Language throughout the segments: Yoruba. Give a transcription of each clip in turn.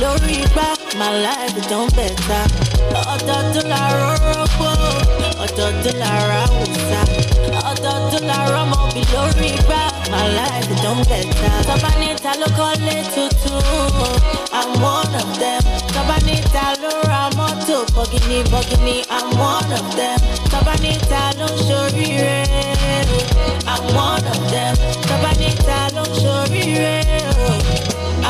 lórí my life don better. tó la rọ́rọ́ gbó tó la ra tó la rọ́mọ bí lórí my life don better. tọ́ba níta ló kọ́lé tuntun i'm one of them. tọ́ba níta ló ra mọ́tò bọ́gìnì bọ́gìnì i'm one of them. tọ́ba níta ń ṣoríire i'm one of them. tọ́ba níta ló ṣoríire.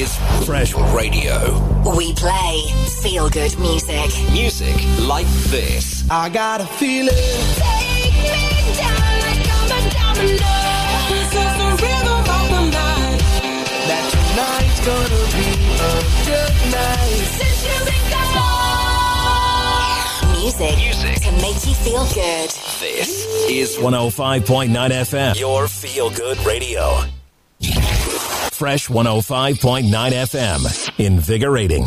is Fresh Radio. We play feel good music. Music like this. I got a feeling. Take me down like I'm a domino. This is the rhythm of the night. That tonight's gonna be a good night. Since you Music, music to make you feel good. This is 105.9 FM, your feel good radio. Fresh 105.9 FM. Invigorating.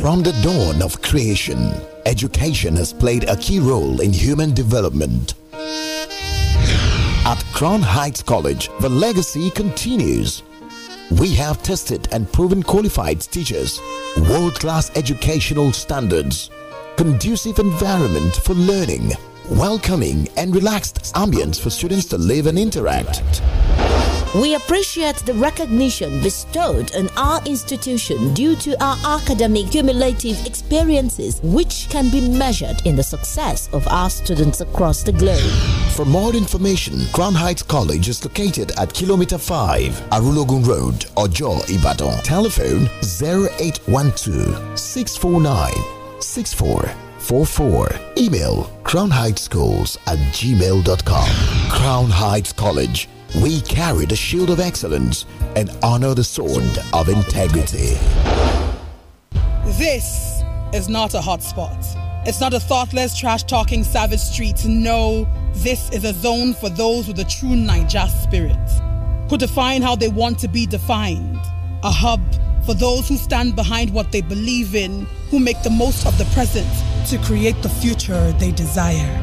From the dawn of creation, education has played a key role in human development. At Crown Heights College, the legacy continues. We have tested and proven qualified teachers, world class educational standards, conducive environment for learning welcoming, and relaxed ambience for students to live and interact. We appreciate the recognition bestowed on our institution due to our academic cumulative experiences, which can be measured in the success of our students across the globe. For more information, Crown Heights College is located at Kilometer 5, Arulogun Road, Ojo, Ibadan. Telephone 0812 649 64 four. Email Schools at gmail.com. Crown Heights College. We carry the shield of excellence and honor the sword of integrity. This is not a hotspot. It's not a thoughtless, trash talking, savage street. No, this is a zone for those with a true Niger spirit who define how they want to be defined. A hub for those who stand behind what they believe in, who make the most of the present to create the future they desire.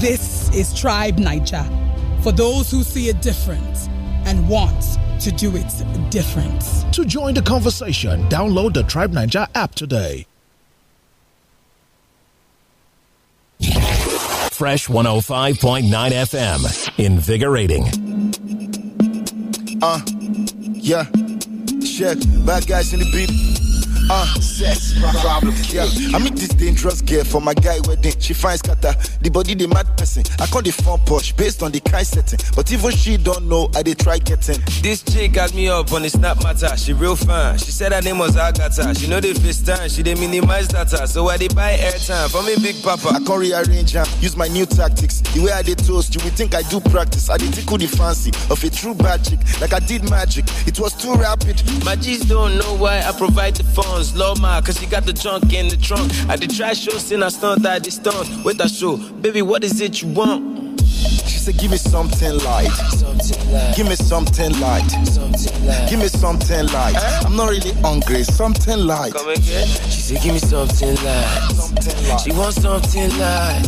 This is Tribe Niger, for those who see it different and want to do it different. To join the conversation, download the Tribe Niger app today. Fresh 105.9 FM, invigorating. Uh, yeah check. Bad guys in the beat. Uh, sex, problem, girl. I meet this dangerous girl for my guy wedding. She finds kata, the body the mad person. I call the phone push based on the kind setting. But even she don't know, I they try getting. This chick got me up on the snap matter. She real fine. She said her name was Agatha. She know first time She they minimize data. So I they buy airtime for me, big papa. I can rearrange her. Use my new tactics. The way I they toast, you would think I do practice. I they tickle the fancy of a true bad chick. Like I did magic. It was too rapid. My G's don't know why I provide the phone guns. Love my, cause she got the junk in the trunk. I did try shows and I stunt, I did stunt with a show. Baby, what is it you want? So give me something light. Give me something light. Give me something light. I'm not really hungry. Something light. Come again. She said, give me something light. She wants something light.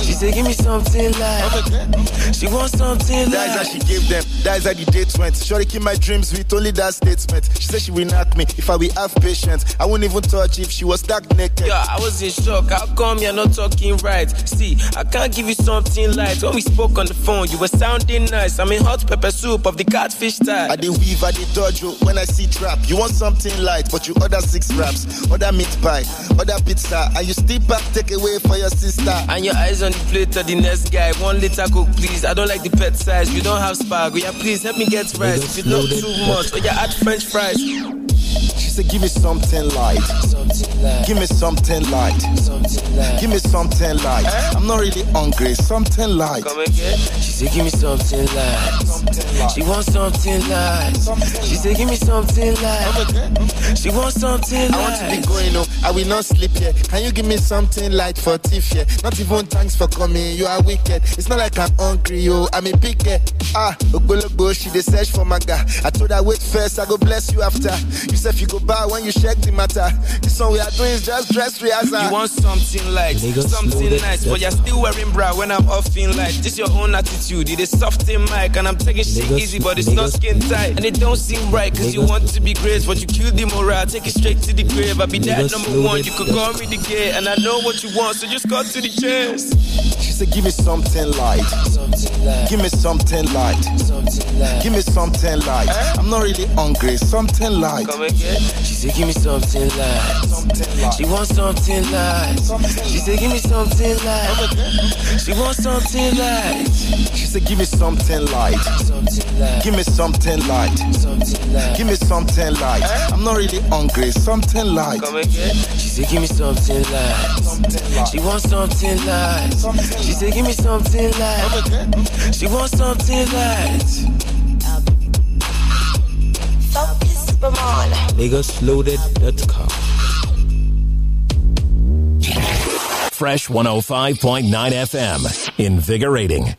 she said, give me something light. She wants something light. That's how she gave them. That's how the date went. Sure, keep my dreams with only that statement. She said she will not me if I will have patience. I wouldn't even touch if she was stuck naked. Yeah, I was in shock. How come you're not talking right? See, I can't give you something light. When we spoke on the phone, you were sounding nice. I'm in hot pepper soup of the catfish type. I did weave, I did dodge oh, when I see trap. You want something light, but you order six wraps, order meat pie, order pizza, and you still back take away for your sister. And your eyes on the plate of the next guy. One liter coke, please. I don't like the pet size. You don't have spag. Oh, yeah, please help me get rice. If you not too much, or oh, you add French fries. She said, give me something light. Give me something light. Give me something light. Eh? I'm not really hungry. Something light. Come again. She said, give me something light. She wants something light. She said, give me something light. She wants something light. I want to be going home. Oh, I will not sleep here. Can you give me something light for tiff here? Not even thanks for coming. You are wicked. It's not like I'm hungry, yo. I'm a big girl. Ah, Ogbologbo, she dey search for my guy. I told her, wait first, I go bless you after. You said you go buy when you check the matter. This one we are doing is just dress rehearsal. You want something light, something nice, but you're still wearing bra when I'm off in light. This your own attitude. It is soft in mic, and I'm taking shit Lagos, easy, but it's Lagos, not skin tight. And it don't seem right, cause Lagos. you want to be great, but you kill the morale. Take it straight to the grave. I'll be that number one. You could call me the gay, and I know what you want, so just cut to the chase. She said, Give me something light. Give me something light. Give me something light. Eh? I'm not really hungry. Something light. She said, Give me something light. She wants something light. she light. said, Give me something light. She wants something light. She said, Give me something light. Give me something light. Give me something light. I'm not really hungry. Something light. She said, Give me something light. She wants something light. she said, Give me something light. She wants something light. Focus Fresh 105.9 FM. Invigorating.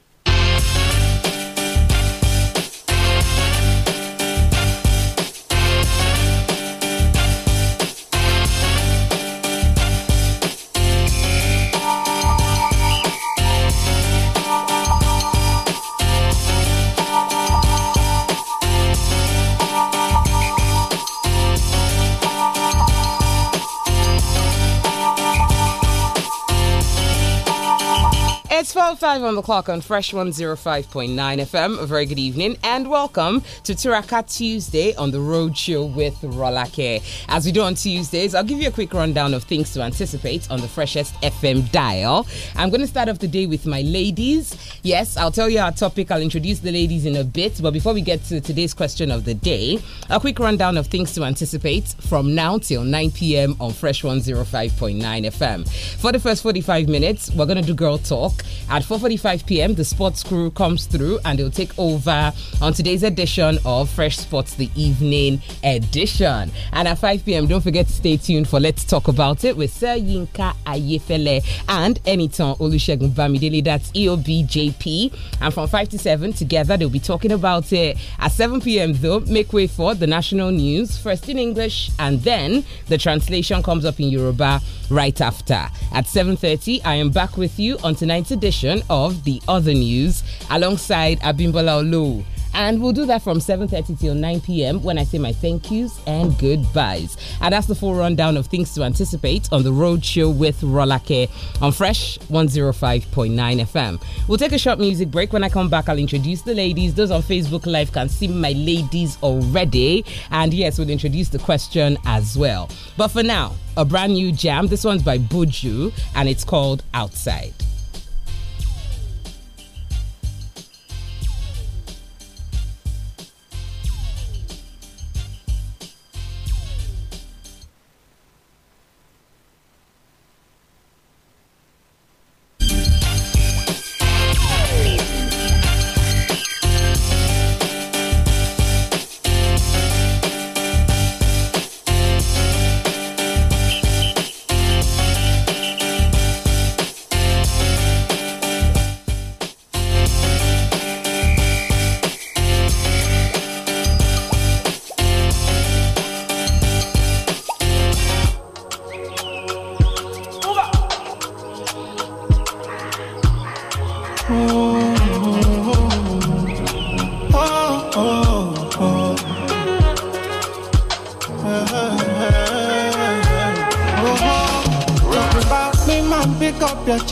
It's 4.05 on the clock on Fresh 105.9 FM. A very good evening and welcome to Turaka Tuesday on the Road Show with Rolake. As we do on Tuesdays, I'll give you a quick rundown of things to anticipate on the freshest FM dial. I'm going to start off the day with my ladies. Yes, I'll tell you our topic. I'll introduce the ladies in a bit. But before we get to today's question of the day, a quick rundown of things to anticipate from now till 9 p.m. on Fresh 105.9 FM. For the first 45 minutes, we're going to do girl talk. At 4.45 p.m., the sports crew comes through and they'll take over on today's edition of Fresh Sports The Evening Edition. And at 5 p.m., don't forget to stay tuned for Let's Talk About It with Sir Yinka Ayefele and Eniton Olusegun Bamidele. That's EOBJP. And from 5 to 7, together they'll be talking about it. At 7 p.m., though, make way for the national news, first in English, and then the translation comes up in Yoruba right after. At 7.30, I am back with you on tonight's edition of The Other News alongside Abimbola Olu. And we'll do that from 7.30 till 9 p.m. when I say my thank yous and goodbyes. And that's the full rundown of things to anticipate on the road show with Rolake on Fresh 105.9 FM. We'll take a short music break. When I come back, I'll introduce the ladies. Those on Facebook Live can see my ladies already. And yes, we'll introduce the question as well. But for now, a brand new jam. This one's by Buju and it's called Outside.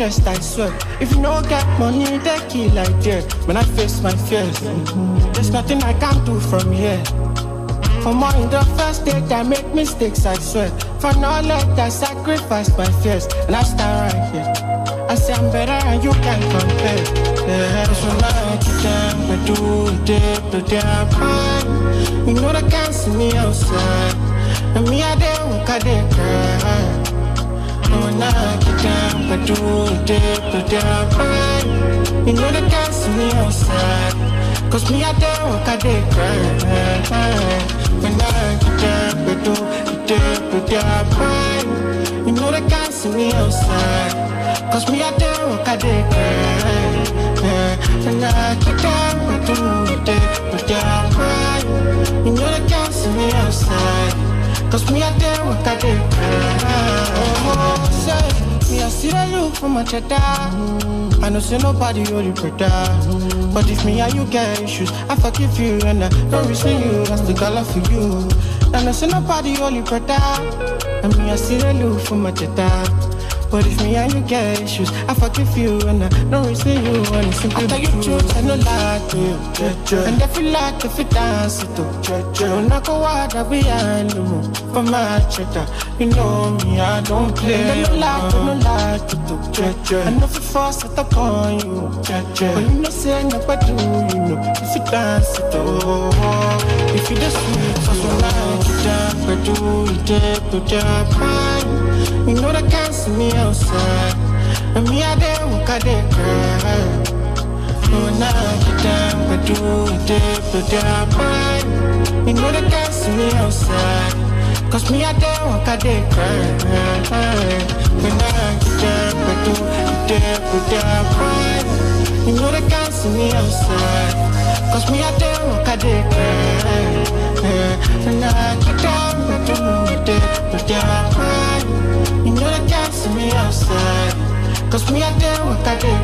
best, I swear. If you no get money, they kill like When I face my fears, mm-hmm. there's nothing I can do from here. For more in the first date, I make mistakes, I swear. For knowledge, I sacrifice my fears. And I stand right here. I say I'm better and you can compare. Yeah, so now to them, but do it to their pride. You know they can't see me outside. And me, I did not knock you down, but do it, but down, but you know they can't see me outside. Cause me, I don't work, I did cry. When I get down, but do it, but down, but you know they can't see me outside. Cause me, I don't work, I did cry. When I get down, but do it, but down, but you know they can't see me outside. Cause me, I did work, a did cry. See the look for my cheddar. Ah. I know say nobody only pretend. But if me and you get issues, I forgive you and I don't resent you. That's the color for you. I know say nobody only brother, And me I see the look for my cheddar. Ah. What if me and you get issues. I fuck with you and I don't risk you and it's simple. I tell you truth, I no lie to you. Yeah, yeah. And if you like, if you dance it up, yeah, yeah. you not a word that we animal for my cheddar. You know me, I don't play. And I no lie, I no lie to you. Yeah, yeah. And if you force it upon you, yeah, yeah. but you no say nobody do, you know. If you dance it up, if you just sweet, so like you down, but do you dip, you dip, you know they can't see me outside. And me I there walk I there cry. Oh, now you down, do it, but You know they can't see me outside. Cause me I there walk I there cry. When I get down, do it, but You know they can't see me outside. Cause me I there walk I there cry you know we but You know they can't see me outside. Cause me, I did what I did.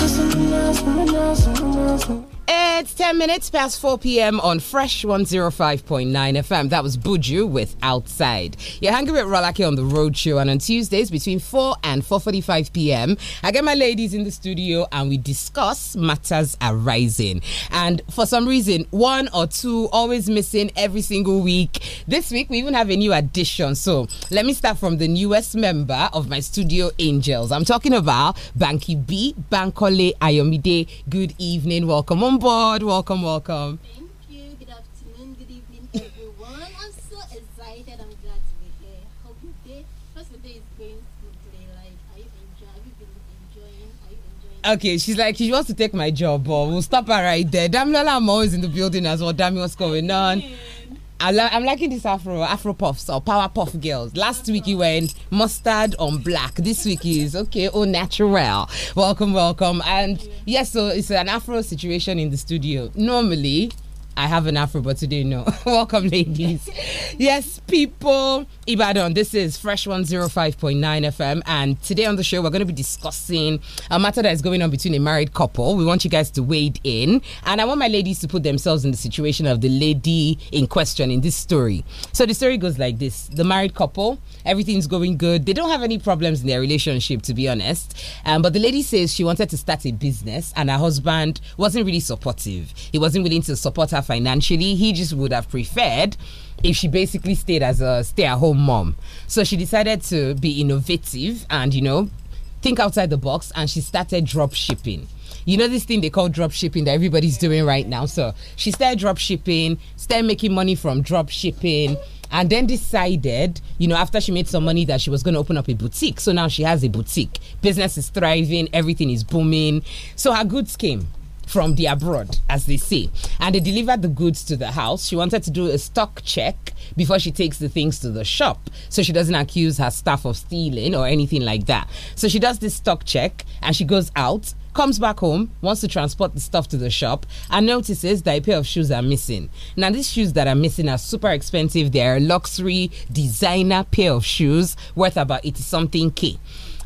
Cause someone else, someone else, someone else it's 10 minutes past 4 p.m. on Fresh 105.9 FM. That was Buju with Outside. You're hanging with Rolake on the road show, and on Tuesdays between 4 and 4.45 p.m., I get my ladies in the studio and we discuss matters arising. And for some reason, one or two always missing every single week. This week, we even have a new addition. So let me start from the newest member of my studio angels. I'm talking about Banky B, Bankole Ayomide. Good evening. Welcome on board. God. Welcome, welcome. Thank you. Good afternoon, good evening, everyone. I'm so excited. I'm glad to be here. Hope your day, first your day is going smoothly. Like, are you enjoying? Have you been enjoying? Are you enjoying? Okay, she's like, she wants to take my job, but we'll stop her right there. Damn, I'm always in the building as well. Damn, what's going on? I am liking this Afro Afro Puffs or Power Puff Girls. Last week you went mustard on black. This week is okay, oh natural. Welcome, welcome. And yes, yeah, so it's an Afro situation in the studio. Normally I have an Afro, but today no. welcome, ladies. yes, people. Ibadan. This is Fresh 105.9 FM. And today on the show, we're going to be discussing a matter that is going on between a married couple. We want you guys to wade in. And I want my ladies to put themselves in the situation of the lady in question in this story. So the story goes like this The married couple, everything's going good. They don't have any problems in their relationship, to be honest. Um, but the lady says she wanted to start a business, and her husband wasn't really supportive. He wasn't willing to support her financially. He just would have preferred if she basically stayed as a stay-at-home mom. So she decided to be innovative and you know think outside the box, and she started drop shipping. You know this thing they call drop shipping that everybody's doing right now. So she started drop shipping, started making money from drop shipping and then decided, you know, after she made some money that she was going to open up a boutique. So now she has a boutique. Business is thriving, everything is booming. So her goods came from the abroad, as they say. And they delivered the goods to the house. She wanted to do a stock check before she takes the things to the shop so she doesn't accuse her staff of stealing or anything like that. So she does this stock check and she goes out comes back home, wants to transport the stuff to the shop, and notices that a pair of shoes are missing. Now, these shoes that are missing are super expensive. They are a luxury designer pair of shoes worth about 80 something K.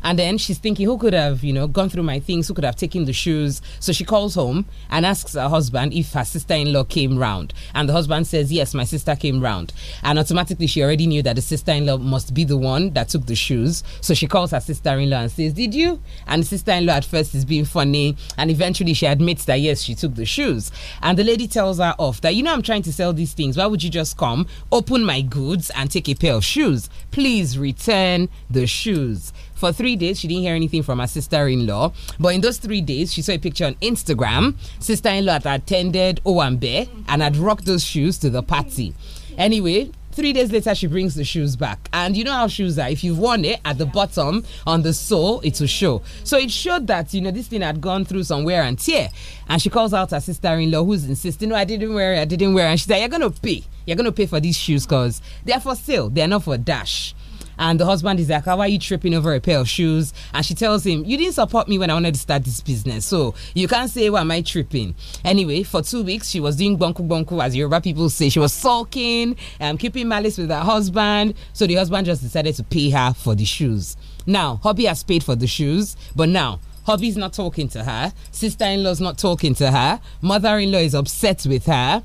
And then she's thinking, who could have, you know, gone through my things? Who could have taken the shoes? So she calls home and asks her husband if her sister in law came round. And the husband says, yes, my sister came round. And automatically she already knew that the sister in law must be the one that took the shoes. So she calls her sister in law and says, Did you? And the sister in law at first is being funny. And eventually she admits that, yes, she took the shoes. And the lady tells her off that, You know, I'm trying to sell these things. Why would you just come, open my goods, and take a pair of shoes? Please return the shoes. For three days, she didn't hear anything from her sister in law. But in those three days, she saw a picture on Instagram. Sister in law had attended Owambe and had rocked those shoes to the party. Anyway, Three days later, she brings the shoes back. And you know how shoes are. If you've worn it at the bottom on the sole, it will show. So it showed that, you know, this thing had gone through some wear and tear. And she calls out her sister in law who's insisting, No, I didn't wear it, I didn't wear it. And she said, You're going to pay. You're going to pay for these shoes because they're for sale, they're not for dash and the husband is like, How are you tripping over a pair of shoes? And she tells him, You didn't support me when I wanted to start this business. So you can't say, Why am I tripping? Anyway, for two weeks, she was doing bonku bonku, as Yoruba people say. She was sulking, um, keeping malice with her husband. So the husband just decided to pay her for the shoes. Now, hubby has paid for the shoes, but now hubby's not talking to her, sister in law's not talking to her, mother in law is upset with her.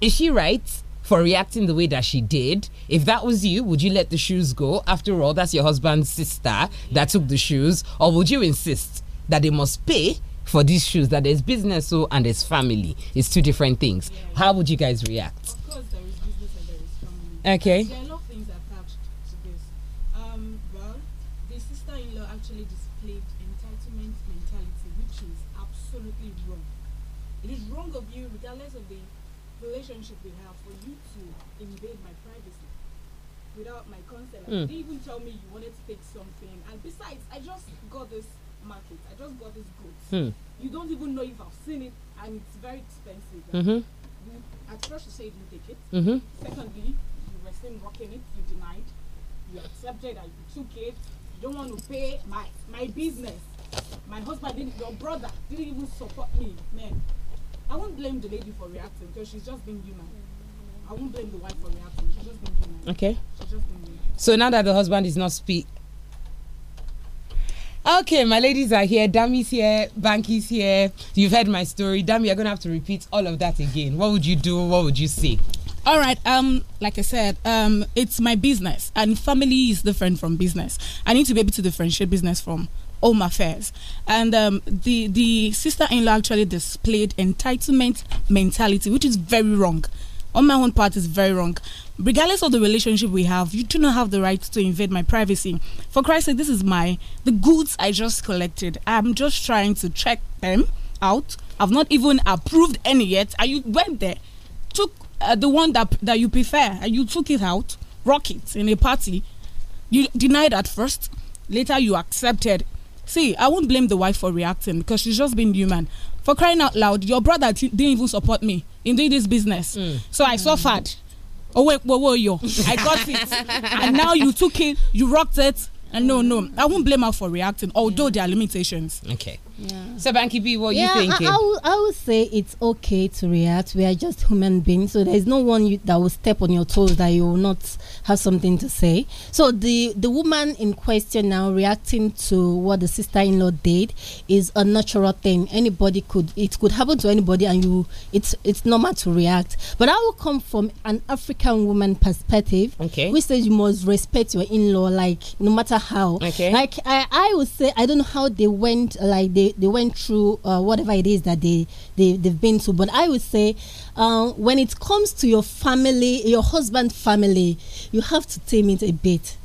Is she right? for reacting the way that she did. If that was you, would you let the shoes go? After all, that's your husband's sister that took the shoes, or would you insist that they must pay? For these shoes, that there's business so and there's family. It's two different things. How would you guys react? Okay. Mm. They even tell me you wanted to take something. And besides, I just got this market. I just got this goods. Mm. You don't even know if I've seen it, and it's very expensive. Mm -hmm. at first, you say you didn't take it. -hmm. Secondly, you were still rocking it. You denied. You accepted that you took it. You don't want to pay my my business. My husband didn't. Your brother didn't even support me, man. I won't blame the lady for reacting because she's just being human. I won't blame the wife for reacting. She's just being human. Okay. She's just human. So now that the husband is not speak. Okay, my ladies are here. Dami's here. Banky's here. You've heard my story. Dami, you're going to have to repeat all of that again. What would you do? What would you say? all right um like i said um it's my business and family is different from business i need to be able to differentiate business from home affairs and um, the the sister-in-law actually displayed entitlement mentality which is very wrong on my own part is very wrong. Regardless of the relationship we have, you do not have the right to invade my privacy. For Christ's sake, this is my the goods I just collected. I'm just trying to check them out. I've not even approved any yet. And you went there, took uh, the one that that you prefer, and you took it out, rock it in a party. You denied at first, later you accepted. See, I won't blame the wife for reacting because she's just being human for crying out loud, your brother didn't even support me in doing this business. Mm. So I mm. suffered. Oh wait, whoa, whoa, yo. I got it. and now you took it, you rocked it. And no, no, I won't blame her for reacting, although yeah. there are limitations. Okay. Yeah. So, Banky B, what yeah, you thinking? I, eh? I, will, I will say it's okay to react. We are just human beings, so there is no one you, that will step on your toes that you will not have something to say. So the the woman in question now reacting to what the sister-in-law did is a natural thing. Anybody could it could happen to anybody, and you it's it's normal to react. But I will come from an African woman perspective. Okay, we say you must respect your in-law, like no matter how. Okay, like I I would say I don't know how they went like they they went through uh, whatever it is that they they they've been to, but I would say uh, when it comes to your family, your husband family, you have to tame it a bit.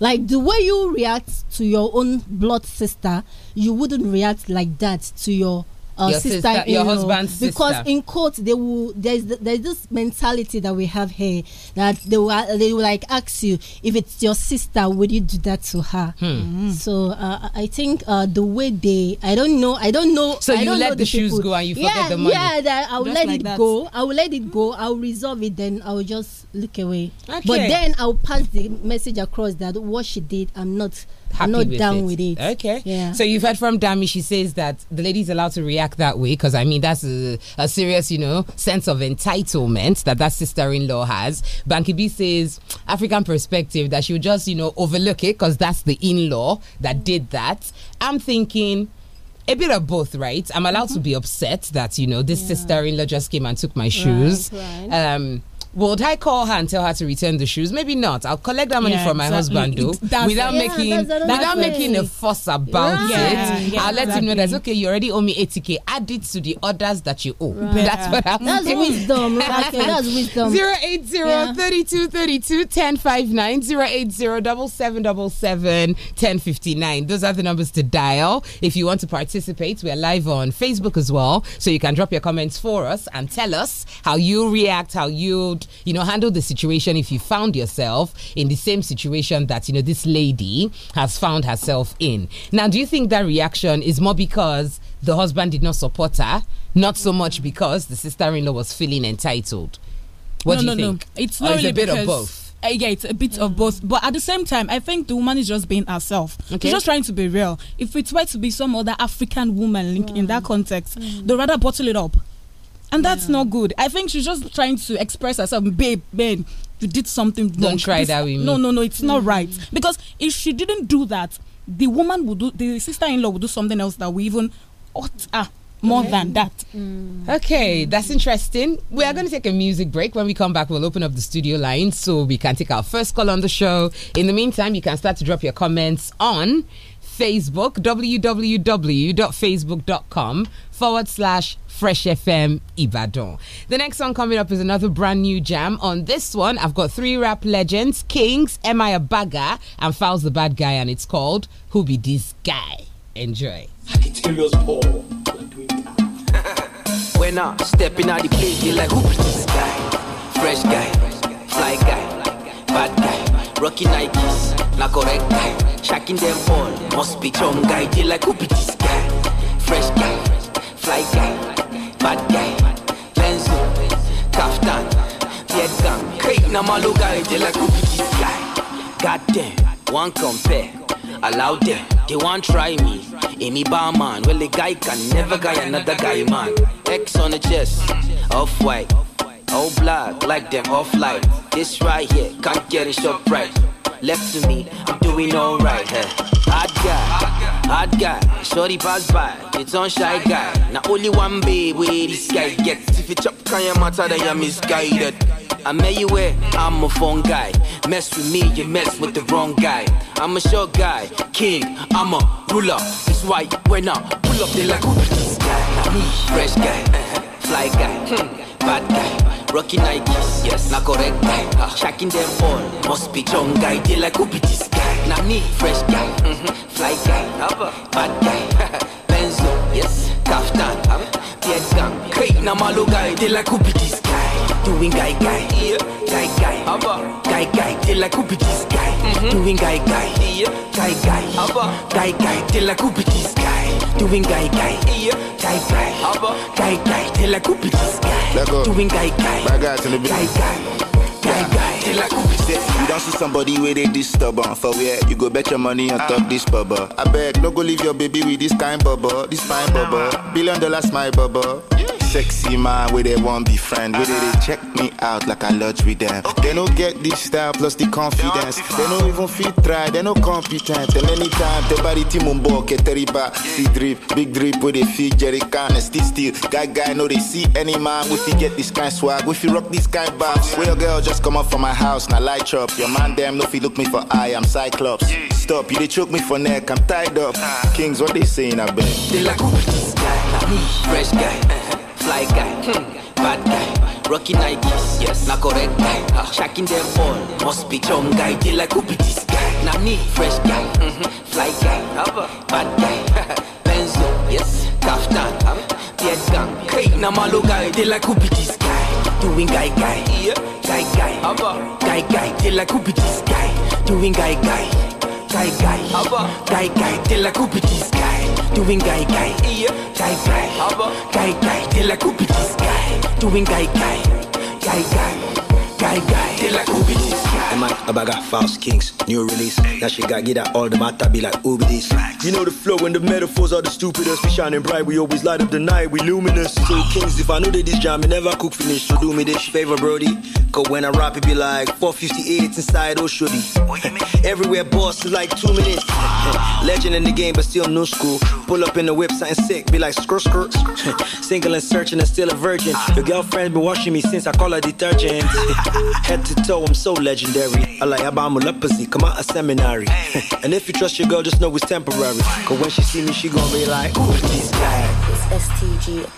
Like the way you react to your own blood sister, you wouldn't react like that to your uh, your sister, sister your husband's sister. Because in court, they will there's there's this mentality that we have here that they will they will like ask you if it's your sister, would you do that to her? Hmm. Mm-hmm. So uh, I think uh, the way they, I don't know, I don't know. So I you let the, the shoes people. go and you forget yeah, the money. Yeah, that I will just let like it that. go. I will let it go. I will resolve it. Then I will just look away. Okay. But then I will pass the message across that what she did, I'm not happy I'm not with down it. with it. Okay. Yeah. So you've heard from Dami. She says that the lady is allowed to react that way because I mean that's a, a, serious, you know, sense of entitlement that that sister-in-law has. Banky B says African perspective that she would just you know overlook it because that's the in-law that mm-hmm. did that. I'm thinking a bit of both, right? I'm allowed mm -hmm. to mm-hmm. be upset that you know this yeah. sister-in-law just came and took my shoes. Right, right. Um, would I call her and tell her to return the shoes? Maybe not. I'll collect that money yeah, from my exactly. husband though, that's without yeah, making without way. making a fuss about yeah. it. I'll let him know that's okay. You already owe me 80k. Add it to the others that you owe. Right. That's what I'm That's wisdom. Right? that's wisdom. Zero eight zero thirty two thirty two ten five nine zero eight zero double seven double seven ten fifty nine. 1059. Those are the numbers to dial. If you want to participate, we're live on Facebook as well. So you can drop your comments for us and tell us how you react, how you you know, handle the situation if you found yourself in the same situation that, you know, this lady has found herself in. Now, do you think that reaction is more because the husband did not support her, not so much because the sister in law was feeling entitled? What no, do you no, think? No, it's not really a bit of both. Uh, yeah, it's a bit mm. of both. But at the same time, I think the woman is just being herself. Okay. She's just trying to be real. If it were to be some other African woman in, mm. in that context, mm. they rather bottle it up. And that's yeah. not good. I think she's just trying to express herself, babe, babe, you did something Don't try this, that with me. No, no, no, it's not mm. right. Because if she didn't do that, the woman would do, the sister in law would do something else that we even ought ah, more okay. than that. Mm. Okay, mm. that's interesting. We are going to take a music break. When we come back, we'll open up the studio line so we can take our first call on the show. In the meantime, you can start to drop your comments on Facebook, www.facebook.com forward slash Fresh FM Ibadan. The next one coming up is another brand new jam. On this one, I've got three rap legends Kings, Am I a Bagger, and Fouls the Bad Guy, and it's called Who Be This Guy? Enjoy. when I step in out the place, they like, Who be this guy? Fresh guy, fly guy, bad guy. Rocky Nikes, na correct guy. Shacking them all, must be strong guy. Till like who be this guy. Fresh guy, fly guy, bad guy. Benzo, kaftan, beard gang. Cake na malo guy, They like who be this guy. God damn, one compare. Allow them, they want try me. bar man, well, the guy can never guy another guy, man. X on the chest, off white. Old block, like them light. This right here, can't get it so bright. Left to me, I'm doing alright. Huh? Eh. Hard guy, hard guy, shorty pass by, it's on shy guy. Now only one babe where this guy gets. If you chop can't matter, that you're misguided. I met you where I'm a phone guy. Mess with me, you mess with the wrong guy. I'm a short guy, king, I'm a ruler. It's why when I pull up, they like, who this guy? Me, fresh guy, eh, fly guy, hmm. bad guy. Rocky Nikes, yes, na correct guy. Uh, Shacking them all, must be strong guy. They like who be this guy? Na me, fresh guy, mm-hmm. fly guy, bad guy. Benzo, yes, kaftan, beard gang. Great, na malo guy. They like who be this guy? doing guy guy, yeah. guy guy, Abba. guy guy, till I could be this guy, mm-hmm. doing guy guy, yeah. guy guy, Abba. guy guy, till I could be this guy, doing guy guy, yeah. guy guy, Abba. guy guy, till I could be this guy, doing guy guy, my guy, guy guy. Guy, guy, you don't see somebody where they this stubborn For where you go bet your money on top this bubble I beg, no go leave your baby with this kind bubble This fine bubble, billion dollars my bubble yeah. Sexy man where they want be friend. Where they, they check me out like I lodge with them. They no get this style plus the confidence. They no even fit try, they no competent. And anytime they body team on board, get riba. See drip, big drip with they feed Jerry can and still still. Guy guy know they see any man. If you get this kind of swag, if you rock this kind of box. Where your girl just come up from my house, now light up. Your man damn no if you look me for eye, I'm cyclops. Stop, you they choke me for neck, I'm tied up. Ah. Kings, what they saying I bet. They like who this guy, like me, fresh guy. Eh, eh fly guy, hmm, bad guy, rocking Nikes, yes, na correct guy, uh, shacking them all, must be strong guy, they like who be this guy, na me, fresh guy, mm-hmm, fly guy, bad guy, Benzo, yes, kaftan, beard gang, hey, na malo guy, they like who be this guy, doing guy guy, guy guy, guy guy, they like who be this guy, doing guy guy. Guy guy, guy guy, della coupe di sky, doing guy guy, guy guy, guy guy, della coupe di sky, doing guy guy, guy guy. Guy, guy, they like who be this. I'm a bag of false kings, new release. Now she got get out all the matter, be like who be this. You know the flow and the metaphors are the stupidest. We shining bright, we always light up the night, we luminous. So kings, if I know that this jam, me never cook finish. So do me this favor, Brody. Cause when I rap, it be like 458 inside Oshodi. Everywhere, boss, is like two minutes. Legend in the game, but still no school. Pull up in the whip, something sick, be like skrr skrr. Single and searching and still a virgin. Ah. Your girlfriend been watching me since I call her detergent. Head to toe, I'm so legendary. I like leprosy, come out of seminary. and if you trust your girl, just know it's temporary. Cause when she see me, she gon' be like, ooh, this guy. It's STG.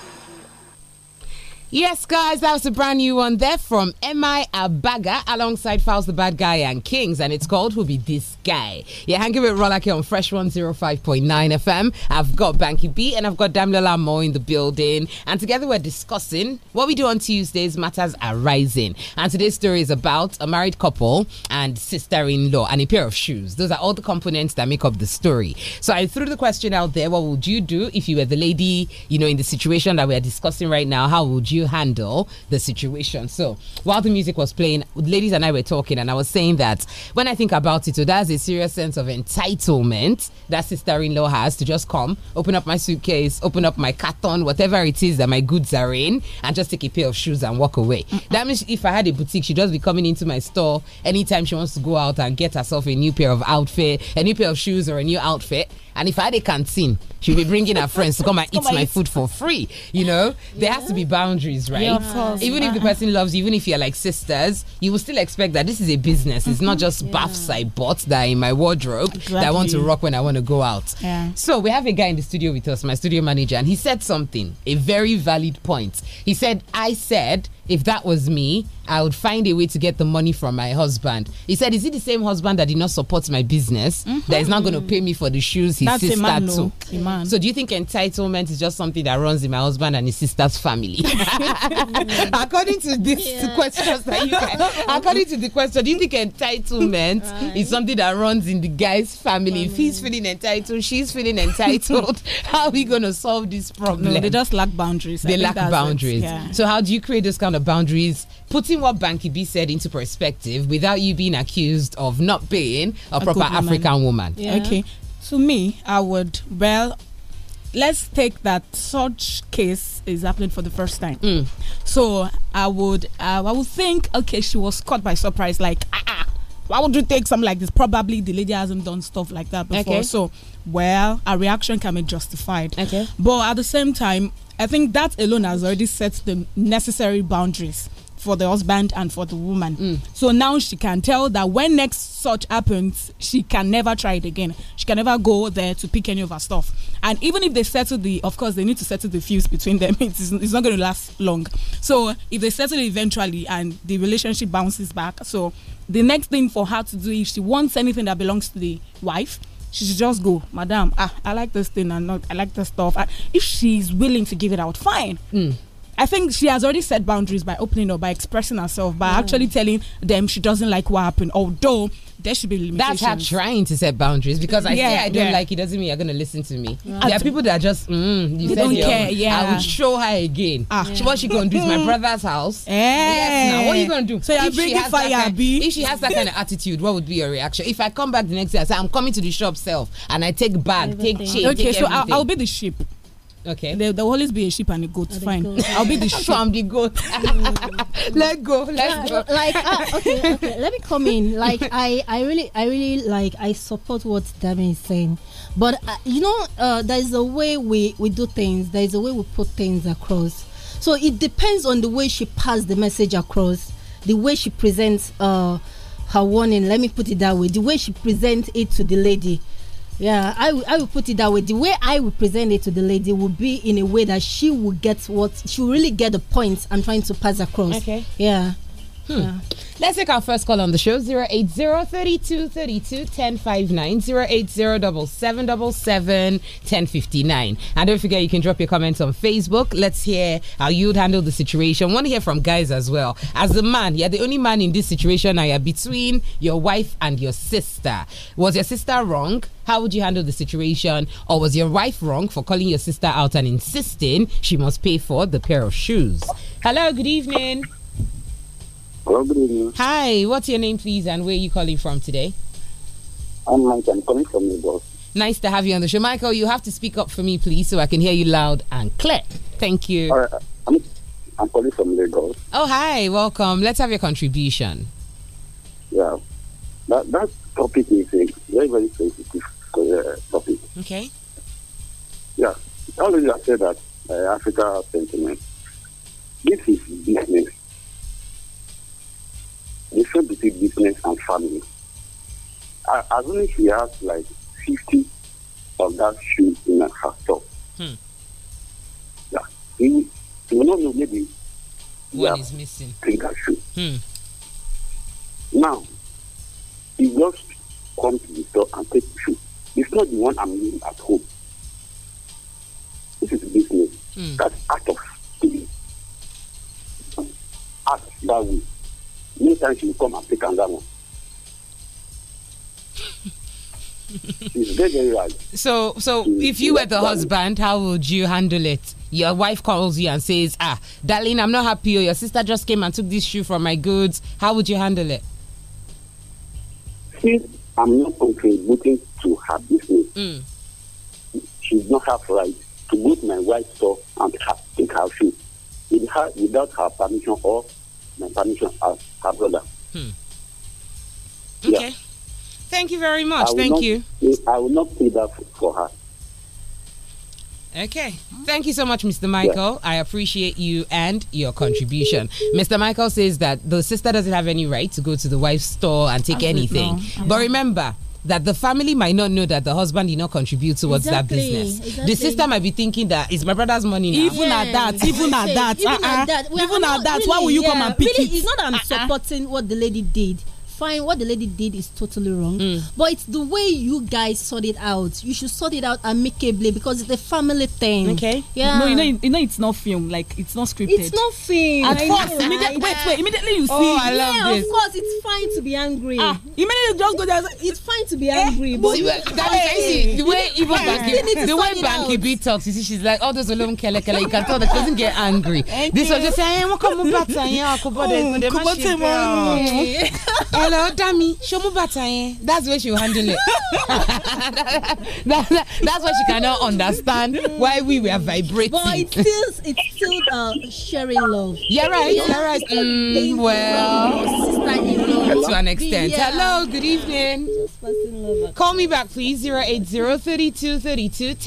Yes, guys, that was a brand new one there from MI Abaga alongside Fouls the Bad Guy and Kings, and it's called Who Be This Guy. Yeah, hanging with Rolake on Fresh 105.9 FM. I've got Banky B and I've got Damla Lamo in the building, and together we're discussing what we do on Tuesdays, matters arising. And today's story is about a married couple and sister in law and a pair of shoes. Those are all the components that make up the story. So I threw the question out there what would you do if you were the lady, you know, in the situation that we are discussing right now? How would you? you handle the situation? So while the music was playing, ladies and I were talking, and I was saying that when I think about it, so oh, there's a serious sense of entitlement that sister in law has to just come, open up my suitcase, open up my carton, whatever it is that my goods are in, and just take a pair of shoes and walk away. Mm -mm. That means if I had a boutique, she'd just be coming into my store anytime she wants to go out and get herself a new pair of outfit, a new pair of shoes, or a new outfit and if I had a canteen, she'll be bringing her friends to come and eat my food for free. You know, there has to be boundaries, right? Yeah, of course. Even if the person loves you, even if you're like sisters, you will still expect that this is a business. It's mm -hmm. not just mm-hmm. yeah. baths I bought that in my wardrobe exactly. that I want to rock when I want to go out. Yeah. So we have a guy in the studio with us, my studio manager, and he said something, a very valid point. He said, I said, if that was me, I would find a way to get the money from my husband. He said, Is it the same husband that did not support my business mm -hmm. that is not going to pay me for the shoes his That's sister man, took? No. So, do you think entitlement is just something that runs in my husband and his sister's family? according to this yeah. according to the question, do you think entitlement right. is something that runs in the guy's family? If he's feeling entitled, she's feeling entitled. how are we going to solve this problem? No, they just lack boundaries. They lack boundaries. Yeah. So, how do you create this kind down the boundaries, putting what Banky B said into perspective without you being accused of not being a, a proper woman. African woman. Yeah. Okay. To me, I would, well, let's take that such case is happening for the first time. Mm. So I would, uh, I would think, okay, she was caught by surprise, like, ah, ah, why would you take something like this? Probably the lady hasn't done stuff like that before. Okay. So, well, a reaction can be justified. Okay. But at the same time, I think that alone has already set the necessary boundaries for the husband and for the woman. Mm. So now she can tell that when next such happens, she can never try it again. She can never go there to pick any of her stuff. And even if they settle the, of course, they need to settle the fuse between them. It's, it's not going to last long. So if they settle eventually and the relationship bounces back, so the next thing for her to do if she wants anything that belongs to the wife she should just go, Madam, ah, I like this thing and not, I like this stuff. I, ah, if she's willing to give it out, fine. Mm. I think she has already set boundaries by opening up, by expressing herself, by mm. actually telling them she doesn't like what happened. Although there should be limitations. That's her trying to set boundaries because I yeah, say I don't yeah. like it doesn't mean you're going to listen to me. Yeah. There are people that are just mm, you don't care. Own. Um, yeah, I would show her again. Ah. Yeah. What she gonna do is my brother's house. Hey. Eh. Yes, now what are you gonna do? So you're bringing fire, kind, B. If she has that kind of attitude, what would be your reaction? If I come back the next day, I say I'm coming to the shop self and I take bag, take chain. Okay, take so I'll, I'll be the sheep. Okay. There, there will always be a sheep and a goat. Fine. I'll be the sheep. I'm the goat. let go. let go. Like uh, okay, okay. Let me come in. Like I, I really, I really like. I support what Dami is saying, but uh, you know, uh, there is a way we we do things. There is a way we put things across. So it depends on the way she passed the message across, the way she presents uh, her warning. Let me put it that way. The way she presents it to the lady yeah, I, I will put it that way. The way I will present it to the lady will be in a way that she will get what she will really get the point I'm trying to pass across. Okay. Yeah. Hmm. let's take our first call on the show 080 32 32 And don't forget, you can drop your comments on Facebook. Let's hear how you'd handle the situation. Want to hear from guys as well. As a man, you're the only man in this situation. Now you're between your wife and your sister. Was your sister wrong? How would you handle the situation? Or was your wife wrong for calling your sister out and insisting she must pay for the pair of shoes? Hello, good evening. Hello, good evening. Hi, what's your name, please, and where are you calling from today? I'm Mike. I'm calling from Lagos. Nice to have you on the show. Michael, you have to speak up for me, please, so I can hear you loud and clear. Thank you. I'm, I'm calling from Lagos. Oh, hi. Welcome. Let's have your contribution. Yeah. That, that topic is a very, very sensitive uh, topic. Okay. Yeah. Already I said that uh, Africa sentiment. This is business difference between business and family. As only she has like 50 of that shoe in her store. Hmm. Yeah. You, will not know maybe what is missing. Take that shoe. Hmm. Now, he just come to the store and take the shoe. It's not the one I'm using at home. This is business. Hmm. That's out of spirit. Act that way. Many times will come and pick on that one. it's very, very right. So, so mm. if you were the husband, how would you handle it? Your wife calls you and says, "Ah, darling, I'm not happy. Oh, your sister just came and took this shoe from my goods." How would you handle it? Since I'm not contributing to her business, mm. she does not have right to go to my wife's store and take her shoe without her permission or my permission as Abdullah. Hmm. Okay. Yeah. Thank you very much. Thank not, you. I will not pay that for her. Okay. Thank you so much, Mr. Michael. Yeah. I appreciate you and your contribution. Mr. Michael says that the sister doesn't have any right to go to the wife's store and take anything. But remember, that the family might not know that the husband did not contribute towards exactly, that business. Exactly. The sister might be thinking that it's my brother's money now. Even yeah. at that, even at that, even uh -uh. at that, uh-uh. even at that, really, why will you yeah. come and pick really, it? It's not I'm uh supporting what the lady did fine. What the lady did is totally wrong. Mm. But it's the way you guys sort it out. You should sort it out amicably because it's a family thing. Okay. Yeah. No, you know, you know, it's not film. Like it's not scripted. It's not film. At I first, know, immediately, wait, wait. Immediately you oh, see. Oh, I love yeah, this. of course, it's fine to be angry. Ah, immediately just go there. It's fine to be eh, angry, eh, but you, that is, the way even Banky, the way Banky B talks, you see, she's like, oh, those alone kele kele. You can tell that she doesn't get angry. this was just saying, eh, hey, what come back? Yeah, come back. Oh, that's where she will handle it that, that, that's why she cannot understand why we were vibrating. but it still it's still uh, sharing love. yeah right yeah, yeah right mm, well to an extent. Yeah. Hello good evening. Call me back please 80 1059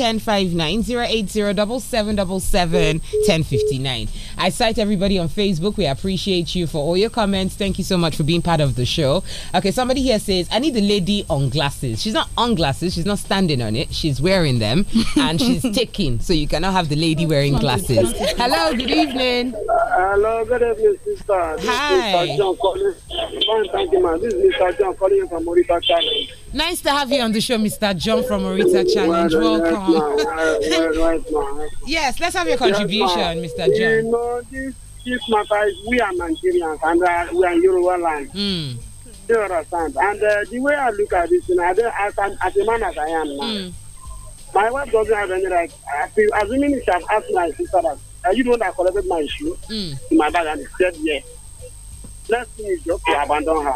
I cite everybody on Facebook. We appreciate you for all your comments. Thank you so much for being part of the show. Okay, somebody here says, I need the lady on glasses. She's not on glasses, she's not standing on it, she's wearing them and she's taking. So you cannot have the lady wearing glasses. Hello, good evening. Hello, good evening, sister. This Hi. Mr. John calling. Thank you, man. This is Mr. John calling from Morita Challenge. Nice to have you on the show, Mr. John from Morita Challenge. Well, Welcome. Right, right, yes, let's have your contribution, yes, Mr. John. You know, this, this matter is we are Nigerians and we are in Yoruba land. Mm do understand? And uh, the way I look at this, you know, as, an, as a man as I am now, mm. my wife doesn't have any right. As feel, assuming she has asked my sister that, you know, I collected my shoe mm. in my bag and said yes? Next thing is just to abandon her.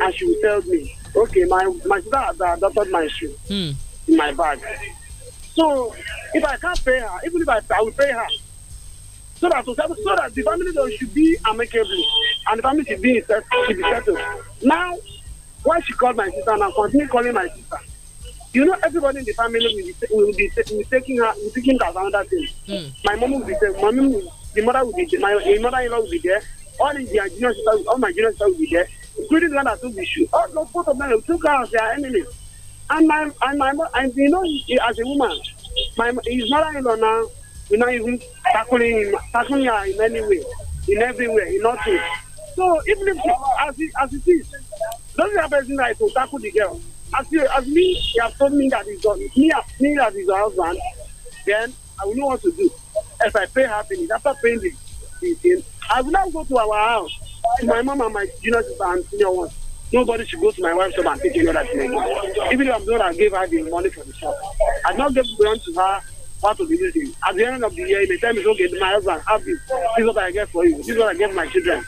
And she will tell me, okay, my, my sister has adopted my shoe mm. in my bag. So if I can't pay her, even if I, I will pay her, so that society, so that the family though, should be amicable and the family should be set, should be settled. Now, why she called my sister and continue calling my sister? You know, everybody in the family will be, will be, will be taking her, will be taking her as another thing. Mm. My mom will be there, my will, the mother will be there, my, my mother-in-law will be there, all the junior sister, all my junior sister will be there, including the one that took the shoe. All those both of them took her as their enemies. And my, and my, and you know, as a woman, my, his mother-in-law now, You know, even tackling him, tackling her in any way, in everywhere, in nothing. So even if as it, as it is, doesn't have anything right to tackle the girl. As you, as me, he has told me that he's it's me, me that is your husband. Then I will know what to do. If I pay her finish, after paying the, the thing, I will now go to our house to my mom and my junior sister and senior one. Nobody should go to my wife's home and take another thing. Even if I'm the one that gave her the money for the shop, I not give beyond to her part of the reason. At the end of the year, the time is okay, my husband happy. This is what I get for you. This is what I get my children.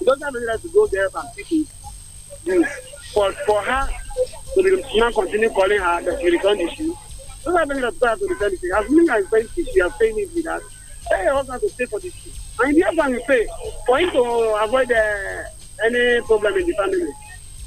He doesn't have anything to go there and people you. But for her to be, now continue calling her that she returned the shoe. It doesn't have anything to have to return the shoe. As many as times she has paid me with that, Hey, your husband to pay for the shoe. And in the husband will pay for him to avoid uh, any problem in the family.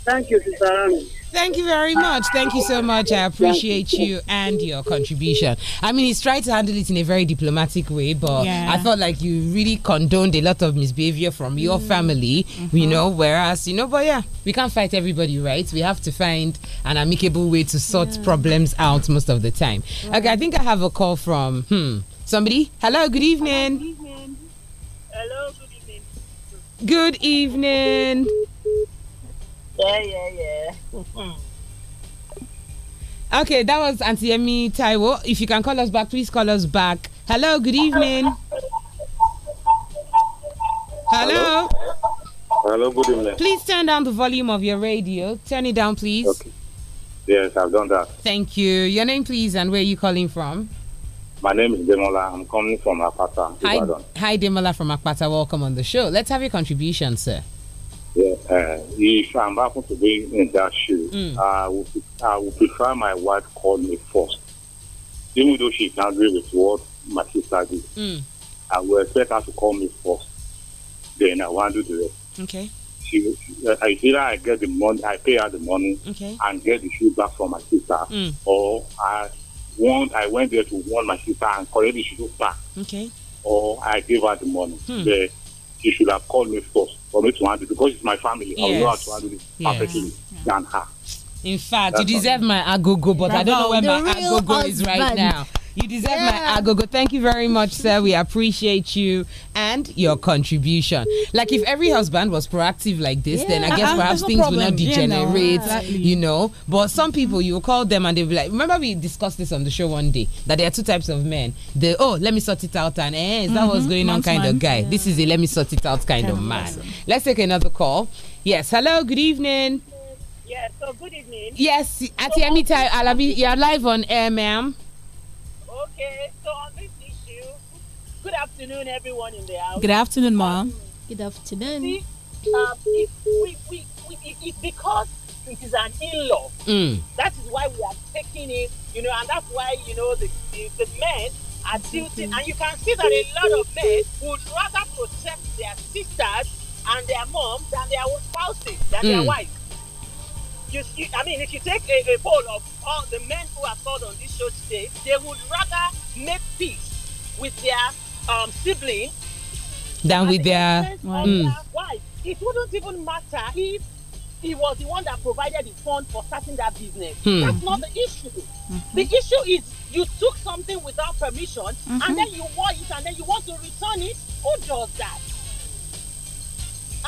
Thank you, Sister Rami. Thank you very much. Thank you so much. I appreciate you and your contribution. I mean, he's tried to handle it in a very diplomatic way, but yeah. I felt like you really condoned a lot of misbehavior from your mm. family, mm -hmm. you mm-hmm. know, whereas, you know, but yeah, we can't fight everybody, right? We have to find an amicable way to sort yeah. problems out most of the time. Okay, I think I have a call from, hmm, somebody. Hello, good evening. Hello, good evening. Hello, good evening. Good evening. Yeah, yeah, yeah. okay, that was Auntie Emmy Taiwo. If you can call us back, please call us back. Hello, good evening. Hello. Hello, good evening. Please turn down the volume of your radio. Turn it down, please. Okay. Yes, I've done that. Thank you. Your name, please, and where are you calling from? My name is Demola. I'm coming from Akpata. Hi, Hi, Demola from Akpata. Welcome on the show. Let's have your contribution, sir. Yeah, uh, if I'm happened to be in that shoe, mm. I would I would prefer my wife call me first, even though she's angry with what my sister did. Mm. I will expect her to call me first. Then I want to do it. Okay. She, uh, either I get the money, I pay her the money, okay. and get the shoe back from my sister, mm. or I want I went there to warn my sister and collect the shoe back. Okay. Or I give her the money. Hmm. But she should have called me first for me to handle because it's my family. Yes. I will know how to handle it perfectly than her. In fact, That's you deserve my agogo, but I don't know where my agogo is right now. You deserve yeah. my agogo. Thank you very much, sir. We appreciate you and your contribution. Like if every husband was proactive like this, yeah. then I guess uh, perhaps no things problem. will not degenerate. Yeah, no. You know, but some people you call them and they'll be like, remember we discussed this on the show one day that there are two types of men. The oh let me sort it out and eh is that mm -hmm. what's mm-hmm. going on kind of guy. This is a let me sort it out kind, of, man. Awesome. Let's take another call. Yes. Hello. Good evening. Yes, so good evening. Yes, at Alabi, you're live on air, ma'am. Okay, so on this issue, good afternoon, everyone in the house. Good afternoon, mom. Um, good afternoon. See, um, if we, we, we, if because it is an in-law, mm. that is why we are taking it, you know, and that's why, you know, the, the, the men are tilting. Mm-hmm. And you can see that a lot of men would rather protect their sisters and their moms than their spouses, than mm. their wives you, I mean, if you take a, a poll of all the men who are called on this show today, they would rather make peace with their um, sibling than with their, wow. mm. wife. It wouldn't even matter if he was the one that provided the fund for starting that business. Hmm. That's not the issue. Mm-hmm. The issue is you took something without permission mm-hmm. and then you want it and then you want to return it. Who does that?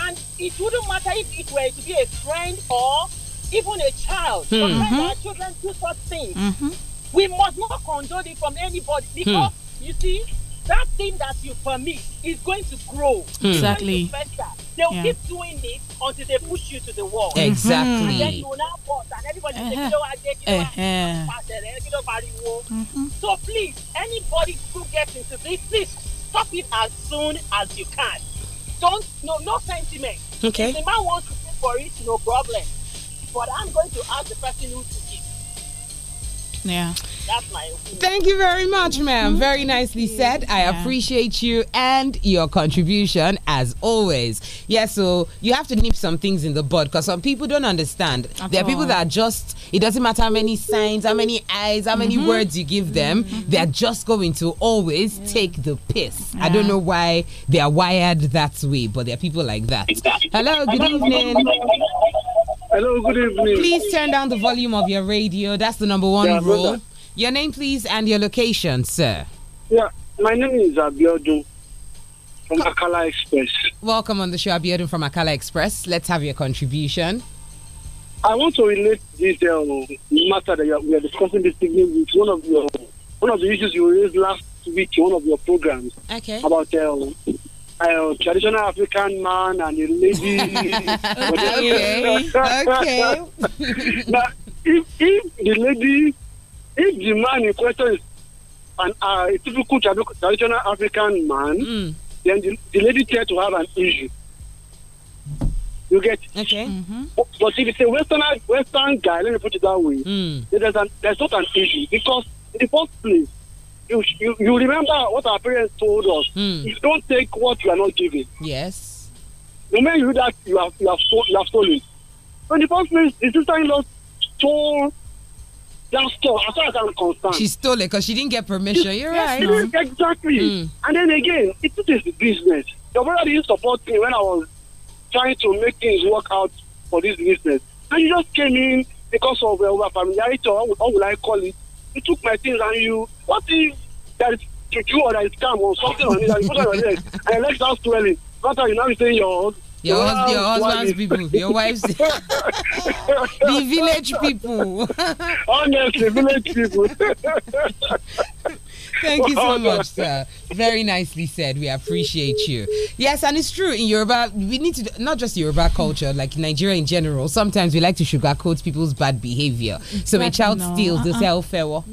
And it wouldn't matter if it were to be a friend or even a child. Mm-hmm. Sometimes our children do such things. Mm-hmm. We must not condone it from anybody because mm. you see that thing that you permit is going to grow. Mm. Exactly. They'll yeah. keep doing it until they push you to the wall. Exactly. And then you will now pause and everybody uh-huh. say, you know, I you know, So please, anybody who gets into this, please stop it as soon as you can. Don't, no, no sentiment. Okay. If the man wants to pay for it, no problem but I'm going to ask the person who took it. Yeah. That's my opinion. Thank you very much, madam mm -hmm. Very nicely said. I yeah. appreciate you and your contribution as always. Yeah, so you have to nip some things in the bud because some people don't understand. At there all. are people that are just, it doesn't matter how many signs, how many eyes, how many mm -hmm. words you give them, mm -hmm. they're just going to always yeah. take the piss. Yeah. I don't know why they are wired that way, but there are people like that. Hello, good evening. Hello, good evening. Please turn down the volume of your radio. That's the number one yeah, rule. Brother. Your name, please, and your location, sir. Yeah, my name is Abiodun from Akala Express. Welcome on the show, Abiodun from Akala Express. Let's have your contribution. I want to relate this um, matter that we are discussing this evening with one of your one of the issues you raised last week in one of your programs. Okay. About uh, Eh, a traditional African man and a lady. okay. okay. but if, if the lady, if the man in question is an, uh, a typical traditional African man, mm. then the, the lady tend to have an issue. You get okay. Mm -hmm. but, but, if it's a Western Western guy, let me put it that way. Mm. There's an there's not an issue because in the first place, you, you, you remember what our parents told us. Mm. You don't take what you are not given. Yes. The moment you do that, you have, you have, stole, you have stolen. When the first place, the sister in law stole that store, as far as I'm concerned. She stole it because she didn't get permission. She, You're right. Exactly. Mm. And then again, it is the business. Your brother didn't support me when I was trying to make things work out for this business. And you just came in because of uh, familiarity, or how would I call it? you took my things and you what if there is juju or there is scam or something on it and you put on your leg and your leg start swelling that's how you now say your your, wow, hus- your husband's wife. people, your wife's, the village people. Honestly, village people. Thank you so much, sir. Very nicely said. We appreciate you. Yes, and it's true. In Yoruba, we need to not just Yoruba culture, like Nigeria in general. Sometimes we like to sugarcoat people's bad behavior. So a child no. steals, they uh-uh. say, "Oh, farewell."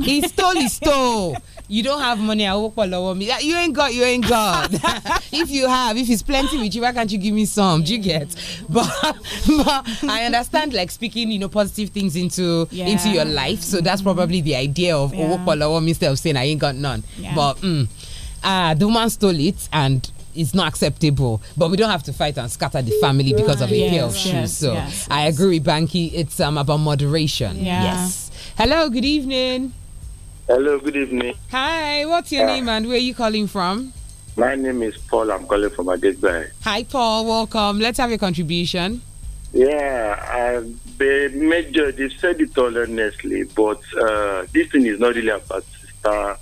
He stole, he stole. You don't have money. I hope follow me. You ain't got. You ain't got. if you have, if it's plenty with you, why can't you give me some? Do you get? But, but I understand, like speaking, you know, positive things into yeah. into your life. So that's probably the idea of oh, yeah. oh, follow me instead of saying ain't got none. Yeah. But mm, uh, the woman stole it and it's not acceptable. But we don't have to fight and scatter the family because of a yes, pair of shoes. Yes, so yes, I agree with Banky. It's um, about moderation. Yeah. Yes. Hello, good evening. Hello, good evening. Hi, what's your uh, name and where are you calling from? My name is Paul. I'm calling from Adesbury. Hi, Paul. Welcome. Let's have your contribution. Yeah, I, um, the major, they said it all honestly, but uh, this thing is not really about daughter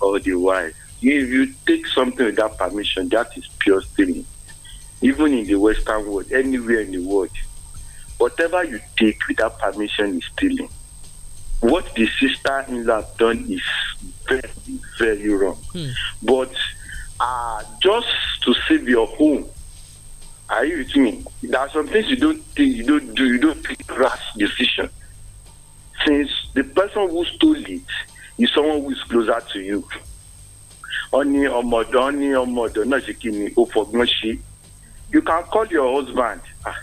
or the wife. If you take something without permission, that is pure stealing. Even in the Western world, anywhere in the world, whatever you take without permission is stealing. What the sister in law done is very, very wrong. Hmm. But uh, just to save your home, are you with me? There are some things you don't think, you don't do, you don't take rash decision. Since the person who stole it is someone who is closer to you Oni ni omo odo naa se ki ṣe you can call your husband ah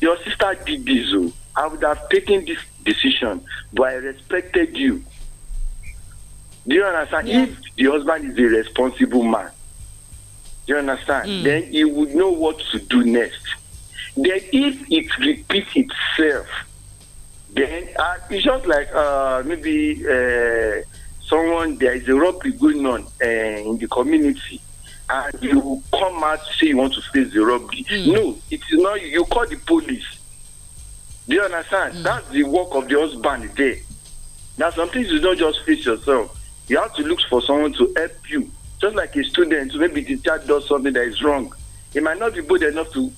your sister did this o oh. i would have taken this decision but i respected you do you understand yeah. if the husband is a responsible man do you understand mm. then he would know what to do next then if it repeats itself then uh, it's just like uh, maybe. Uh, someone there is a robbery going on uh, in the community and you come out say you want to face the robbery mm. no it is not you call the police do you understand mm. that's the work of the husband there now some things you don't just face yourself you have to look for someone to help you just like a student maybe the teacher does something that is wrong he might not be bold enough to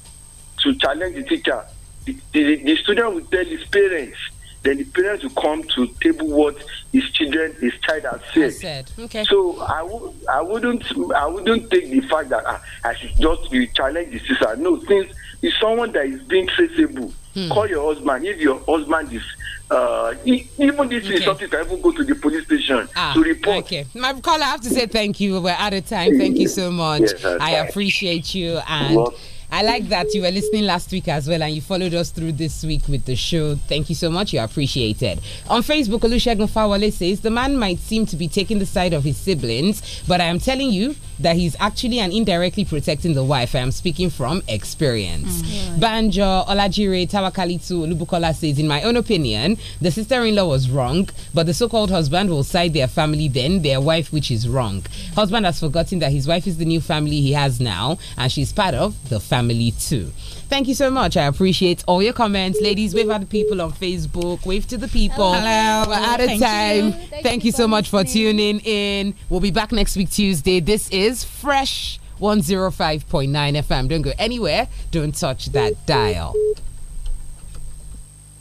to challenge the teacher the, the, the student will tell his parents then the parents will come to table what his children, his child has said. said. Okay. so I would not I w- I wouldn't I wouldn't take the fact that I, ah, I should just be challenge the sister. No, since it's someone that is being traceable. Hmm. Call your husband if your husband is uh, even this okay. is something that even go to the police station ah, to report. Okay, my caller, I have to say thank you. We're out of time. Thank you so much. Yes, I, I appreciate you and. Well, I like that you were listening last week as well and you followed us through this week with the show. Thank you so much. You're appreciated. On Facebook, Olusegun Fawale says, The man might seem to be taking the side of his siblings, but I am telling you, that he's actually and indirectly protecting the wife. I'm speaking from experience. Mm. Banjo, Olajire, Tawakalitu, Lubukola says, in my own opinion, the sister-in-law was wrong, but the so-called husband will side their family then their wife, which is wrong. Husband has forgotten that his wife is the new family he has now, and she's part of the family too. Thank you so much. I appreciate all your comments. Ladies, wave at the people on Facebook. Wave to the people. Hello. We're out of Thank time. You. Thank, Thank, you, you so much for tuning in. We'll be back next week, Tuesday. This is Fresh 105.9 FM. Don't go anywhere. Don't touch that dial.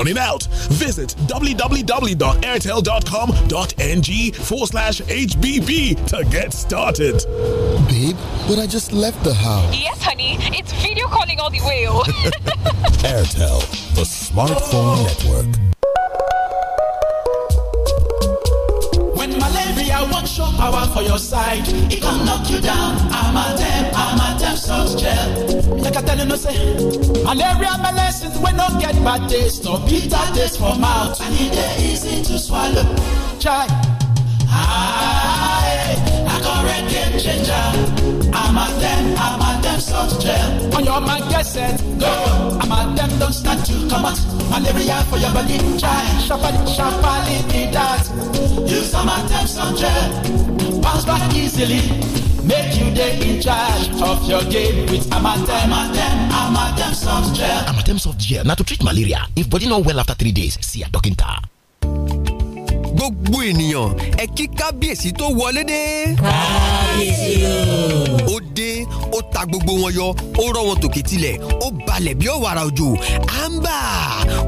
running out. Visit www.airtel.com.ng forward slash HBB to get started. Babe, but I just left the house. Yes, honey. It's video calling all the way. Airtel, the smartphone oh. network. power for your side it can knock you down I'm I'm a a amatem salt gel like i tell you no say malaria medicine when no get bad taste no bitter taste for mouth and e easy to swallow Try. ah I'm I'm a them, soft gel. On your mind, get set, go. them, don't start to come out. Malaria for your body, try. Sharply, sharply, need that. Use them, soft gel. Bounce back easily. Make you day in charge of your game with Amatem. Amatem, Amatem soft gel. Amatem soft gel. Now to treat malaria. If body not well after three days, see a doctor. gbogbo ènìyàn ẹ kí kábíyèsí tó wọlé dé. kábíyèsí o. ó dé ó ta gbogbo wọn yọ ó rọ wọn tòkè tilẹ̀ ó balẹ̀ bí ọ̀wàrà òjò àǹbà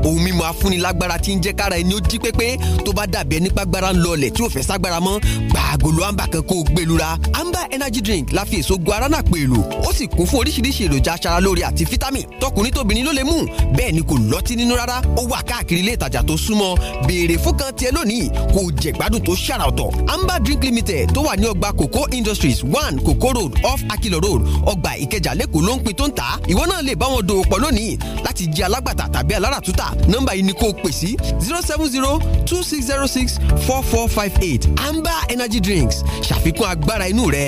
ohun mímu afúnilágbára tí ń jẹ́ kára ẹni ó jí pépé tó bá dàbí ẹni pàgbára ń lọlẹ̀ tí ò fẹ́ ságbára mọ́ gbàgòlò àǹbà kan kó o gbẹlura àǹbà energy drink la fi èso guarana pèlò ó sì kún fún oríṣiríṣi èròjà aṣaralóore àti fítámì tọkùnrin tóbìnrin ló lè mú bẹ́ẹ̀ ni kò lọ́tí nínú rárá ó wà káàkiri ilé ìtajà tó súnmọ́ béèrè fún kan tiẹ̀ lónìí kó o jẹ tó ṣàrà ọ̀tọ̀ amber drink limited tó wà ní ọgbà coco industries one coco road off akilo road ọgbà ìkẹjà lẹ́kọ̀ọ́ ló ń pin tó ń tà ìwọ náà lè bá wọn dòwò pọ̀ lónìí láti jẹ alágbàtà tàbí aláràtúntà nọ́mbà yìí ni kó pè sí zero seven zero two six zero six four four five eight amber energy drinks ṣàfikún agbára inú rẹ.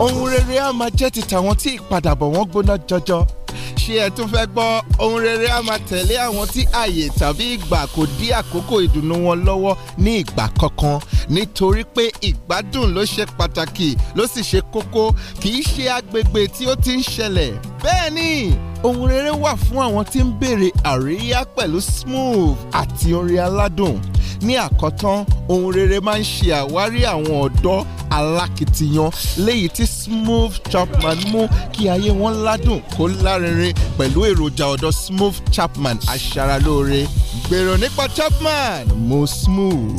ohun rere á máa jẹ́ ti tàwọn tí ìpadàbọ̀ wọn gbóná jọjọ ṣé ẹ tún fẹ́ gbọ́ ohun rere a máa tẹ̀lé àwọn tí àyè tàbí ìgbà kò dí àkókò ìdùnnú wọn lọ́wọ́ ní ìgbà kankan nítorí pé ìgbádùn ló ṣe pàtàkì ló sì ṣe kókó kì í ṣe agbègbè tí ó ti ń ṣẹlẹ̀ bẹ́ẹ̀ ni ohun rere wà fún àwọn tí ń béèrè àríyá pẹ̀lú smooth àti orin aládùn ní àkọ́tán ohun rere máa ń ṣe àwárí àwọn ọ̀dọ́ alákìtiyan léyìí tí smooth chapman mú kí ayé wọn ládùn kó lárinrin pẹ̀lú èròjà ọ̀dọ̀ smooth chapman aṣaralóore gbèrò nípa chapman mo smooth.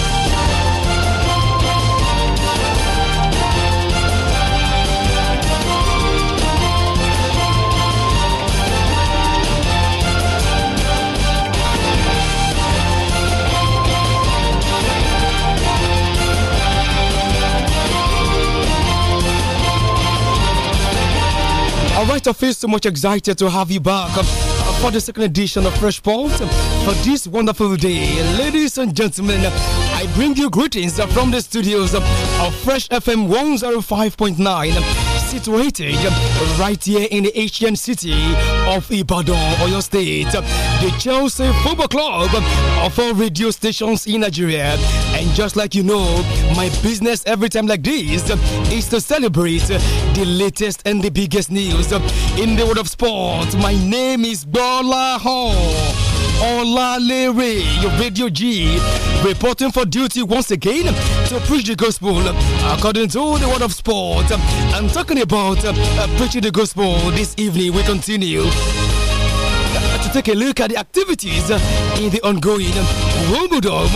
All right, I feel so much excited to have you back um, uh, for the second edition of Fresh Pulse um, for this wonderful day. Ladies and gentlemen, I bring you greetings from the studios um, of Fresh FM 105.9 situated right here in the ancient city of Ibadan, Oyo State. The Chelsea Football Club of all radio stations in Nigeria. And just like you know, my business every time like this is to celebrate the latest and the biggest news in the world of sports. My name is Bola Hall. Olalere, your radio G, reporting for duty once again to preach the gospel according to the word of sport. I'm talking about uh, preaching the gospel this evening. We continue to take a look at the activities in the ongoing Wimbledon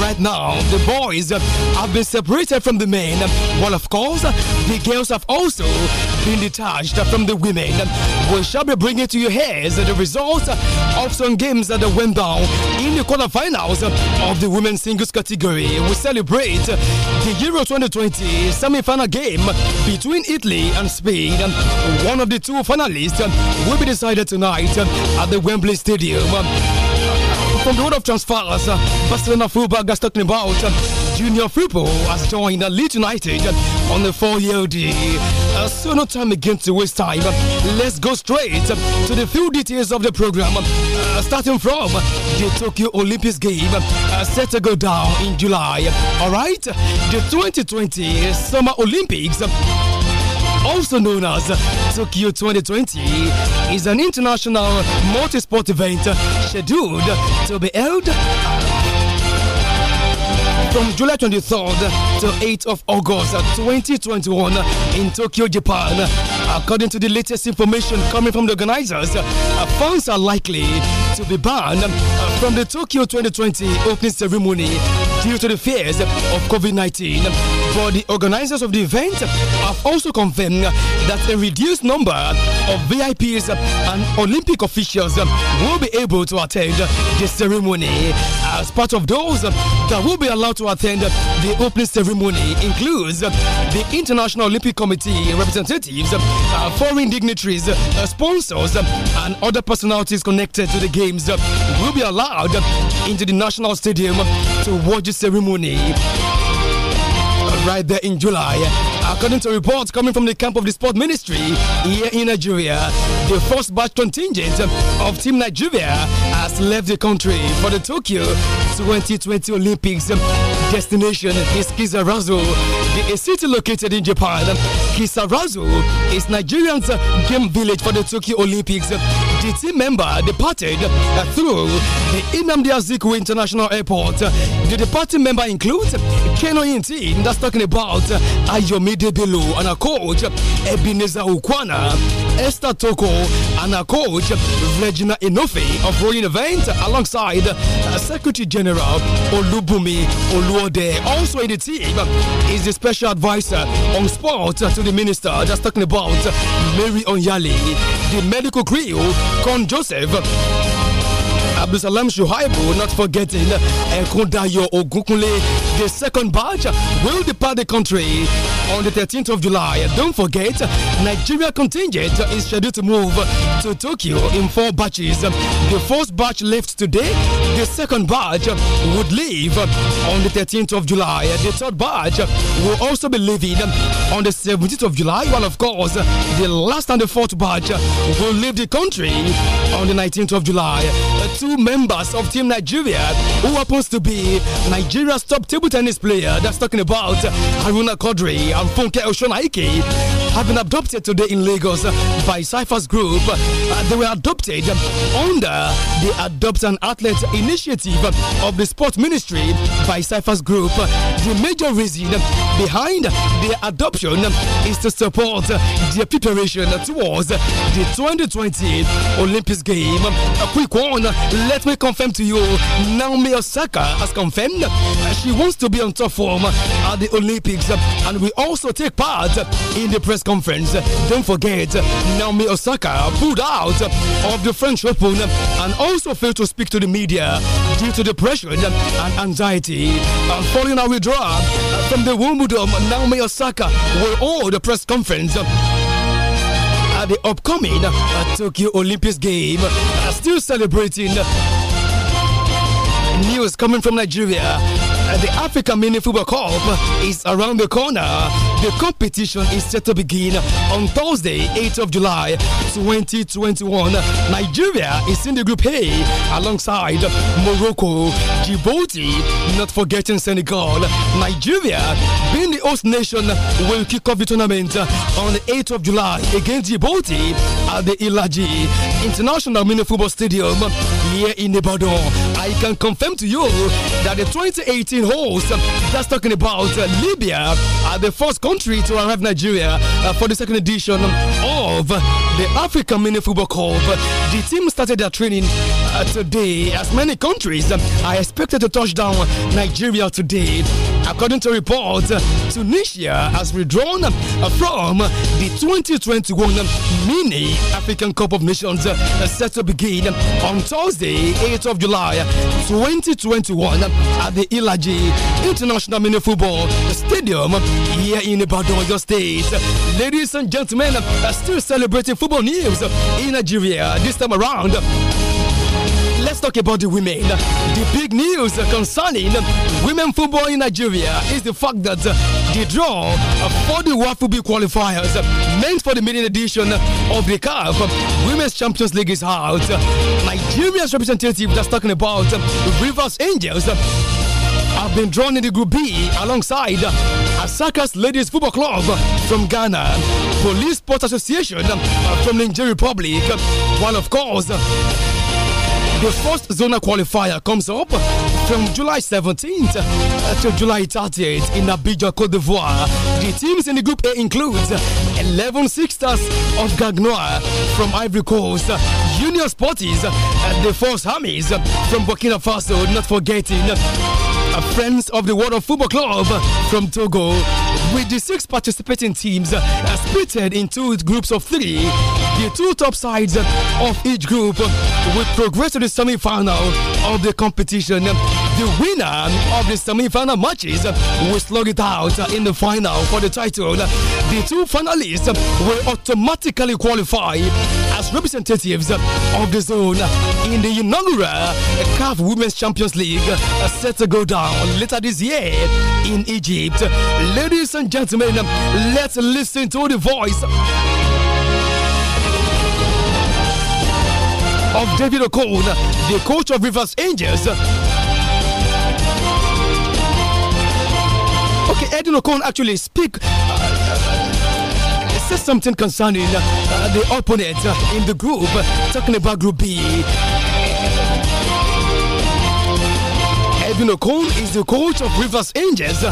right now. The boys have been separated from the men. Well, of course, the girls have also been detached from the women. We shall be bringing to your ears the results of some games that went down in the quarterfinals of the women's singles category. We celebrate the Euro 2020 semi-final game between Italy and Spain. One of the two finalists will be decided tonight at the Wembley Stadium. From the world of transfers, Barcelona fullback that's talking about Junior Firpo has joined uh, Leeds United uh, on a four-year deal. Uh, so no time again to waste time. Let's go straight uh, to the few details of the program. Uh, starting from the Tokyo Olympics game uh, set to go down in July. All right, the 2020 Summer Olympics also known as Tokyo 2020, is an international multi-sport event scheduled to be held from July 23rd to 8th of August 2021 in Tokyo, Japan. According to the latest information coming from the organizers, funds are likely to be banned from the Tokyo 2020 opening ceremony due to the fears of COVID 19. But the organizers of the event have also confirmed that a reduced number of VIPs and Olympic officials will be able to attend the ceremony. As part of those that will be allowed to attend the opening ceremony includes the International Olympic Committee representatives, uh, foreign dignitaries, uh, sponsors, and other personalities connected to the games will be allowed into the national stadium to watch the ceremony right there in July. According to reports coming from the camp of the sport ministry here in Nigeria, the first batch contingent of Team Nigeria has left the country for the Tokyo 2020 Olympics destination is Kisarazu, a city located in Japan. Kizarazu is Nigerian's game village for the Tokyo Olympics. The team member departed through the Inamdi Azikiwe International Airport. The departing member includes Keno Intin, that's talking about Ayomide Bello and our coach Ebenezer Ukwana, Esther Toko and our coach Regina Inofe of Royal Event alongside Secretary General Olubumi Olu also in the team is the special advisor on sport to the minister, just talking about Mary Onyali, the medical crew, Con Joseph. Abdulsalam Shuaibu, not forgetting Ekundayo Ogunkunle. The second batch will depart the country on the 13th of July. Don't forget, Nigeria contingent is scheduled to move to Tokyo in four batches. The first batch left today. The second batch would leave on the 13th of July. The third batch will also be leaving on the 17th of July. Well, of course, the last and the fourth batch will leave the country on the 19th of July. Uh, Two two members of Team Nigeria, who happens to be Nigeria's top table tennis player. That's talking about Aruna Kodri and Funke Oshonaike, have been adopted today in Lagos by Cypher's Group. Uh, they were adopted under the Adopt an Athlete initiative of the Sport Ministry by Cypher's Group. The major reason behind their adoption is to support their preparation towards the 2020 Olympics game. A quick one let me confirm to you, Naomi Osaka has confirmed she wants to be on top form at the Olympics and will also take part in the press conference. Don't forget, Naomi Osaka pulled out of the French Open and also failed to speak to the media due to depression and anxiety. And following her withdrawal from the Wimbledon, Naomi Osaka will hold a press conference at the upcoming Tokyo Olympics game. still celebrating news coming from Nigeria the African Mini Football Cup is around the corner. The competition is set to begin on Thursday, 8th of July, 2021. Nigeria is in the Group A alongside Morocco, Djibouti, not forgetting Senegal. Nigeria, being the host nation, will kick off the tournament on the 8th of July against Djibouti at the Ilaji International Mini Football Stadium here in Ibadan. I can confirm to you that the 2018 host, just talking about uh, Libya, are the first country to arrive Nigeria uh, for the second edition of the African Mini Football Cup. The team started their training today. As many countries uh, are expected to touch down Nigeria today. According to reports, Tunisia has withdrawn uh, from the 2021 Mini African Cup of Nations uh, set to begin on Thursday, 8th of July 2021 at the Ilaji International Mini Football Stadium here in Ibadan, your state. Ladies and gentlemen, still celebrating football news in Nigeria this time around. Let's talk about the women. The big news concerning women football in Nigeria is the fact that the draw for the WAFUB qualifiers meant for the maiden edition of the CAF Women's Champions League is out. Nigeria's representative that's talking about Rivers Angels have been drawn in the Group B alongside Asaka's Ladies Football Club from Ghana, Police Sports Association from the Nigeria Republic, while of course the first zonal qualifier comes up from July 17th to July 30th in Abidjan, Cote d'Ivoire. The teams in the Group A includes 11 Sixers of Gagnoa from Ivory Coast, Union Sporties, the Force Hammies from Burkina Faso, not forgetting uh, Friends of the World of Football Club from Togo with the six participating teams uh, split into groups of three. The two top sides of each group will progress to the semi-final of the competition. The winner of the semi-final matches will slug it out in the final for the title. The two finalists will automatically qualify as representatives of the zone in the inaugural CAF Women's Champions League uh, set to go down later this year in Egypt. Ladies and gentlemen, let's listen to the voice of David O'Connor, the coach of Rivers Angels. Okay, Edwin O'Connor actually speak, uh, says something concerning. Uh, the opponent in the group. Talking about Group B. Edwin O'Connell is the coach of Rivers Angels.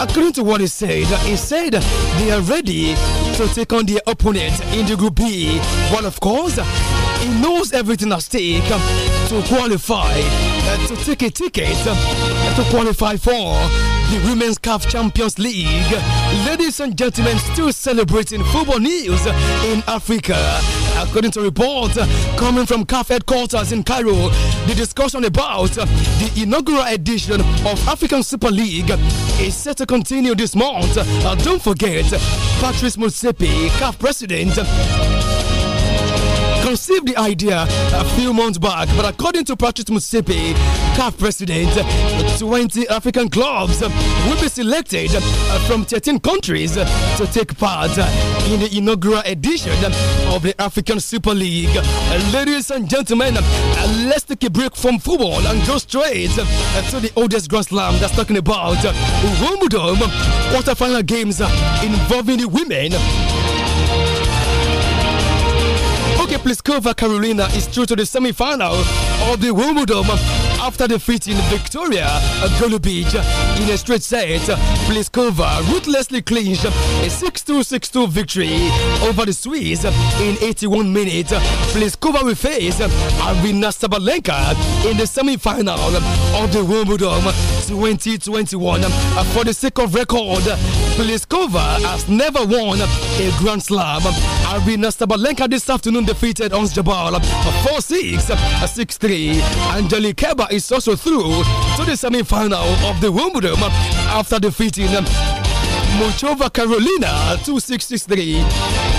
According to what he said, he said they are ready to take on their opponent in the Group B. Well, of course, he knows everything at stake to qualify, uh, to take a ticket uh, to qualify for the Women's CAF Champions League. Ladies and gentlemen, still celebrating football news in Africa. According to reports coming from CAF headquarters in Cairo, the discussion about the inaugural edition of African Super League is set to continue this month. Uh, don't forget, Patrice Motsepe, CAF president, conceived the idea a few months back, but according to Patrick Musipi, CAF president, 20 African clubs will be selected uh, from 13 countries to take part in the inaugural edition of the African Super League. Uh, ladies and gentlemen, uh, let's take a break from football and go straight to the oldest Grand Slam that's talking about Wimbledon quarterfinal games involving the women. Pliskova Carolina is through to the semi final of the Wimbledon after defeating Victoria Golubic in a straight set. Pliskova ruthlessly clinched a 6 2 6 2 victory over the Swiss in 81 minutes. Pliskova will face Arina Sabalenka in the semi final of the Wimbledon 2021. For the sake of record, Pliskova has never won a Grand Slam. Arena Sabalenka this afternoon defeated Ons Jabal 4 6, 6 3. Angelique Keba is also through to the semi final of the Wimbledon after defeating Mochova Carolina 2 6 6 3.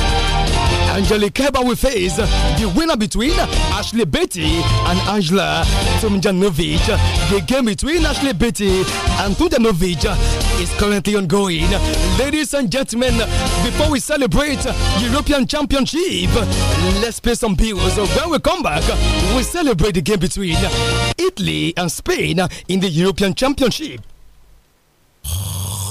Angelique Kerber will face the winner between Ashley Betty and Angela Tumjanovic. The game between Ashley Betty and Tumjanovic is currently ongoing. Ladies and gentlemen, before we celebrate European Championship, let's pay some bills. When we come back, we celebrate the game between Italy and Spain in the European Championship.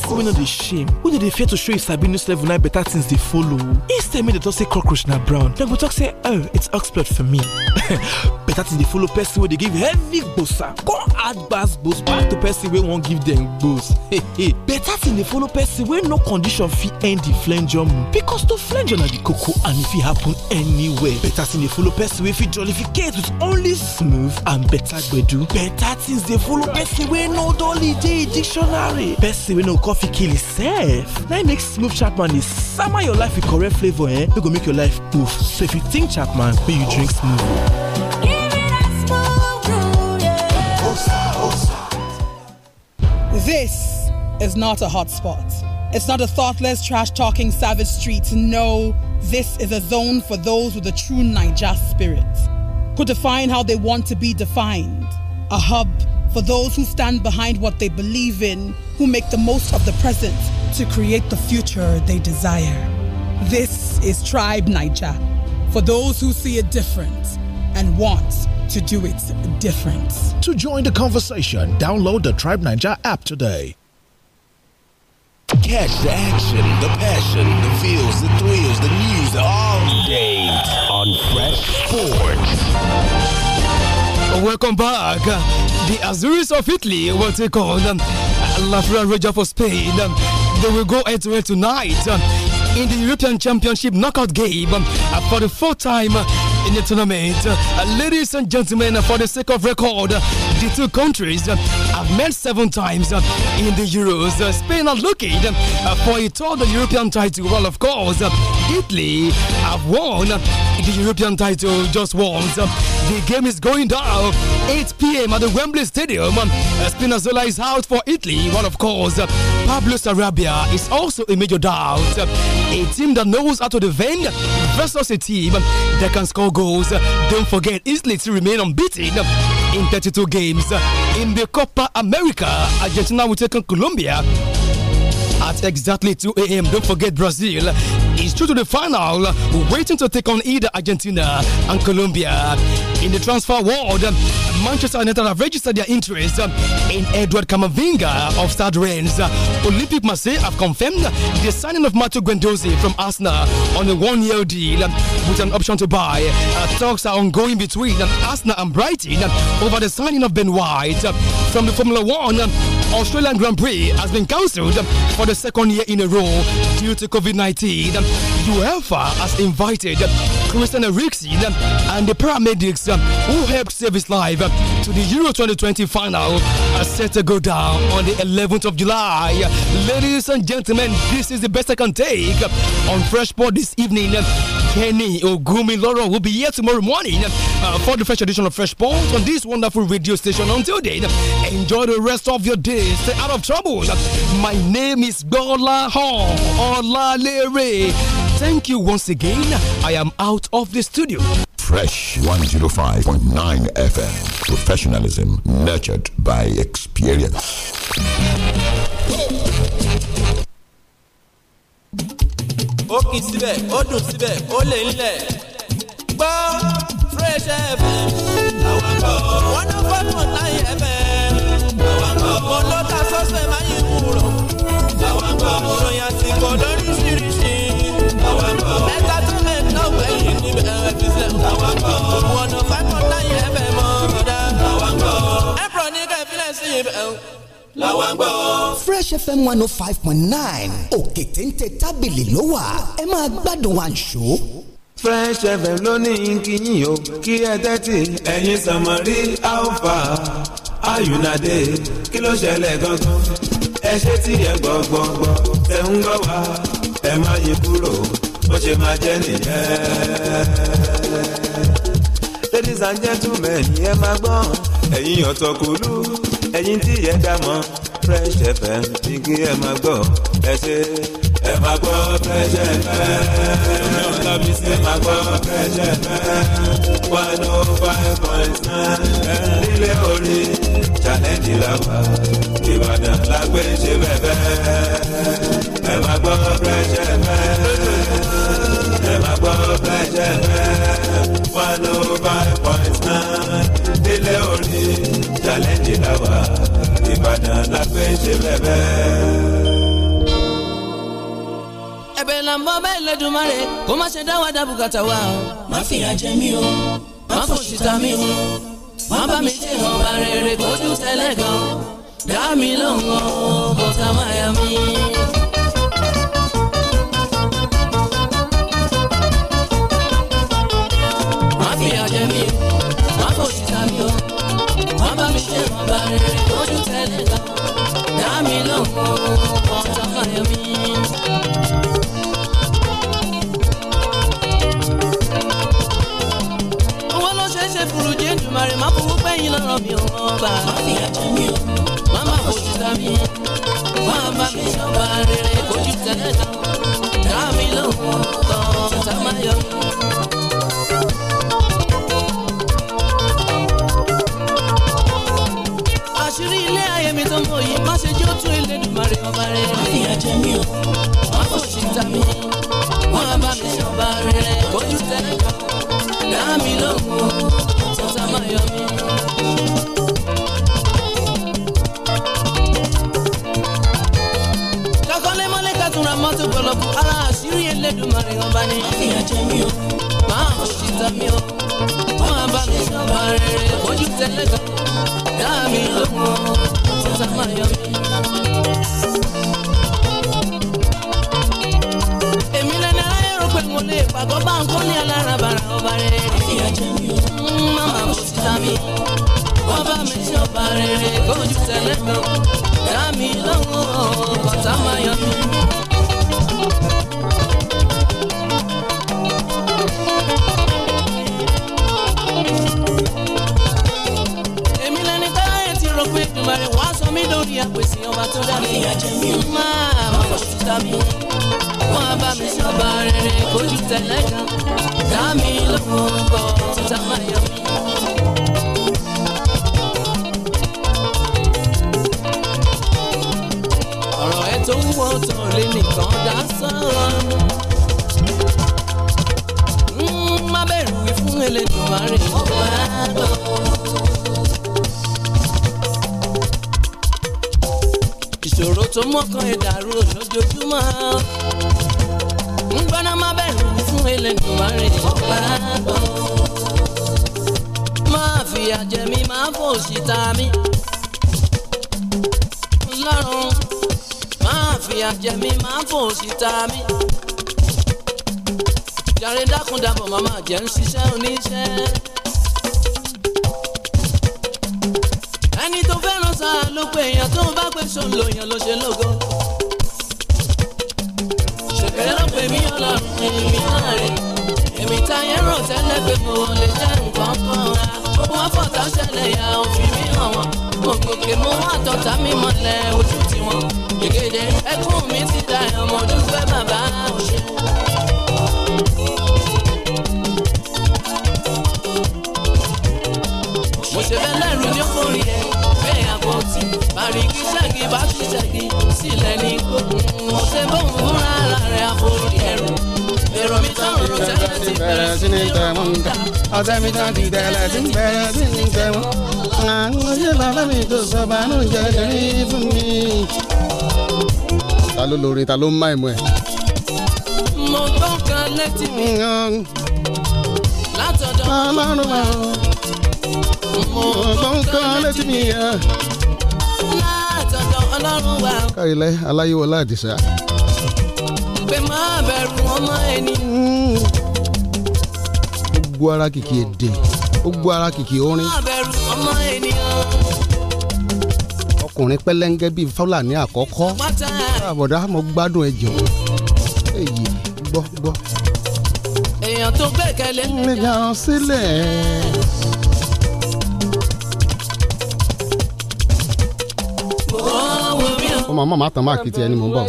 person wey no dey shame wey no dey fear to show e sabi news level na better things dey follow Instead, dem make dem talk say cockroach na brown dem go talk say oh it's oxblood for me better things dey follow person wey dey give heavy gbosa come add gbas gbos back to person wey wan give dem gbos better things dey follow person wey no condition fit end the flenjor um. because to flenjor na the koko and e fit happen anywhere better things dey follow person wey fit jollificate with only smooth and better gbedu better things dey follow person wey no dolly dey dictionary person wey no coffee kill itself. Now it makes Smooth Chapman is summer your life with correct flavor, eh? It go make your life poof. So if you think Chapman, may you drink smooth. Oh, oh, this is not a hotspot. It's not a thoughtless, trash talking, savage street. No, this is a zone for those with a true Niger spirit, Could define how they want to be defined. A hub for those who stand behind what they believe in, who make the most of the present to create the future they desire. This is Tribe Niger, for those who see it different and want to do it different. To join the conversation, download the Tribe Niger app today. Catch the action, the passion, the feels, the thrills, the news all day on Fresh Sports. Welcome back. The Azuris of Italy will take on um, La Regia for Spain. Um, they will go head to head tonight um, in the European Championship knockout game um, for the fourth time in the tournament. Uh, ladies and gentlemen, uh, for the sake of record, uh, the two countries have met seven times in the Euros. Spain are looking for a third European title. Well, of course, Italy have won the European title just once. The game is going down 8 p.m. at the Wembley Stadium. Spinazzola is out for Italy. Well, of course, Pablo Sarabia is also a major doubt. A team that knows how to defend versus a team that can score goals. Don't forget, Italy to remain unbeaten in 32 games. In the Copa America, Argentina will take on Colombia at exactly 2 a.m. Don't forget Brazil is through to the final, waiting to take on either Argentina and Colombia. In the transfer world, Manchester United have registered their interest in Edward Camavinga of Stade Rennes. Olympic Marseille have confirmed the signing of Matteo Guendouzi from Arsenal on a one-year deal with an option to buy. Uh, talks are ongoing between Arsenal and Brighton over the signing of Ben White from the Formula One. Australian Grand Prix has been cancelled for the second year in a row due to COVID-19. UEFA has invited Christian Eriksen and the paramedics who helped save his life to the Euro 2020 final are set to go down on the 11th of July. Ladies and gentlemen, this is the best I can take on Fresh this evening. Kenny Ogumi Loro will be here tomorrow morning uh, for the fresh edition of Fresh on this wonderful radio station. Until then, enjoy the rest of your day. Stay out of trouble. My name is Gola Hong Olalere. Thank you once again. I am out of the studio. Fresh 105.9 FM. Professionalism nurtured by experience. ó kì í síbẹ̀ ó dùn síbẹ̀ ó lè ń lẹ̀ gbọ́ Fresh FM àwọn kọ́ wọn ló oh fọ́tún láyé ẹ̀fẹ̀ àwọn kọ́ mo lọ́ta sọ́sẹ̀ máa yí kúrò àwọn kọ́ mo ròyìn àsìkò lóríṣiríṣi. Fresh FM one oh five point nine òkè téńté tábìlì ló wà ẹ máa gbádùn àǹṣó. Fresh FM ló ní kíyìn o kí ẹ tẹ́tì ẹ̀yin sànmọ́rí alpha ayùnádé kí ló ṣẹlẹ̀ gangan ẹ ṣe tí ẹ gbọ́ gbọ́ gbọ́ ẹ ń gbọ́ wá ẹ má yí kúrò bó ṣe máa jẹ́ nìyẹn. ladies and gentlemen ẹ máa gbọ́n ẹ̀yin ọ̀tọ̀kùlú ẹ̀yin tí ẹ dá mọ́ fresh fm ní kí ẹ máa gbọ́ ẹ ṣe ẹ máa gbọ́ fresh fm ẹ máa gbọ́ fresh fm one oh five point nine nílé orí challenge la wà ìbàdàn la gbé ṣe bẹ́ẹ̀ bẹ́ẹ̀ ẹ máa gbọ́ fresh fm ẹ má gbọ́ bẹ́jẹ̀ bẹ́ẹ̀ one oh five point nine délé orí challenge la Ìbàdàn la gbé ṣe bẹ́ẹ̀. ẹ̀bẹ̀ là ń bọ́ bẹ́ẹ̀ lẹ́dùnmáre kó má ṣe dáwà dá bùkátà wa o. má fìyà jẹ mí o má fòṣìṣà mí o má bá mi ṣe ọba rere kó dùn tẹ́lẹ̀ gan dá mi lóhùn bọ́tà máa yà mí. ìwà rere lójú tẹ́lẹ̀ lọ dá mi lóhùn ọ̀tọ̀kọ̀yọ̀ mi. owó ló ṣeé ṣe furu jẹ́nu màrè má fowó pẹ́yìn lọ́rọ̀ mi ò wọ́n bá. má fi àjẹ mi o má má fojú ta mi má má fi ìjọba rere lójú tẹ́lẹ̀ lọ dá mi lóhùn ọ̀tọ̀kọ̀yọ̀ mi. mi tó mọ òye má ṣe jẹ́ ó tún Elédùmarè ọba rẹ̀. ìyá jẹ mí o wọn kò sí ta mi wọn á bá mi ṣọba rẹ̀ ojú tẹ̀lé kan dá mi lóhùn tọ́ta má yọ mí. kakọ́lé mọ́lé kàtúnra mọ́tò bọ̀lọ̀kù ara àṣírí Elédùmarè ọba ni. ìyá jẹ mí o máa kò sí ta mi o wọn á bá mi ṣọba rẹ̀ ojú tẹ̀lé kan dá mi lóhùn èmi lẹ́nu ayérò pé mo lè pàgọ́ bá ń kó ní alára bàrà ọba rẹ̀ mama kò sí sami wọ́n bá mi ṣe ọba rere kójú tẹ̀lé kan dá mi lọ́wọ́ bàtà máa yọ mí. mí lórí àpèsè ọba tó dá mi máa má òtútà mi wọn á bá mi sọba rere kojú tẹlẹ kan dá mi lórúkọ títà máa yọ mí. ọ̀rọ̀ ẹ tó wúwo tó lé nìkan dá sán. má bẹ̀rù wí fún Elédùmarè. ó máa lọ. tó mọ́kàn ìdàrú lójoojúmọ́. ń gbọ́ná má bẹ̀rù fún Elédùmarè ọ̀pá gbọ́. máa fìyà jẹ mí máa fòṣì ta mí. lọ́rùn máa fìyà jẹ mí máa fòṣì ta mí. jàre dákúndàbọ̀ màmá jẹ́ ń ṣiṣẹ́ oníṣẹ́. ẹni tó fẹ́ràn sáà ló pe èèyàn tó ń pé ṣòun lòyàn ló ṣe lógo. ṣèkèrè ló pè mí ọlọ́run èmi náà rè èmi táyé rò tẹ́lẹ̀ pé mo lè jẹ́ nǹkan kan ra. gbogbo afọ́tà ṣẹlẹ̀ ya òfin mi hàn wọ́n. mo gòkè mo wá tọ́ta mi mọ́lẹ̀ ojú tiwọn. gègéde ẹkún mi ti da ọmọ ọdún fẹ́ bàbá òṣèlú. mo ṣe bẹ́ẹ̀ àríkí ṣẹ́gi bá ti ṣẹ́gi sílẹ̀ ní gbogbo mo ṣe bóun fúnra rẹ̀ àforí ẹ̀rù èrò mi tán rò tẹ́lẹ̀ ti bẹ̀rẹ̀ sí ní tẹ̀wọ́ ń ta ọ̀tẹ́ mi tán ti tẹ̀lẹ̀ sí ní bẹ̀rẹ̀ sí ní tẹ̀wọ́ àwọn ṣe bàbá mi tó sọ bànújẹ́ lórí fún mi. ta ló lórin ta ló ń máìmú ẹ. mo gbọ́ létí mi látọ̀dọ̀ ọlọ́run mo gbọ́ létí mi ọlọ́run wa. káyọ̀lẹ́ aláyéwọlá àdìsá. pé má bẹ̀rù ọmọ ẹni. ó gbó ara kìkì èdè ó gbó ara kìkì orin. má bẹ̀rù ọmọ ènìyàn. ọkùnrin pẹ́lẹ́ńgẹ́ bíi fúlàní àkọ́kọ́. àbọ̀dá ah, mo gbádùn ẹ jọ. èyí gbọ́ gbọ́. èèyàn tó gbẹ̀kẹ̀lé. ń gbẹ̀gàn sílẹ̀. ọmọ ọmọ màtàn máa kìtì ẹni mò ń bọ̀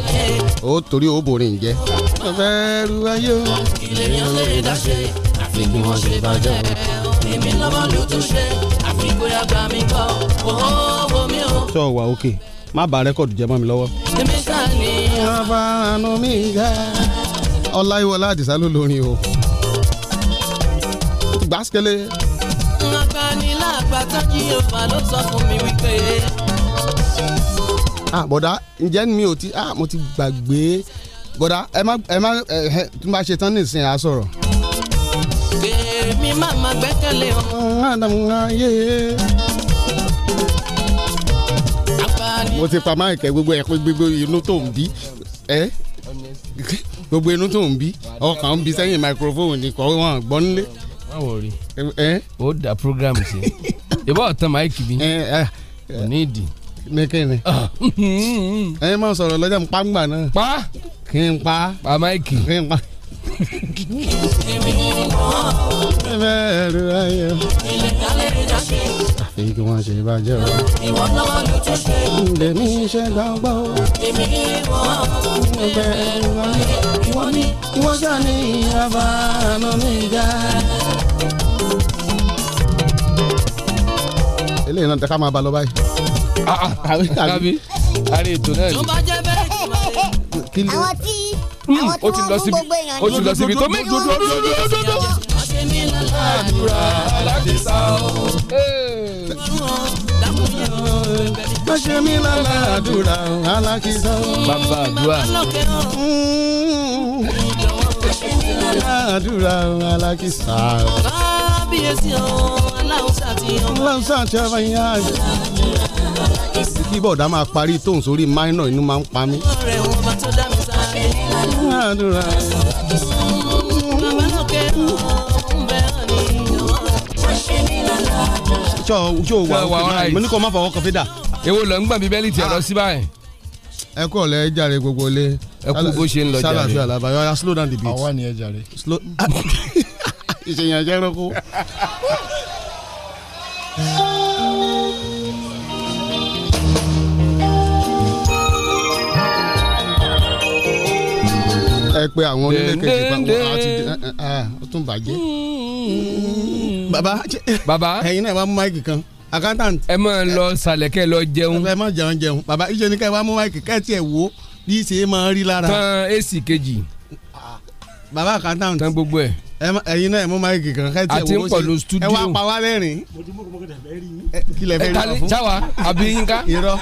ó torí ó borí ń jẹ́. ọ̀fẹ́ ru ayé o. ìlẹ̀yìn lè dá ṣe àfikún wọn ṣe bàjẹ́ èmi lọ́mọ ló tún ṣe àfikún àgbà mi kọ́ owó mi o. sọ wà ókè má bàa rẹ́kọ̀dù jẹ́ mọ́ mi lọ́wọ́. èmi ṣáà ní. àbánu mi ga. ọláyíwọlá àdìsá ló lórin o. gbàsíkẹ́lẹ́. agbanilágbàtà jí yorùbá ló sọ fún mi wípé ah bọ̀dá ǹjẹ́ mi ò ti ah mo ti gbàgbé bọ̀dá ẹ má ẹ má ẹ tí n bá ṣe tán nísìnyí á sọ̀rọ̀. èmi máa gbẹ́kẹ̀lé ọ. Ah, ah, mo ti pa máa kẹ gbogbo ẹ gbogbo inú tó ń bí ẹ gbogbo inú tó ń bí ọkàn ń bí sẹ́yìn microphone ni kò wọ́n gbọ́ nílé. má wọrí ó da program sí ìbá ọ̀tán máìkì bí kò ní ìdí ní kíni. Ah. ẹ máa sọ̀rọ̀ lọ́jà ń pa ńgbà náà. pa kí n pa. pa máìkì. kí n pa. bẹ́ẹ̀rù ayé. àfi kí wọ́n ṣe bàjẹ́ o. ìwọ náà ló tún ṣe. ǹdẹ̀ ní iṣẹ́ gbọ́ngbọ́n o. èmi wọ́n ò bẹ̀rù ayé. ìwọ ìwọ ṣáà ní ìyàbá àná mi ga. eléyìí náà tẹ ká máa ba lọ báyìí àbí àrí ètò náà ni. àwọn tí hmm, àwọn tí wọ́n mú gbogbo èèyàn ní. o ti lọ síbi tó mú dúdú dúdú dúdú. ọ̀sẹ̀ mi lọ́la àdúrà láti sá o. ọ̀sẹ̀ mi lọ́la àdúrà láti sá o. bàbá àdúrà hmm. àdúrà alákìsà. kábíyèsí o ọlọ́run sàǹtẹ̀ ọ̀yà kí máa parí tóun sórí minor inú máa ń pa mí. ṣọ wà ọ̀rẹ́ mo ní kó má fọwọ́ kan dà. èwo lọ ń gbọ̀n bíbélì tí ẹ lọ ah. sí báyìí. ẹ kọ́ lẹ jàre gbogbo ilé. ẹ kú bó ṣe ń lọ jàre. sálàfi àlàbà slow down the beat. àwa ni ẹ jàre. ìṣèyàn jẹ́ rọ́kú. ẹ pé àwọn onílé kejì pàpọ̀ àti ó tún bàjẹ́. baba baba ẹyin náà ẹ mú máìkì kan accountant. ẹ máa lọ sàlẹ̀ kẹ́ ẹ lọ jẹun. ẹ máa jẹun jẹun baba iṣẹ́ ni ká ẹ bá mú máìkì kẹ́ ẹ tiẹ̀ wò bí ṣe máa rí lára. tán èsì kejì. baba accountant. tán gbogbo ẹ̀ ẹyin náà ẹ mú máìkì kan ká tiẹ̀ wọ́n ṣe ẹ wá pa wá lẹ́rìn. kílẹ̀ fẹ́ rí wọn. sáwa àbí yínká. irọ́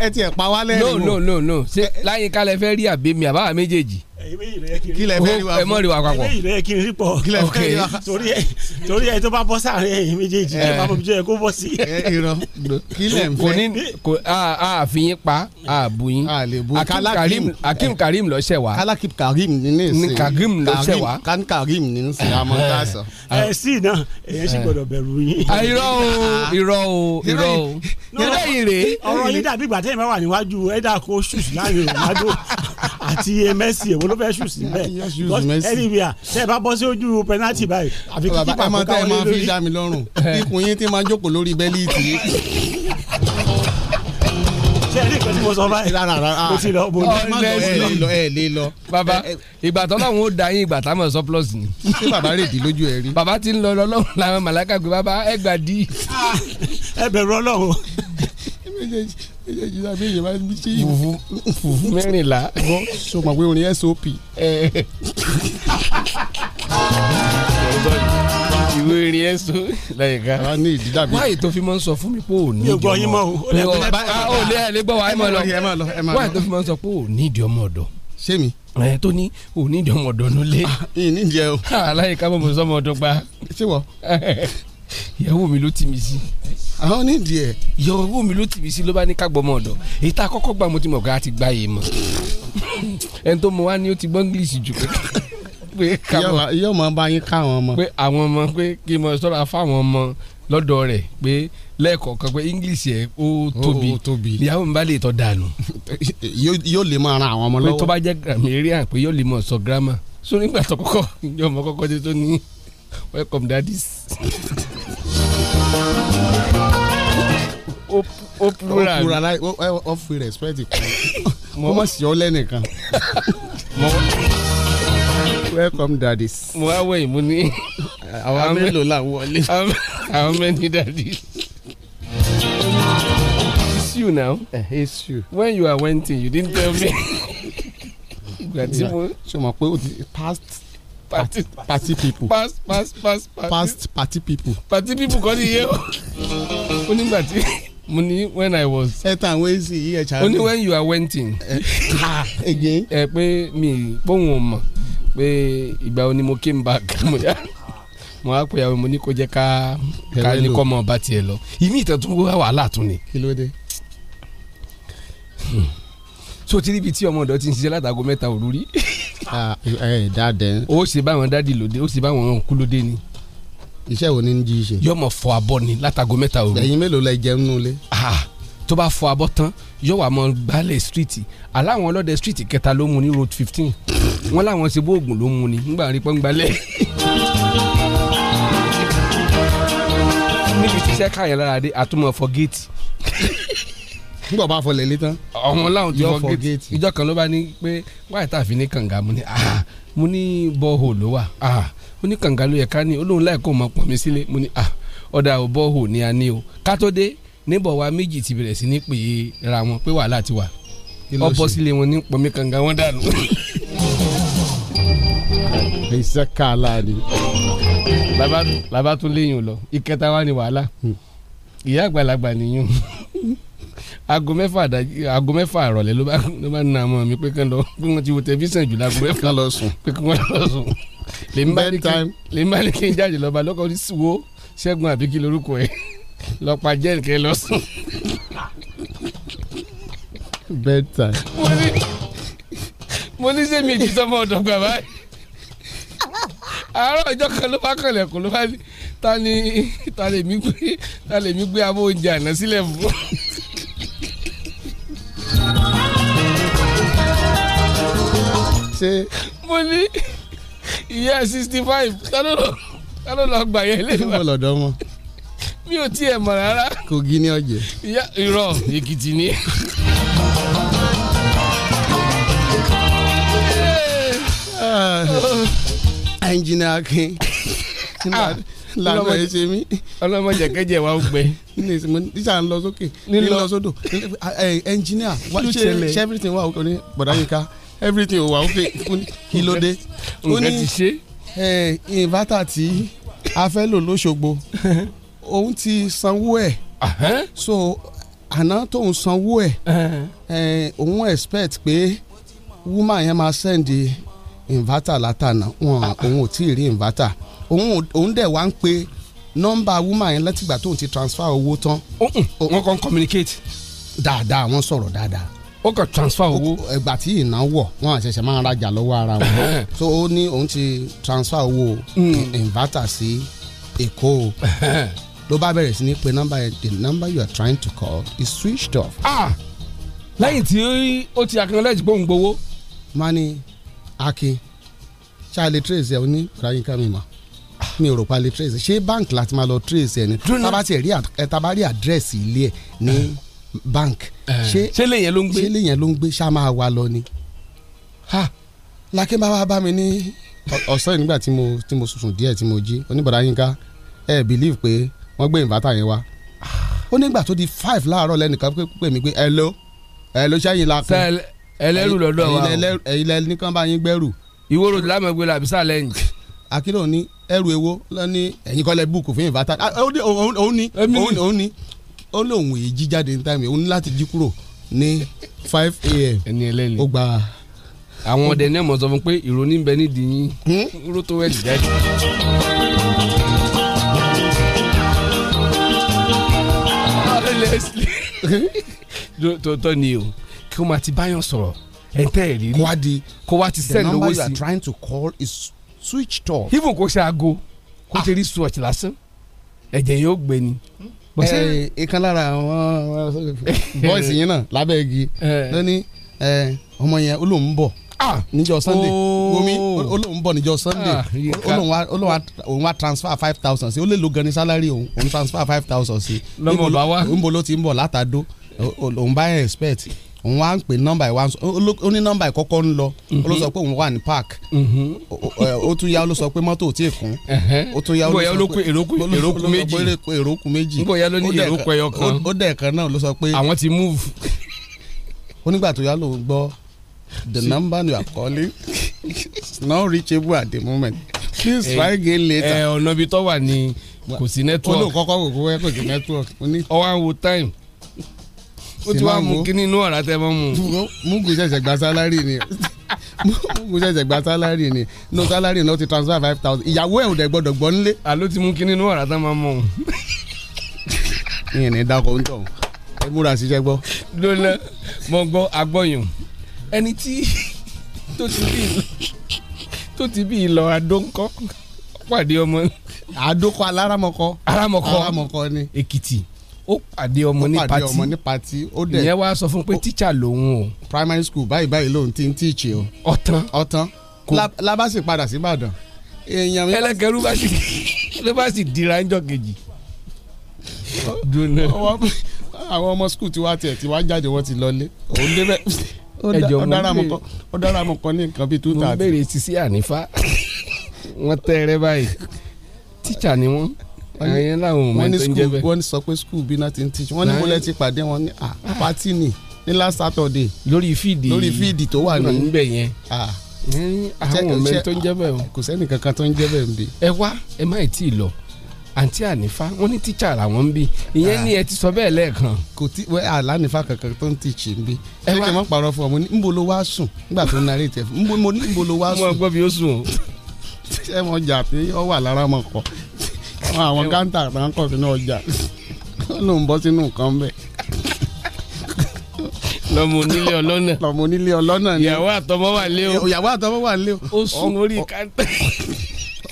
ẹ tiẹ̀ pa wá lẹ́rìn. no no no no ṣe láyínká lẹ fẹ́ rí àbí mi àbáwá méjèèjì kílẹ̀ fẹ́ rí wa fún kílẹ̀ rẹ̀ kí n rí pọ̀ kílẹ̀ fẹ́ rí wa torí ẹ torí ẹ tó bá bọ́ sáré ẹ̀yìn méjèèjì ẹ eh. bá mọ̀ bí jẹ́ kó bọ́ sí. Eh, kílẹ̀ fẹ́ kò ní yín pa a bu akim karim lọ ṣẹ wa alakim karim ní sè eh. karim lọ ṣẹ wa kan karim ní sè àmọ́ tá a sọ. ẹ sí náà èyàn sì gbọ́dọ̀ bẹ̀rù yín. Ah, irọ́ o irọ́ o irọ́ o irọ́ yìí rèé. ọ̀rọ̀ yìí dàbí ìgbà tẹ́yìn bá wà níwájú ẹ̀dá kó ṣùṣù láàrin òun àti Messi èwo ló fẹ́ ṣù sí bẹ́ẹ̀ anywhere tẹ́ ẹ bá bọ́ sí ojú penalty báyìí àfi kí kípa káwọn lórí. ẹ máa fi dá mi lọ́rùn ikùn yín tí máa jókòó lórí bẹ́líìtì. ṣé ẹ ní ìpè tí mo sọ báyìí mo ti lọ mo ní ẹ lè lọ. bàbá ìgbà tọ́lọ́run ó da yín ìgbà táwọn sọ plus ni. ṣé bàbá rè di lójú ẹ rí. bàbá ti ń lọ lọ́lọ́run làwọn màláka fùfú mẹ́rìnlá gbọ́ so mọ̀ pé orin sop. ìwé orin sop lẹ́yìnká wáyé tó fi máa ń sọ fún mi pé ò ní ìdí ọmọ ò lè ẹ lè gbọ́ wa ẹ máa lọ wáyé tó fi máa ń sọ pé ò ní ìdí ọmọ ọ̀dọ́. ṣé mi ẹ tó ní òní ìdí ọmọ ọ̀dọ́ nulẹ. ìyìn nídìí ah, ẹ o. aláìka ah, bọ̀ ọdún pa. ṣé wọ. ìyàwó mi ló tì mí sí. àwọn nídìí ẹ. ìyàwó mi ló tì mí sí ló bá ní ká gbọmọ ọdọ èyí tá a kọ́kọ́ gbà mo ti mọ̀ ká ti gbá yìí mọ ẹni tó mọ wá ni ó ti gbọ́ english jù pé pé káwọn. yóò mọ bá yín káwọn ọmọ. pé àwọn ọmọ pé kí n mọ sọ́ra fáwọn ọmọ lọ́dọ̀ rẹ̀ pé lẹ́ẹ̀kọ̀ọ̀kan pé english yẹ ó tóbi ìyàwó mi bá lè tọ́ dànù. yóò lè máa ran àwọn ọmọ lọ́wọ́. pé tó bá jẹ́ grammarian pé yóò lè mọ̀ sọ grammar so nígbà tó kọ́kọ́ ìjọba kọ́kọ́ tó ní welcome daddies ó pura ó pura láì ó fi respect kọ́ ọmọ sí ọ lẹ́nìkan. welcome daddies. mo wá wẹ̀yìn mo ní. àwọn mélòó là wọlé. àwọn mẹ́ni daddies. it's you now. Uh, it's you. when you are waiting you didn't tell me. ìgbà tí mo. ṣe pé o ti past party party people past past past past. past party people party people kọ́ ni iye o ó nígbà tí mo ní when i was. ẹ tàn wé sí iye ṣáájú. ó ní when you are wenting. again. ẹ pé mi pòun ò mọ̀ pé ìgbà wo mo came back mo mo á pè àwọn mo ní kó jẹ́ ká ká ní kọ́ mọ̀ bá tiẹ̀ lọ ìmí ìtàn tó wà wàhálà tún ni. kí ló dé. so ti níbi tí ọmọ ọ̀dọ̀ ti ń ṣiṣẹ́ látago mẹ́ta òru rí. Ah, ẹ ẹ dáadẹ. o ṣe báwọn dádì lóde o ṣe báwọn ọkú lóde ni. iṣẹ́ wo ni ń jí ṣe. yọmọ fọ abọ́ ni látago mẹ́ta òru. ẹ̀yin mélòó la jẹun nulẹ̀. Ah, tó bá fọ abọ́ tán yọ wà mọ gbálẹ̀ stíríìtì aláwọn ọlọ́dẹ stíríìtì kẹta ló mu ní road fifteen wọn láwọn ṣe bóògùn ló mu ni ńgbà rí pọ́ngbálẹ̀. níbi tíṣẹ́ káyọ̀ lára dé àtúmọ̀ fọ géètì nígbà bá fọlẹ̀ lé tán. ọ̀hún láwọn ti fọ géètì ìjọ kan ló bá ní pé wáyé tá a fi ní kànga mu ni mo ní ah, bọ́ọ̀hù ló wà ó ah, ní kànga ló yẹ ká ní olóhùn láì kó mọ pọ̀ mi sílé mo ní ah, ọ̀dà ò bọ́ọ̀hù ni a ní o ká tó dé níbọ̀ wa méjì ti bẹ̀rẹ̀ sí ní pè é ra wọn pé wàhálà ti wà ọ̀pọ̀ sílé wọn ní pọ̀ mi kànga wọn dànù. iṣẹ́ kàlá ni làbá tún léyìn lọ ìkẹta wa ni wàhálà hmm. ìyá àgbàlagbà nìyẹn aago mẹ́fà àdájí aago mẹ́fà àrọ̀lẹ́ ló bá ló bá na ọmọ mi pé kán lọ pé wọ́n ti wo tẹlifíṣàn jù láago mẹ́fà lọ sùn pé kí wọ́n lọ sùn lèmi bá ní kí n jáde lọ́ba lọ́kọ̀ wo ṣẹ́gun àbí kí lorúkọ ẹ̀ lọ́pa jẹ́ ìkẹ́ lọ sùn. bedtime. mo ní sẹ́mi èjì sọ́mọ́ ọ̀dọ́ gbà báyìí àárọ̀ ọjọ́ kan ló bá kànlẹ̀kùn ló bá ní ta ni ta lèmi gbé ta lèmi gbé abó oúnjẹ àná sílẹ̀ fún ṣe. mo ní ìyá sixty five ta ló lọ gbà yẹn lé wa. ọlọ́dọ̀ mọ. mi ò tiẹ̀ mọ̀ rárá. Kogi ní ọ̀jẹ̀. ìyá irọ́ Èkìtì ni. ẹnjìnà ah, akin ah, làánú ẹ ṣe mí. ọlọmọ jẹkẹjẹ wa gbẹ. ní ìsinmi lọ sókè ní lọ sódò ẹnjìníà ṣe ṣe everything wà ó ní bọ̀dá everything wà ó fè kí ló dé. ó ní inverter tí a fẹ́ lò lóṣogbo òun ti sanwó ẹ̀ so àná tóun sanwó ẹ̀ òun expect pé woman yẹn máa send inverter látànà wọn òun ò tí ì rí inverter òun òun dẹ̀ wá ń pe nọ́mbà woman yẹn látìgbà tóun ti transfer owó tán. Oh, mm, wọ́n kàn communicate. dáadáa wọ́n sọ̀rọ̀ dáadáa ó kàn transfer owó. ẹgbà tí ìnáwó wọn àṣẹṣẹ máa ń rajà lọ́wọ́ ara wọn so ó ní òun ti transfer owó mm. inverter sí Èkó ló bá bẹ̀rẹ̀ sí ní pé number yẹn the number you are trying to call is switched off. ah lẹ́yìn tí ó ti acknowledge pé òun gbowó. mani akin ṣáà lè trace ẹ̀ ó ní rayinka mi mọ̀ mi ò rò pa lè trace ṣé bank láti máa lọ trace ẹ ni tabati ẹ tabari address ilé ẹ ní eh. bank eh. ṣé lè yẹn ló ń gbé ṣé lè yẹn ló ń gbé ṣá máa wà lọ ni ha lákè bá wa bá mi ní ọ̀sán nígbà tí mo tí mo sùn díẹ̀ tí mo jí oníbàárà yínká ẹ believe pé wọ́n gbé inverter yẹn wá ó nígbà tó di five láàárọ̀ lẹ́nìkan pè mí pé hello hello sẹ́yìn la kan ẹlẹ́rù lọ́dọ̀ wa ẹ̀yin lẹ́nìkan bá yín gbẹ́rù. ìwúrò lámẹ́gbẹ́ làbísà lẹ́yìn akínó ní ẹrù ewo lọ́ní ẹ̀yin kọ́lẹ̀ búùkù fún ìfàtà ah, òun ní òun ní ó lóun èyí jíjáde ní táìmì òun ní láti jí kúrò ní five a.m. ẹni ẹlẹ́ni ó gba àwọn ọdẹ náà mọ̀ sọ fún pé ìrònú bẹ nídìí yín hmm? ró tó jáde. tòótọ́ hmm? ni o kí o máa ti báyọ̀ sọ̀rọ̀ ẹ̀ tẹ́ ẹ̀ rí rí kó wá ti send owó sí. the number you trying to call is switched off. even kò ṣe aago kò ah. ṣe rí switch lásán ẹ̀jẹ̀ yóò gbé ni. ẹ eh, ìkan lára àwọn bọ́ìsì yẹn náà lábẹ́ igi eh. ló ní eh, ọmọ yẹn ó lóun ah. oh. bọ̀ níjọ́ sunday ah, omi ó lóun bọ̀ níjọ́ sunday ó lóun wá transfer five thousand sí ó lè lo gan ni salary òun òun transfer five thousand sí. lọ́mọ bá wá ń bolo ti ń bọ̀ látàdó òun bá expect òun wá ń pè nọ́mbà ìwà ó ní nọ́mbà ìkọ́kọ́ ń lọ ó ló mhm. sọ pé òun wà ní park mhm. ó tún yá ó ló sọ pé mọ́tò ò tí ì kún ó tún yá ó ló sọ pé èrókù méjì èrókù méjì ó dẹ̀ kan náà ló sọ pé àwọn ti move ó nígbà tó yá lòun gbọ́ the number you are calling is not reachable at the moment please try again later. ọ̀nà ibi tó wà ní kò sí network. ó lò kọ́kọ́ kò kó wẹ́ kò sí network. ọwọ́ àwọn time ó ti wá mú kíní inú ọ̀rá tẹ́ mọ́ mu. Mugu ṣẹ̀ṣẹ̀ gba sálárì ni Mugu ṣẹ̀ṣẹ̀ gba sálárì ni no sálárì náà ti transfer five thousand ìyàwó ẹ̀ ò dẹ̀ gbọ́dọ̀ gbọ́ nílé. àló ti mú kíní inú ọ̀rá tẹ́ mọ́ mu. ìyẹn ní dákọ̀ ń tọ̀ ẹ múra síṣẹ́ gbọ́. lọ́lá mo gbọ́ agbọ́yàn ẹni tí tó ti bí ìlọ adóńkọ́ pàdé ọmọ. àdókọ aláramọkọ. aramọkọ ni. Èkìtì ó pàdé ọmọ ní pati ó pàdé ọmọ ní pati ó dẹ̀ ìyẹn wá sọ fún pé tíṣà lòun o. primary school báyìí báyìí lòun ti ń tíìchì o. ọ̀tán ọ̀tán labasi padà sí Ìbàdàn. èèyàn mi. ẹlẹ́kẹ̀rú bá sì ló bá sì dira ẹjọ́ kejì. àwọn ọmọ school ti wá tiẹ̀ ti wá jáde wọ́n ti lọlé òun débẹ̀ ó dára mọ̀ kan ní nǹkan bíi two thirty. mo ń sisi ànífà wọ́n tẹ́ ẹrẹ́ báyìí tíṣà ni wọ́n ẹyin làwọn ọmọ ẹni tó ń jẹ bẹ́ẹ̀ wọ́n sọ pé skul bí náà ti ń teach wọ́n ní mo ti pàdé wọn ní ah, ah. pati ni ní last saturday lórí fíìdì lórí fíìdì tó wà níbẹ̀ yẹn ah. àwọn ọmọ ẹni tó ń jẹ bẹ́ẹ̀ o kò sẹ́ni kankan tó ń jẹ bẹ́ẹ̀ nbí. ẹ wá ẹ má ì tí ì lọ àǹtí ànífà wọ́n ní tíṣà làwọn ń bí ìyẹn ni ẹ ti sọ bẹ́ẹ̀ lẹ́ẹ̀kan. kò tí wẹ́ àlànífà kankan tó ń tíṣì ń bí. ẹ wá ṣé kí n má parọ́ fún ọ mo ní nbo ló wá sùn nígbà tó ń narí tẹ mo ní nbo ló wá sùn. mo gbọ́ bí ó sùn o. ṣé mo jà pé ọ wà lára ọmọ kan Ah, àwọn káńtà àtàkọ́ sínú ọjà ló ń bọ́ sínú nǹkan bẹ́ẹ̀ lọmọ onílé ọlọ́nà lọmọ onílé ọlọ́nà ni ìyàwó àtọmọ wà lé o ìyàwó àtọmọ wà lé o ó sùn orí káńtà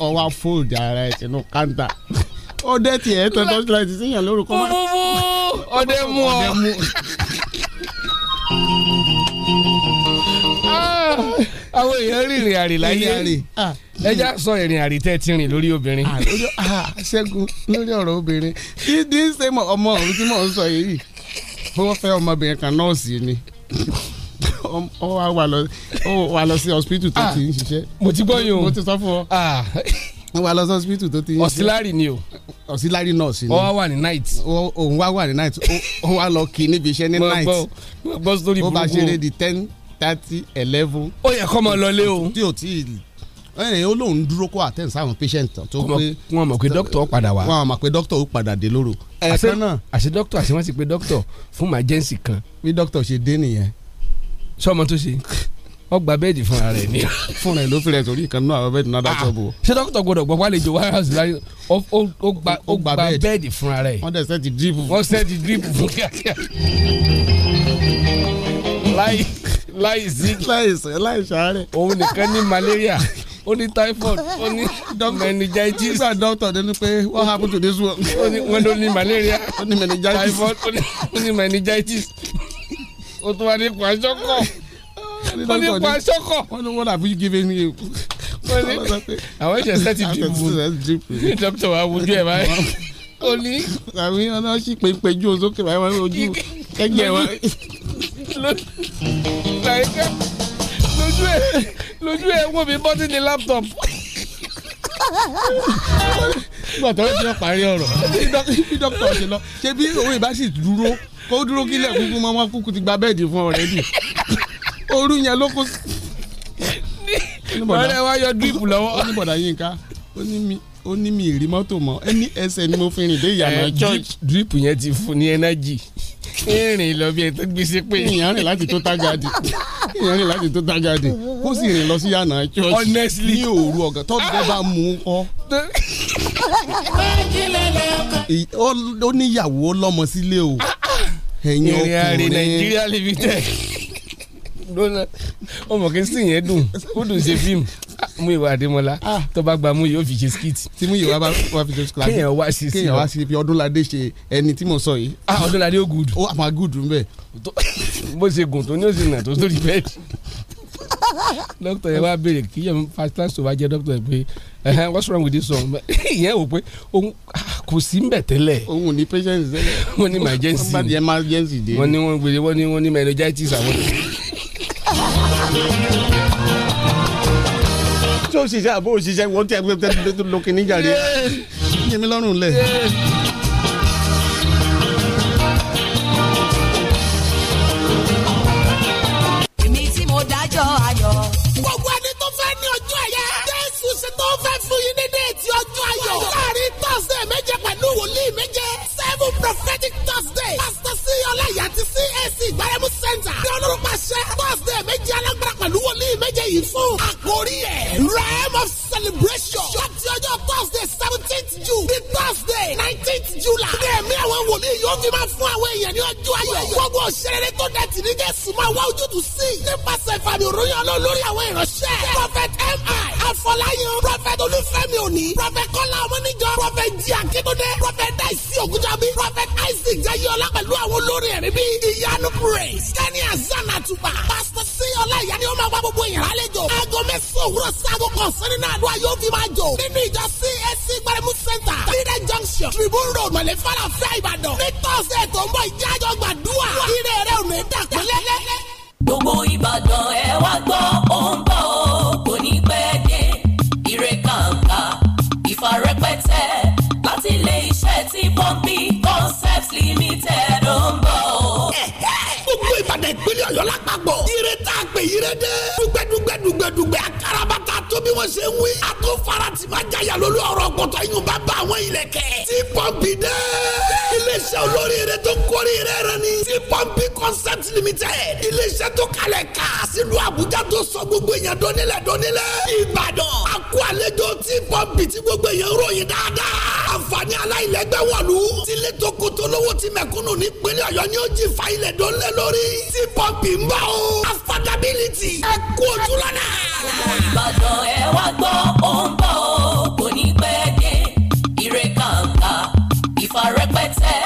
ọwọ́ fóòdù ara ẹ̀ sínú káńtà ọdẹ tiẹ̀ tó tọ́sílẹ̀ ti síyàn lórúkọ máa ọdẹ mú ọ àwọn èèyàn rìnrìn àrè láyé ẹja sọ ìrìn àrè tẹ́ ti rìn lórí obìnrin. ṣẹ́gun lórí ọ̀rọ̀ obìnrin kí ní ṣe ọmọ ọ̀hún tí mò ń sọ yìí wọ́n fẹ́ ọmọbìnrin kan nọ́ọ̀sì ni ó wà lọ sí hospital tó ti ń ṣiṣẹ́. mo ti gbọ́ yín o mo ti sọ fún ọ wọ́n wá lọ sí hospital tó ti. ọ̀sílárì ni o. ọ̀sílárì nọ́ọ̀sì ni. ó wà ní night. òun wá wà ní night ó wá lọ kí níbi iṣẹ́ ní night. mo gbọ́ mo gbọ́ sórí burúkú o. ó bá ṣeré di ten thirty eleven. ó yẹ kọ́ mọ lọlé o. tí o ti ẹ ó lóun dúró kó attend sáwọn patient tán. tó pé wọn mọ̀ pé doctor ó padà wá. wọn mọ̀ pé doctor ó padà dé lóru. àṣẹ náà àṣẹ doctor àṣẹ wọn ti pe doctor fún emergency kan. bí doctor ṣe dé nìyẹn. sọmọ tó ṣe ó gba bẹ́ẹ̀dì fúnra rẹ̀ ni. fúnra ẹ̀ ló fi rẹ̀ sórí ìkànnì àwọn bẹ́ẹ̀dì náà dájọ́ bò. ṣé dókítà gbọdọ̀ gbọ́ wálé jo warehouse láyé ó gba bẹ́ẹ̀dì fúnra rẹ̀. wọ́n dẹ̀ sẹ́ẹ̀tì dírípù fún kíákíá láì láì sí láìsàn láìsàárẹ̀. òun nìkan ní malaria ó ní typhoid ó ní meningitis. nígbà dókítà dé ni pé what happen to this one. wọ́n ló ní malaria ó ní meningitis typhoid ó ní meningitis ó tún wá ní kwashiorkor ó ní kwashiorkor. wọ́n ní what have you given you. wọ́n ní àwọn ìṣẹ̀ṣẹ̀ ti dìbò ní dókítà wa wojú ẹ̀ báyìí ó ní. àmì ọ̀nà ṣì pé ń pẹ́jú òsókè báyìí wọ́n ní ojú ẹ jẹ wọn lójú ẹ lójú ẹ wọ́n mi bọ́ sí ni laptop gbọ̀tọ̀ ló ti lọ parí ọ̀rọ̀ bí dókítà ṣe lọ ṣé bí owó ìbá sì dúró kó dúró kílẹ̀ kúkú mọ́ wọn kúkú ti gba bẹ́ẹ̀dì fún ọ̀rẹ́ dì ooru yẹn ló kó. ọ̀rẹ́ wa yọ dírípù lọ́wọ́. ó ní bọ̀dà yín ká ó ní mi ó ní mi ìrí mọ́tò mọ́ ẹni ẹsẹ̀ ni mo fi rìn dé ìyànà eh, dírípù yẹn ti fún ní ẹnájì ìrìn lọ bí ètò gbèsè pé ìyàn rìn láti tó tágàdì ìyàn rìn láti tó tágàdì kó sì rìn lọ sí yànnà church honestly ní òru ọ̀gá tó bẹ́ẹ̀ bá mú un kọ́. ó níyàwó lọ́mọ sílé o ah, ah. ẹ̀yin ọkùnrin ìrìn àrè nàìjíríà limited lónà ọmọ kí n sì yẹn dùn ó dùn ṣe fíìmù ah, mú ìwà àdémọlá ah. tó bá gba mú yóò fi ṣe skit. tí mú ìwà bá wà fi ṣe skit. kéèyàn wá sí i kéèyàn wá sí i fi ọdúnladé ṣe ẹni tí mo sọ yìí. Ah, ọdúnladé ó gùdù. ó àmà gùdù ń bẹ. bó ṣe gùn tó ní òsì nà tó sórí bẹ́ẹ̀ dókítà yẹn wá béèrè kí yẹn pásítà sọ wá jẹ dókítà yẹn pé what's wrong with this song ìyẹn wò pé kò sí ń bẹ̀ tẹ́lẹ̀. òun ní patience tẹ́lẹ̀. wọ́n ní emergency. wọ́n ní emergency dé. wọ́n ní wọ́n gbèrè wọ́n ní wọ́n ní meningitis àwọn tí o ṣiṣẹ́ àbó òṣìṣẹ́ wọ́n ti ẹgbẹ́ tẹ́tí tó lókè níjà rẹ̀ yé mi lọ́rùn lẹ̀. èmi tí mo dájọ́ ayọ̀. gbogbo ẹni tó fẹ́ ní ọjọ́ ẹ̀yẹ. jésù ṣe tó fẹ́ fún yín ní déètì ọjọ́ ayọ̀. láàrin tọ́sídẹ̀ẹ́ méje pẹ̀lú wòlíì méje. seven prophetic thursday. pásítọ̀ sí ọláyà àti cac ìgbàlẹ́mú center. ní olórúkọ àṣẹ tọ́sídẹ̀ẹ́ méje alágbó yìí fún àkórí ẹ̀ realm of celebration láti ọjọ́ thursday seventeenth june ní thursday nineteenth july ní ẹ̀mí àwọn wòlíì yóò fi máa fún àwọn èèyàn ní ọjọ́ ayọ̀ gbogbo òṣèré tó dẹ̀ tì ní kẹ́sì máa wá ojútùú sí i nípasẹ̀ ìfàmì òròyìn olólórí àwọn ìránṣẹ́ prophet mi afọláyan prophet olúfẹ́mi òní prophet kọ́lá ọmọnìjọ prophet jí akíndúndé prophet òkúta bí prophet isaac jayọlá pẹ̀lú àwọn olórí ẹ̀rí bí ìyanu praise kẹ́ni azan Tuba, pastor seyola ìyá ni ó máa wá gbogbo ìyàrá àlejò aago mẹ́sàn-án òwúrọ̀ sago kan sẹ́ni náà àdúrà yóò fi máa jò nínú ìjọ csc gbaremu center trinidad junction tribune road mọ̀lẹ́ fara fẹ́ ìbàdàn ní tọ́sẹ̀ tó ń bọ̀ ìjájọ́ gbàdúrà ire rẹ̀ ò ní dàpẹ́lẹ́. gbogbo ìbàdàn ẹ wá gbọ́ ó ń bọ̀ sexy pumpy concepts limited on oh, bọ̀. ìpínlẹ̀ ọ̀yọ́ lápapọ̀ ire tá a pè ire dé dùgbẹ́dùgbẹ́ dùgbẹ́dùgbẹ́ akarabata tó bí ṣe ń wí a tó fara tì máa jaya lólu ọ̀rọ̀ gbọ̀tọ̀ yìí bá bá àwọn ilẹ̀kẹ̀ tí pọ́ǹpì dẹ́ iléeṣẹ́ olórí rẹ tó kórè rẹ rẹ ni tí pọ́ǹpì concept limited iléeṣẹ́ tó kalẹ̀ ká sílùú àbújá tó sọ gbogbo èèyàn dọ́nílẹ̀ dọ́nílẹ̀ ìbàdàn a kó àlejò tí pọ́ǹpì tí gbogbo èèyàn ròyìn dáadáa àǹfààní aláìlẹ́gbẹ́ wọ̀lú tílé tó kótó lówó ti mẹ̀kúnnù nípínlẹ̀ ni ó jì fa ilẹ̀ dọ́nílẹ̀ lórí tí pọ́ǹpì ń bọ̀ o. affordability ẹ kú ojú lọ́nà. ìbàdàn ẹ wá gbọ́ ó ń bọ̀ ó kò ní pẹ́ dé ire kàǹkà ìfarẹ́pẹ́tẹ́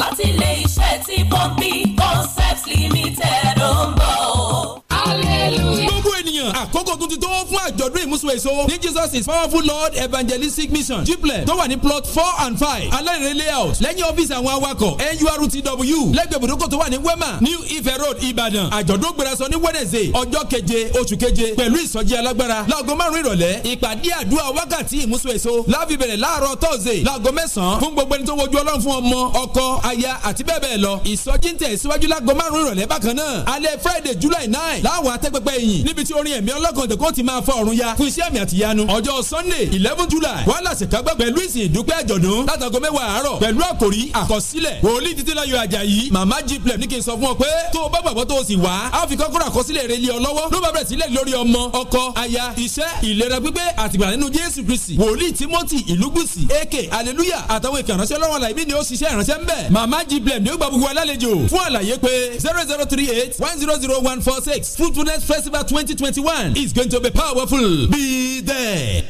láti ilé iṣẹ́ tí pọ́ǹpì concepts limited ó ń bọ̀ ó gbogbo ènìyàn àkókò tuntun tó fún àjọ̀dún ìmúṣẹ èso ní jesus is powerful lord evangelistic mission jupilẹ̀ tó wà ní plot four and five alárèrè layout lẹ́yìn ọ́fíìsì àwọn awakọ̀ nurtw lẹ́gbẹ̀ẹ́ ibùdókọ̀ tó wà ní wema new ife road Ibadan. àjọ̀dún gbẹ̀rẹ̀sọ ní wednesday ọjọ́ keje oṣù keje pẹ̀lú ìsọjí alágbára láago márùn ìrọ̀lẹ́ ìpàdé àdúrà wákàtí ìmúṣẹ èso láàfin bẹ̀rẹ̀ láàárọ̀ thursday láago mẹ́sàn-án fún gbogbo ẹni tó wojú ọlọ́run fún ọmọ ọkọ aya àti bẹ́ẹ̀ bẹ́ẹ̀ lọ ìsọjí ń tẹ̀ síwájú láago márùn ìrọ̀lẹ́ bákan náà alẹ́ friday july nine táwọn atẹ́gbẹ́gbẹ́ yìí níbi tí orin ẹ̀mí ọlọ́kànjọ́ kò ti máa fọ ọ̀run ya fún iṣẹ́ ẹ̀mí àtìyanu ọjọ́ sunday eleven july wọ́n làṣẹ kágbá pẹ̀lú ìsìn ìdúpẹ́ àjọ̀dún látago mẹ́wàá àárọ̀ pẹ̀lú àkòrí àkọsílẹ̀ wòlíì títí láyọ̀ àjàyí màmá gplem ní kí n sọ fún ọ pé tó o bá gbàgbọ́ tó o sì wá a fi kọ́kọ́rọ́ àkọsílẹ̀ rẹ lé ọ lọ́wọ́ ló bá bẹ̀rẹ̀ sílẹ̀ lórí ọmọ ọkọ aya iṣẹ́ ìlera gbígbé àtìgbà nínú jésù kristi wòlíì timothy ìlúgbùsì eke aleluya àtàwọn èkè ìránṣẹ́ lọ́wọ́ làyẹ̀mí ni ó ṣiṣẹ́ ìránṣẹ́ ń bẹ̀ màmá gplem ni ó gbà gbogbo alálejò fún àlàyé pé zero zero three eight one zero zero one four six Fruitfulness Festival 2021 is going to be powerful. Be there.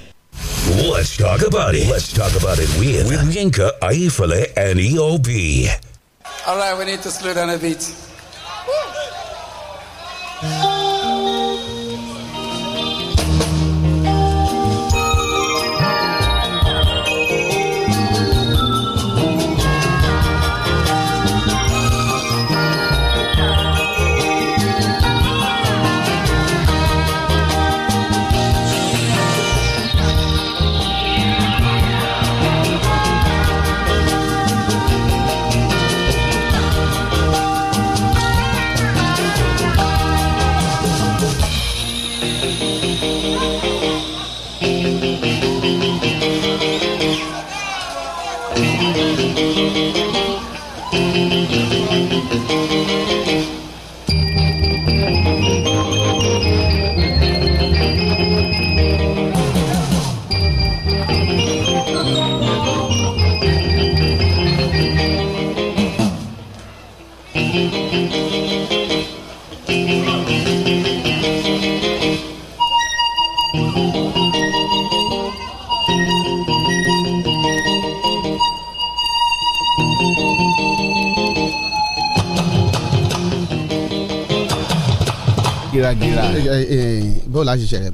Let's talk about it. Let's talk about it with, with Yinka, Aifale, and EOB. All right, we need to slow down a bit. ṣiṣẹ́ rẹ̀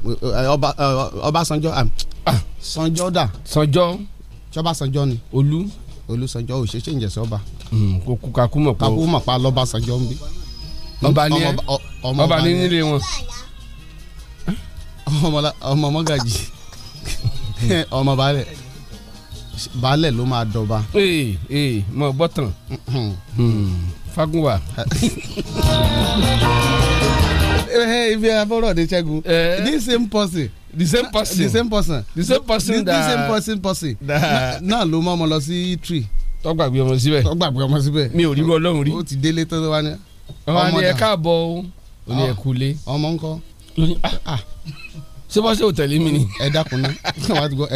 Ọbásanjọ́ ah, Sanjọ́ dà Sanjọ́ ṣọba Sanjọ́ ni Olú Olú Sanjọ́ o ṣe ṣe ń jẹ sọba. kò kú kakú mọ̀ pa kakú mọ̀ pa lọ́ba Sanjọ́ ń bí. ọba ni ẹ ọba ni nílé wọn. ọmọ mọ́gàjì ọmọ balẹ̀ baálẹ̀ ló máa dọba. ee ee mo gbọ́ tán mm-hmm. hmm, Eh, eh, ibi abọ́rọ̀ de ṣẹ́gun eh. the same ah, person the same person the same person the same person the same person person náà ló mọ́ ọmọ lọ sí tree. tọ́gbàgbé ọmọ síbẹ̀ tọ́gbàgbé ọmọ síbẹ̀ mi ò rí ọlọ́run rí. ó ti délé tó wá ní. ọmọ ni ẹ káàbọ̀ o ò ní ẹ ah, kulé. ọmọ ńkọ́. Ah, ṣé wọ́n ṣe ò tẹ̀lé mi ni. ẹ dákun náà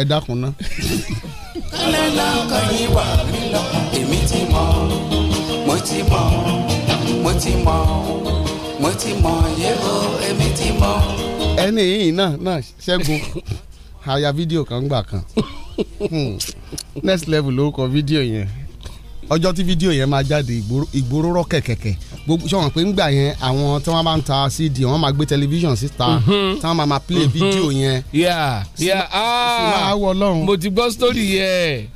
ẹ dákun náà. kálẹ̀ náà kan yín wà mí lọ èmi ti mọ̀ mo ti mọ̀ mo ti mọ̀ mo ti mọ̀ yẹ́bọ̀ èmi ti mọ̀. ẹni yìí náà náà ṣẹ́gun aya fídíò kan gbà kan hmm, next level ló kọ fídíò yẹn ọjọ́ tí fídíò yẹn máa jáde ìgboro rọ kẹ̀kẹ̀kẹ̀ gbogbo sọ̀rọ̀ pé ńgbà yẹn àwọn tí wọ́n bá ń ta cd wọ́n máa gbé tẹlifíṣàn síta mhm. tí wọ́n máa máa play mhm. fídíò yẹn. yà yà áà mo ti gbọ́ sórí yẹn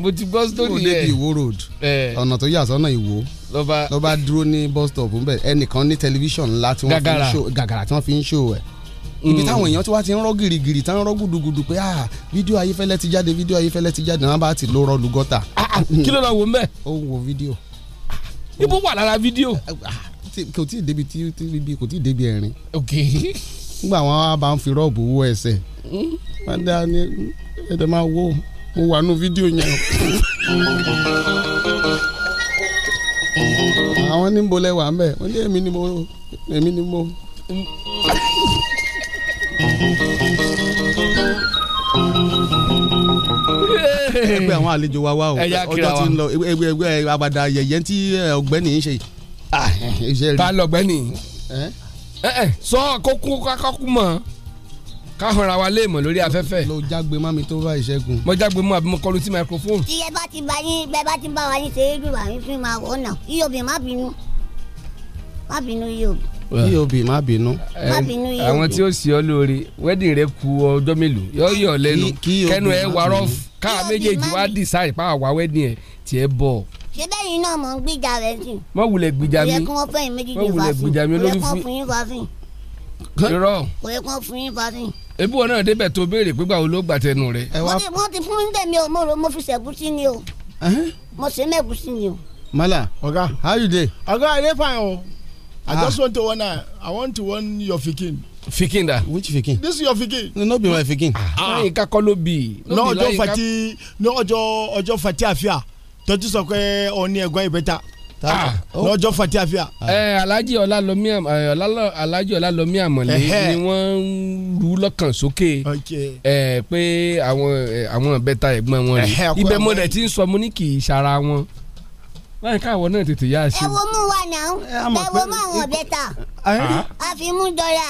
mo ti gbọ́ sórí yẹn. ó débi ìwó road eh. ọ̀nà tó yà sọ́nà ìwó ló bá dúró ní bus stop ńbẹ ẹnìkan ní tẹlifíṣàn ńlá tí wọ́n fi ń ṣó gàgàrà tí wọ́n fi ń ṣó ẹ̀ ibi mm. táwọn èèyàn tí wàá ti ń rọ́ girigiri tí wọ́n rọ́ gudugudu pé ah fídíò ayífẹ́lẹ́ ti jáde fídíò ayífẹ́lẹ́ ti jáde náà bá ti ló rọ́ọ̀lù gọ́tà. Ah, ah, kí ló lọ wò ń bẹ́ẹ̀. ó ń wo fídíò. ibo wà lára fídíò. Ah, kò tí ì débi tí kò tí ì débi ẹ̀rín. ok. nígbà wọn bá ń fi rọ́ọ̀bù wọ ẹsẹ̀. Mm. wọ́n dá ẹ̀dẹ̀ máa wò ó wà nù fídíò yẹn àwọn níbo lẹwà ń wọn ní èmi ni mo èmi ni mo. ẹgbẹ́ àwọn àlejò wa wá o ọjọ́ ti ń lọ ẹgbẹ́ ẹgbẹ́ abada yẹ̀yẹ́ tí ọ̀gbẹ́ni ń ṣe. Ah, ta lọ̀gbẹ́ni sọ kókó kákó mọ́ káhùnra wa léèmọ̀ lórí afẹ́fẹ́. lo jágbe má mi tó bá ìṣẹ́gun. mo jágbe mú àbí mo kọlu sí microphone. tí ẹ bá ti bá yín bẹ́ẹ̀ bá ti bá wa yín ṣe é dùn àmì fún ma wọ̀ náà iyobi má bínú má bínú iyobi. iyobi má bínú. má bínú iyobi. àwọn tí ó sì ọ lórí wedding rẹ ku ọjọ́ mélòó yọ yọ lẹ́nu kẹnu ẹ wàrọ̀ káà méjèèjì wá decide pa àwa wedding ẹ tiẹ̀ bọ̀ ṣé bẹ́yìn náà mọ̀ ń gbìjà rẹ̀ sí. mọ̀ wulẹ̀ gbìjà mi mọ̀ wulẹ̀ gbìjà mi olórí fún yín. kò yẹ kó fún yín fàáfin. irọ́ ebi wọn náà débẹ̀ tó béèrè pé báwo ló gbà tẹnu rẹ. wọ́n ti fún mi tẹ̀mí o mo rò mo fi ṣẹ̀gúsí ni o mo ṣe mẹ́gúsí ni o. mala oga how you dey. oga i dey fine o i ah. just want to warn i want to warn your pikin. Fikin da. Which Fikin? This is your Fikin. No, no be my Fikin. Ah, ah. Láyìnká kọ́ ló bí. N'ọjọ́ fati n'ọjọ́ ọjọ́ fati àfíà tọ́jú sọ pé ọ ní ẹ̀gbọ́n ìbẹ́ta. Ah, lọ́jọ́ fati àfíà. ẹ alhaji ọlálọmí alhaji ọlálọmí àmọ̀lé ni wọ́n rú lọ́kàn sókè ẹ pé àwọn àwọn bẹ́ta ẹ̀gbọ́n wọn rè ibẹ̀ mo dẹ̀ ti ń sọ mo ní kì í ṣara wọn láyé káwọ náà tètè yá ṣe. ẹ wo mú wa náà ẹ wo mú àwọn bẹ́ta ah. ah. a fi mú dọ́là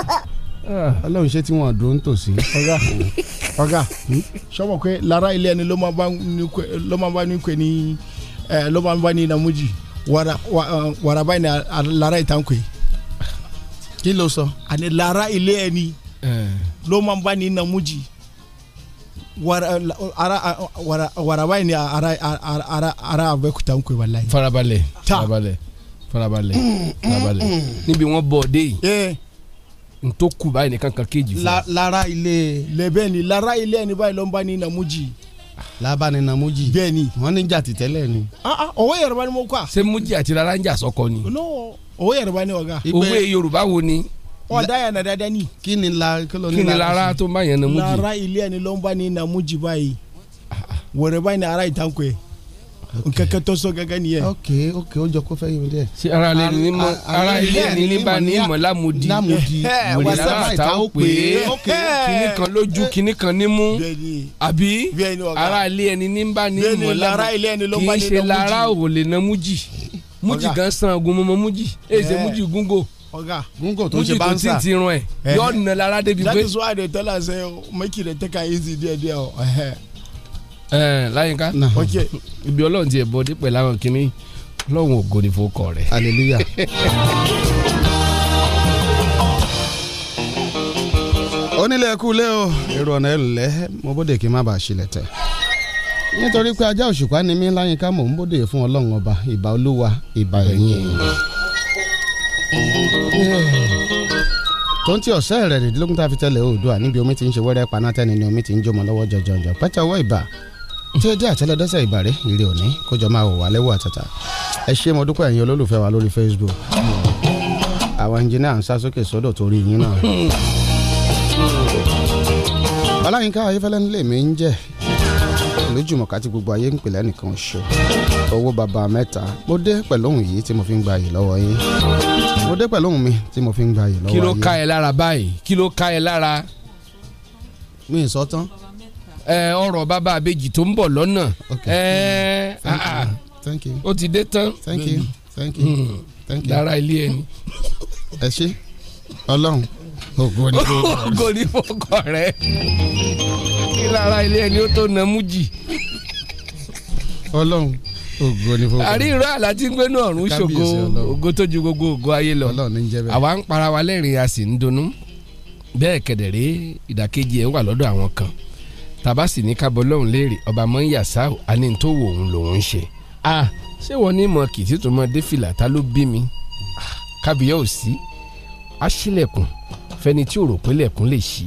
ọlọ́run ṣé tí wọ́n dùn tòsí. ọ̀gá ọ̀gá sọ́mọ̀ hmm? pé lára ilé ẹni ló máa bá ní pé ní. Eh, loban bani eh, e e eh. na muji wara wara bani lara itan kwe kí ló sọ. àní lara ilé ẹni loban bani na muji wara ara wara wara bani ara ara ara abẹ́kúta kwe wàllayi. farabalẹ̀ farabalẹ̀ farabalẹ̀ farabalẹ̀ níbi wọ́n bọ̀ dé yìí n tó kù báyìí nìkan kan kéjì lara ilé. E lẹ́bẹ̀ẹ́ ni lara ilé ẹni báyìí ló ń bá ní nàmújì lábàáni na mújì bẹ́ẹ̀ni wọn ní jà tìtẹ́lẹ̀ ni. òwe ah, ah, yorùbá ni mo kọ́ a. ṣé mújì àti rárá ń jà sọkọ ni. òwe yorùbá ni ọ̀gá. òwe yorùbá wo ni ọ̀dà yẹn nàdá dání. kí ni la kí ló ní la kí ni lara tó bá yẹn na mújì. lara ilé ẹni ló ń bá ní na báyìí ah, wẹ̀rẹ̀ báyìí ni ara ìtànkù yẹn nǹkan kan tó sọ gẹ́gẹ́ nìyẹn. ok ok ó kó fẹ́ yé dẹ. ṣe ara ilé ni mo ara ilé ni ní bá ní mọ̀ lámùdí lámùdí wàsá ìta ó pè é kíní kan lójú kíní kan nímú àbí ara ilé ẹni ní bá ní mọ̀ lámùdí kì í ṣe lára ò lè na mújì mújì gan san ogun mọ́mọ́ mújì èyí ṣe mújì gúngò ọ̀gá gungo tó ṣe báńsà mújì tó ti tirun ẹ yọ ọ̀nà lára débi pé. that is why they tell us, say eh, oh, make you dey take am easy díẹ̀ díẹ̀ Eh, láyínká ibi ọlọ́run ti ẹ̀bọ dípẹ̀ láwọn kìíní ọlọ́run ògo ni fòkọ rẹ̀. hallelujah. onílẹ̀ kú lé o èrò ọ̀nà ẹ̀ lẹ́ mo bóde kí n má bàa ṣílẹ̀ tẹ̀ nítorí pé ajá òṣùpá ni mí láyínká mò ń fún ọlọ́run ọba olúwa ẹ̀yìn tó ń ti ọ̀sẹ́ rẹ̀ tá a fi tẹ́lẹ̀ oòdùà ni omi ti ń jọjọjọ tí ó jẹ́ àtẹlẹ dẹ́sẹ̀ ìbàrẹ́ ìrè òní kójọ máa wò wá lẹ́wọ̀ àtàtà ẹ ṣé mo dúpẹ́ ẹ̀yin olólùfẹ́ wa lórí Facebook àwọn ẹnjìnìà ń sá sókè sọ́dọ̀ torí yín náà. ọláyínká ayéfẹ́lẹ́ ń lè mí ń jẹ́ lójúmọ̀ká tí gbogbo ayé ń pè lẹ́nìkan ṣo owó baba mẹ́ta mo dé pẹ̀lú òun yìí tí mo fi ń gba yìí lọ́wọ́ yín mo dé pẹ̀lú òun mi tí mo fi ń gba yìí lọ́wọ́ yín. kí ló ká ẹ lára báyìí kí ló ká ẹ lára. mi ì sọ tán. ọrọ bàbá àbejì tó ń bọ̀ lọ́nà ah, ah. ó ti dé tán dara hmm. ilé ẹni. ẹ ṣe ògo ni fọkọ rẹ. ògo ni fọkọ rẹ kí lára ilé ó tó na mújì. Ọlọ́run ògo ni fọwọ́. àrí ìró àlá ń gbogbo ògo ayé lọ àwa kan tàbá sì ní kábọ̀ lọ́hùn léèrè ọba mọ́ńyà sáà àní tó wò òun lòun ń ṣe. a ṣé wọn ní mọ kìtì tó mọ défìlà ta ló bí mi kábíyà ò sí aṣílẹ̀kùn fẹni tí ò rò pé lẹ̀kùn lè ṣí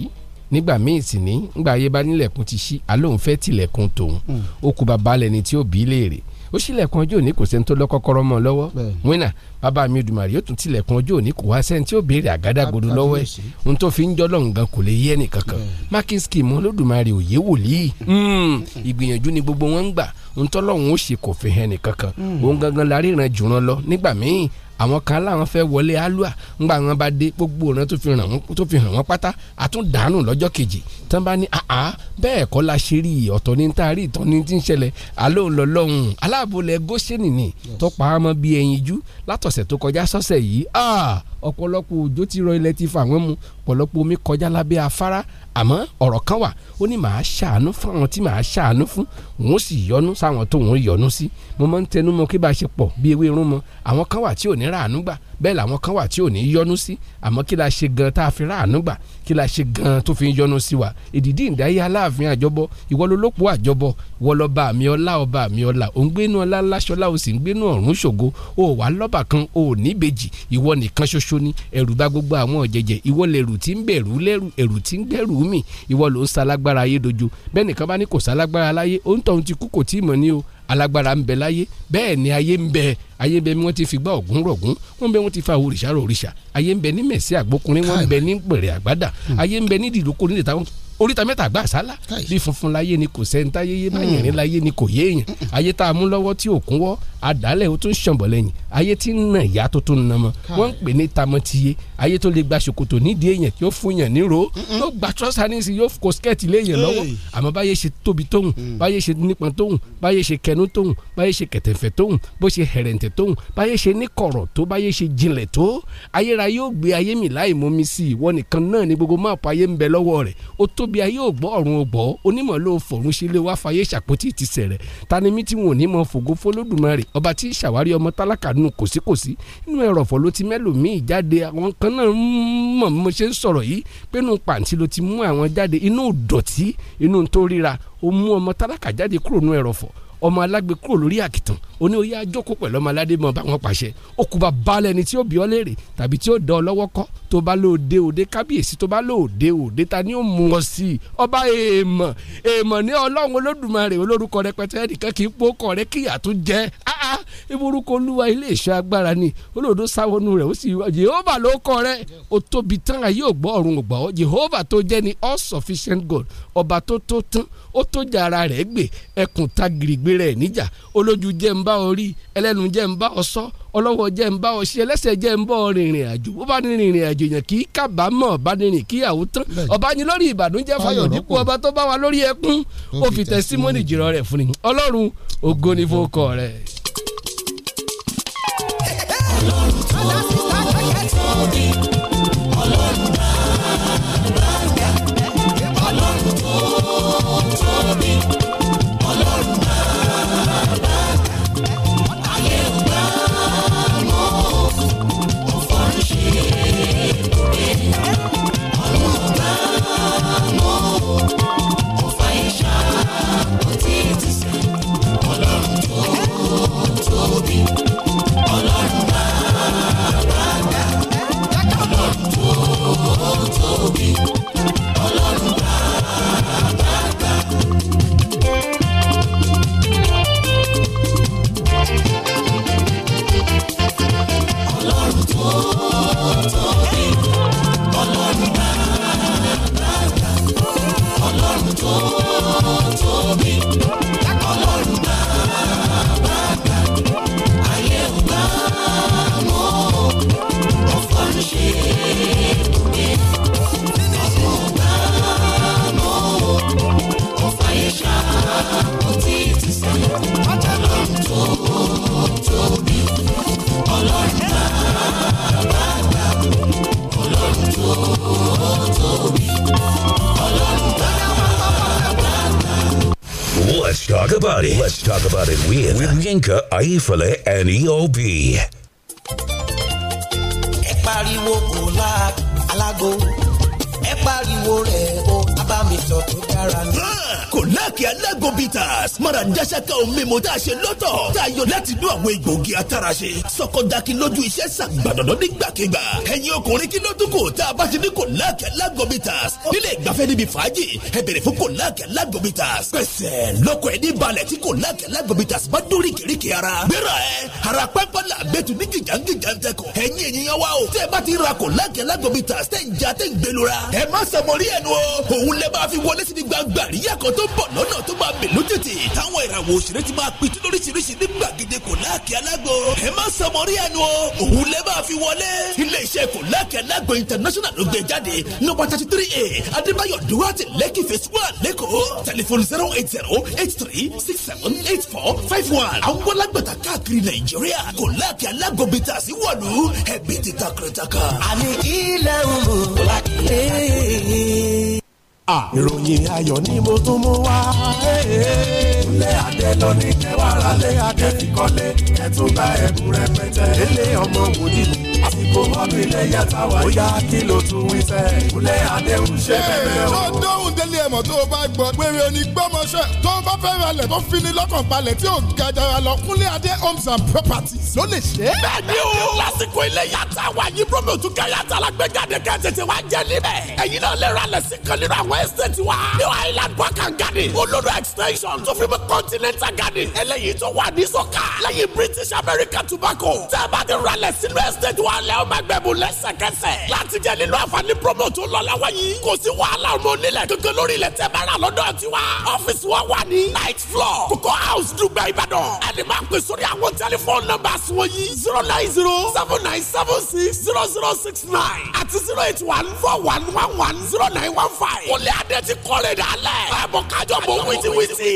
nígbà míì sì ní ngbà ayé bá nílẹ̀kùn ti ṣí alóhùn fẹ́ tilẹ̀kùn tòun hmm. ó kú bàbá lẹni tí ó bí léèrè ó ṣílẹ̀kùn ọjọ́ òní kò sẹ́ni tó lọ kọ́kọ́rọ́ mọ́ lọ́wọ́ wínà bàbá mi Èdùmàrè yóò tún tilẹ̀kùn ọjọ́ òní kò wá sẹ́ni tí ó béèrè àgádágodo lọ́wọ́ ẹ̀ ohun tó fi ń jọ́ lọ́hùn gan kò lè yé ẹnì kankan mákìsíkì mọ́ lódùmarè òye wòlíì hmm, ìgbìyànjú ni gbogbo wọn ń gbà ohun tọ́lọ́hùn ó ṣe kò fi hàn ẹnì kankan òun mm. gangan la ríran jùrọ̀ lọ nígbà míì àwọn kan láwọn fẹ́ wọlé alua ńgbà wọn bá dé gbogbo ọ̀nà tó fi hàn wọ́n pátá àtúndànù lọ́jọ́ kejì tán bá ní àá bẹ́ẹ̀ kọ́ la ṣe rí ọ̀tọ̀ ní taari ìtàn ní ti ń ṣẹlẹ̀ alóòlọ́lọ́hún aláàbòlẹ̀ gọ́ṣẹ́nì ni tó pa á mọ́ bí ẹyin jú látọ̀sẹ̀ tó kọjá sọ́sẹ̀ yìí ọ̀pọ̀lọpọ̀ òjò ti rọ ilẹ̀ ti fà wọ́n mu ọ̀pọ̀lọpọ̀ omi kọjá lábẹ́ afárá àmọ́ ọ̀rọ̀ kan wà ó ní màá ṣàánú fún àwọn tí màá ṣàánú fún òun sì yọ́nú sáwọn tó òun yọ́nú sí mo máa ń tẹnu mọ́ kí bá a ṣe pọ̀ bí ewé irun mọ́ àwọn kan wà tí ò ní ràánú gbà bẹ́ẹ̀ làwọn kan wà tí ò ní yọnu sí àmọ́ kí la ṣe gan tá a fi ráàánú gbà kí la ṣe gan tó fi ń yọnu sí wa ìdìdí ìdáyé aláàfin àjọbọ ìwọ ló lópò àjọbọ ìwọ lọba àmì ọlá ọba àmì ọlá ò ń gbénu ọlá láṣọlá o sì ń gbénu ọ̀run ṣògo o wà lọ́bà kan o níbejì ìwọ nìkan ṣoṣo ni ẹ̀rù bá gbogbo àwọn ọ̀jẹ̀jẹ̀ ìwọ lẹ̀rù tí ń bẹ̀rù lẹ́rù ẹ̀rù tí ń gbẹ̀rù mì ìwọ ló ń salágbára ayé dojo bẹ́ẹ̀ nìkan bá ní kò salágbára láyé ó ń tọ̀hún ti kú kò tí ì mọ̀ ní o alágbára ń bẹ láyé bẹ́ẹ̀ ni ayé ń bẹ ayé ń bẹ wọ́n ti fi gbá ọ̀gún rọ̀gún wọ́n bẹ wọ́n ti fa òrìṣà rọ̀rìṣà ayé ń bẹ ní mẹ̀sí àgbókunrin wọ́n bẹ ní pẹ̀rẹ̀ àgbádà hmm. ayé ń bẹ ní ìdìdókòrin níta oríta mẹ́ta gbà sálà bí funfun láyé ni kò sẹ́ńtà yéyé báyìí hmm. rìn láyé ni kò yéèyàn hmm, hmm. ayé tá a mú lọ́wọ́ tí ò kún wọ́ àdálẹ̀ ó tún ṣànbọ̀ lẹ́yìn ayé tí ń nà ìyá tó tún nà mọ́ wọ́n ń pè ní tamọ́tiyé ayé tó lè gba ṣòkòtò nídìí èèyàn yóò fún yàn níro yóò gba trọ́sà níìsí yóò kó skẹ́ẹ̀tì léèyàn lọ́wọ́ àmọ́ báyé ṣe tóbi tóhùn báyé ṣe nípọn tóhùn báyé ṣe kẹnu tóhùn báyé ṣe kẹtẹ̀fẹ̀ tóhùn bó ṣe hẹ̀rẹ̀ǹtẹ̀ tóhùn báyé ṣe níkọ̀rọ̀ tó báyé ṣe jinlẹ̀ tó ayéra yóò gbé ayé mi láì mọ́mí ni gbogbo máàpù ayé ń bẹ tóbi ayé ò gbọ́ ọ̀run ò gbọ́ onímọ̀ ló fòrun sílé wá fàyè ṣàpótí ti sẹ̀rẹ̀ tanimí tí wọn ò ní mọ fògo fọlódùmarè ọba tí ṣàwárí ọmọ tálákà nù kòsíkòsí inú ẹ̀rọ̀fọ̀ ló ti mẹ́lòmíì jáde àwọn kan náà mọ̀ mo ṣe ń sọ̀rọ̀ yìí pé inú pàǹtí ló ti mú àwọn jáde inú dọ̀tí inú tó ríra ó mú ọmọ tálákà jáde kúrò nù ẹ̀rọ̀fọ̀ ọmọ alágbe kúrò lórí àkìtàn oní oyè àjókòó pẹ̀lú ọmọ aládé mọ̀ bá wọn pàṣẹ okùnbà balẹ̀ ni tí ó bí ọ léèrè tàbí tí ó dán ọ lọ́wọ́ kọ́ tó bá lò dé òde kábíyèsí tó bá lò dé òde ta ni ó mú ọ sí i ọba èèmọ̀ èèmọ̀ ní ọlọ́run olódùmarè olórúkọ rẹpẹtẹ ẹnìkan kì í pọ́ kọ̀ rẹ kíyà tó jẹ́ á ìmúrúkọ olúwa ilé ìṣọ́ agbára ni olódó sáwọnú rẹ̀ ó sì Jehova ló kọ́ rẹ̀ ó tóbi tán ayé ògbọ́ ọ̀run ògbà ọ́ Jehova tó jẹ́ ni all sufficient God ọba tó tó tán ó tó jà ara rẹ̀ gbè ẹkùn ta gìrìgbè rẹ̀ níjà olójú jẹ́ ń bá ọ rí ẹlẹ́nu jẹ́ ń bá ọ sọ ọlọ́wọ́ jẹ́ ń bá ọ ṣe ẹlẹ́sẹ̀ jẹ́ ń bọ́ rìnrìn àjò bó bá ní rìnrìn àjò yẹn kì í kábàámọ̀ bá ní rìn kíyàwó tán ọba ni lórí ìbànújẹ́ fayọ̀ dípò ọba tó bá wa lórí ẹkún ó fi tẹsímọ́nì jìrọ̀ rẹ̀ fún ni ọlọ́run ògo ni fún ọkọ rẹ̀ ọlọ́run tó tóbi. Yinka Ayefele and EOB. kò la alágbo bitters mara ń dáṣẹ́ ká omi mímu tá a ṣe lọ́tọ̀ tá a yọ láti inú àwọn egbòogi àtàràṣe sọkọdaki lójú iṣẹ́ sàgbàdàdọ́ nígbàkigbà ẹ̀yin ọkùnrin kí ló tún kù tá a bá ti ní kòláàkì alágbo bitters nílé ìgbafẹ́ níbi fàájì ẹ bèrè fún kòláàkì alágbo bitters pẹ̀sẹ̀ lọ́kọ̀ ẹ̀ ní balẹ̀ tí kòláàkì alágbo bitters bá dórí k tonic ara gbéra ẹ ara pápá la gbẹtù ní gìjàngìjà ń tẹkọ ẹ̀yin ènìyàn wa o tẹ́ ẹ bá ti ra kò lákẹ́ lágọ̀bí tà tẹ́ ń ja tẹ́ ń gbèlú ra ẹ má sọmọrí ẹnu o òun lẹ máa fi wọlé síbi gbangba àríyá kan tó ń bọ̀ lọ́nà tó máa bèlú tètè táwọn ìràwọ̀ òṣèré ti máa pitú lóríṣiríṣi ní gbàgede kò lákẹ́ alágbo ẹ má sọmọrí ẹnu o òun lẹ fi wọlé ṣe kò international ló gbé jáde nọ́mbà thirty three a adébáyọ̀ duwati lẹ́kì phase one lẹ́kọ̀ọ́ telephone zero eight zero eight three six seven eight four five one. àwọn alágbàtà káàkiri nàìjíríà kò lẹ́kẹ̀ alágbòbí tà sí wọ̀lú ẹ̀bí ti takarítaka. àní ilẹ̀ òun ìròyìn ayọ̀ ni mo tún mú wá. ilé adé ló ní kẹwàá rálé adé ti kọ́lé ẹ̀tún bá ẹ̀bùn rẹpẹtẹ. ilé ọmọ wòlíì àsìkò ọdún iléyá táwa yá kí ló tún wí sẹ́ ìkúlẹ̀ àdéhùn ṣe bẹ̀rẹ̀ o. ṣó dóhùn délé ẹ̀mọ́ tó o bá gbọ́ péré onígbọ́mọṣẹ́ tó o bá fẹ́ ralẹ̀ tó fi ní lọ́kàn balẹ̀ tí ò ga jara lọ kúnlé adé homes and properties ló lè ṣe. bẹ́ẹ̀ni o lásìkò iléyá táwa yìí promo tún kẹyà tàlà gbẹjáde kẹ tètè wá jẹ níbẹ̀ ẹ̀yin náà lè ralẹ̀ sí kan àwọn estate wa new island park and garden olódò extension tó fi mú continental garden eléyìí tó wà ní sọ́kà lẹ́yìn british american tobacco tẹ́ bá ti ralẹ̀ baálẹ̀ ó máa gbẹ̀bù lẹ́sẹ̀kẹsẹ̀. láti jẹ́ nínú àǹfààní promo tó lọ lọ́wọ́ yìí kò sí wàhálà ọmọ onílẹ̀ kankan lórí ilẹ̀ tẹ́ bára lọ́dọ̀ tiwa. ọ́fíìsì wa wà ní night floor kókó house dùgbà ìbàdàn. ẹni máa pè sórí àwọn tẹlifóònù nọ́mbà wọn yìí zero nine zero seven nine seven six zero zero six nine àti zero eight one four one one one zero nine one five. olè adé ti kọ́lé dálẹ̀. ẹ̀ bọ̀ kájọ bọ̀ wìtìwìtì.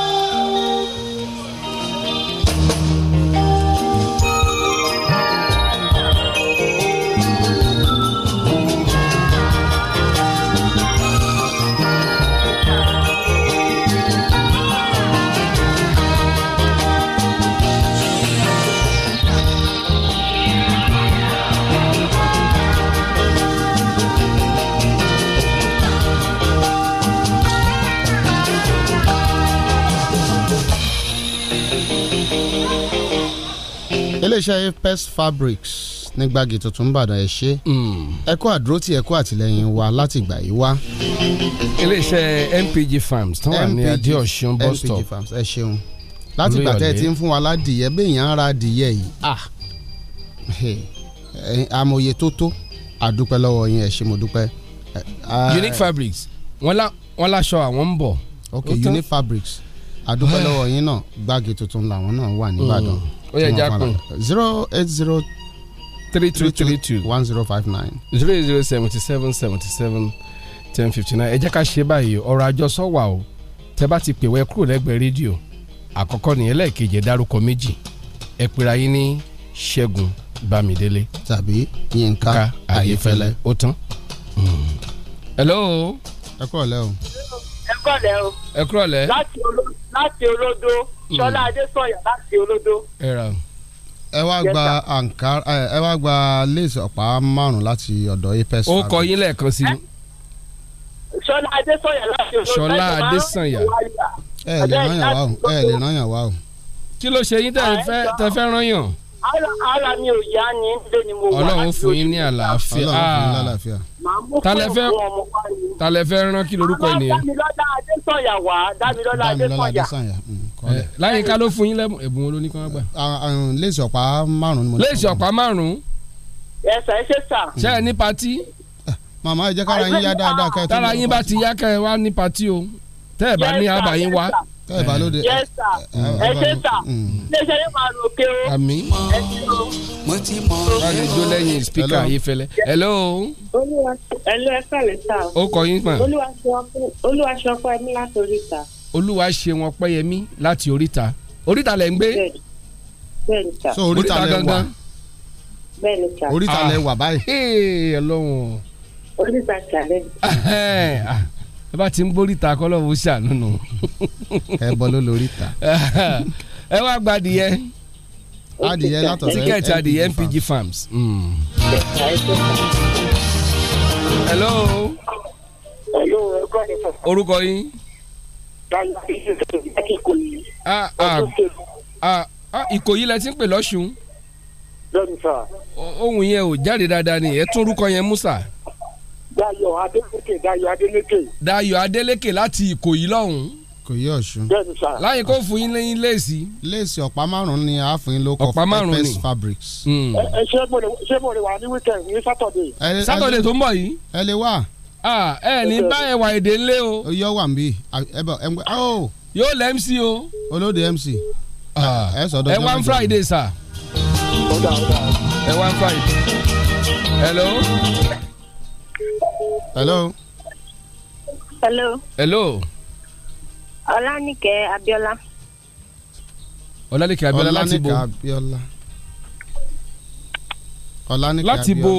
iléeṣẹ́ apex fabrics ní gbági tuntun nìbàdàn ẹ ṣe hmm. ẹ kú àdúrótì ẹ kú àtìlẹ́yìn wa láti ìgbà yìí wá. iléeṣẹ́ MPG Farms tán wà ní adéọ̀sùn bus stop MPG Farms ẹ ṣeun láti ìgbà tẹ́ ẹ ti ń fún wa ládìyẹ béèyàn ara adìyẹ yìí ah amòye tó tó àdúpẹ́ lọ́wọ́ yín ẹ ṣé mo dúpẹ́. unique fabrics wọ́n láṣọ àwọn ń bọ̀. ok unique fabrics àdúpẹ́ ah. lọ́wọ́ yín náà gbági tuntun làwọn náà wà níbàdàn. Hmm ó yẹ jẹ́ zero eight zero three two three two one zero five nine. zero eight zero seventy seven seventy seven ten fifty nine ẹ jẹ́ ká ṣe báyìí ọ̀rọ̀ àjọsọ wà o tẹ́ bá ti pè wẹ́ kúrò lẹ́gbẹ̀ẹ́ rédíò àkọ́kọ́ nìyẹn lẹ́ẹ̀kejì ẹ dárúkọ méjì ẹ pera yín ní ṣẹ́gun bámidélé. tàbí yínká ayéfẹ́lẹ́. ó tán. hello. ẹ kúrọ̀lẹ́ o. ẹ kúrọ̀lẹ́ o. ẹ kúrọ̀lẹ́. láti olódó. Ṣọlá hmm. Adésọyà láti Olódó. ẹ wá gba ankara ẹ wá gba lace ọ̀pá márùn-ún láti ọ̀dọ̀ apes. ó kọ yín lẹ́ẹ̀kan sí i. Ṣọlá Adésọyà láti Olódó. Ṣọlá Adésọyà. ẹ lè ràn yàn wá o ẹ lè ràn yàn wá o. kí ló ṣe yín tẹ fẹ́ ràn yàn ara mi ò yá ni ndé ni mo wà. ọlọ́run fún yín ní àlàáfíà. ọlọ́run fún yín ní àlàáfíà. talẹfẹ talẹfẹ rán kí lorúkọ ènìyàn. dámilọ́lá adésanya wá dámilọ́lá adésanya láyé ká ló fún yín lẹ́bùn ẹ̀bùn olóní kan gbà. léèsì ọ̀pá márùn-ún ni mo ní. léèsì ọ̀pá márùn-ún. ẹ sà ẹ ṣe sà. ṣe é ní patí. màmá ẹ jẹ́ kára yín yá dáadáa kẹ́ ẹ tó lọ. tára yín bá ti yá kẹ́ ẹ wá ní patí o tẹ́ ẹ bá ní àbá yín wá. tẹ́ ẹ bá lóde. ẹ ṣe sà léèsì ẹ mm. máa lò ké o. àmì mo ti mọ ọ. wọ́n ti jó lẹ́yìn spíkà yìí fẹlẹ́. hello. olúwa ṣe ọkọ ẹ ní látorí ta olúwa ṣe wọn pẹ́yẹmí láti oríta oríta lẹ̀ ń gbé. bẹ́ẹ̀ni sà so oríta lẹ̀ wà bẹ́ẹ̀ni sà oríta lẹ̀ wà báyìí. ee ọlọ́run. oríta sàlẹ̀. ẹ bá ti ń bóríta kọ́lọ́wọ́ ṣàánú nù. ẹ bọ́ ló lóríta. ẹ wá gbadìyẹ adìyẹ látọ̀sẹ̀ tíkẹ́ẹ̀tì adìyẹ MPG Farms. Hmm. hello. hello orúkọ yín. Ah, ah, ah, ìkòyí la ti ń pè lọ́sùn. bẹ́ẹ̀ni sà. ohun yẹn ò jáde dáadáa ni ẹ tún orúkọ yẹn mú sà. Dayọ̀ Adeleke Dayọ̀ Adeleke. Dayọ̀ Adeleke láti ìkòyí lọ́hùn-ún kò yí ọ̀ṣun. láyé kó fún yín lẹ́yìn léèsì. léèsì ọ̀pá márùn-ún ni a fún yín ló kọ fún pepes fabrics. Hmm. ṣé mo lè wà ní weekend ní sátọ̀dẹ̀. sátọ̀dẹ̀ tó ń bọ̀ yìí. ẹ lè wá ẹ ní bá ẹwà èdè ńlẹ o. oyè wà ń bí ẹ bọ ẹ ń gbẹ. yóò lẹ́ mc o. olóde mc. ẹ sọ dọ́jọ́ mẹ́jọ. ẹ wá ń friday sir. ẹ wá ń friday. hello. hello. hello. hello. ọlánìkẹ́ abíọ́lá. ọlánìkẹ́ abíọ́lá láti bo. ọlánìkẹ́ abíọ́lá. ọlánìkẹ́ abíọ́lá láti bo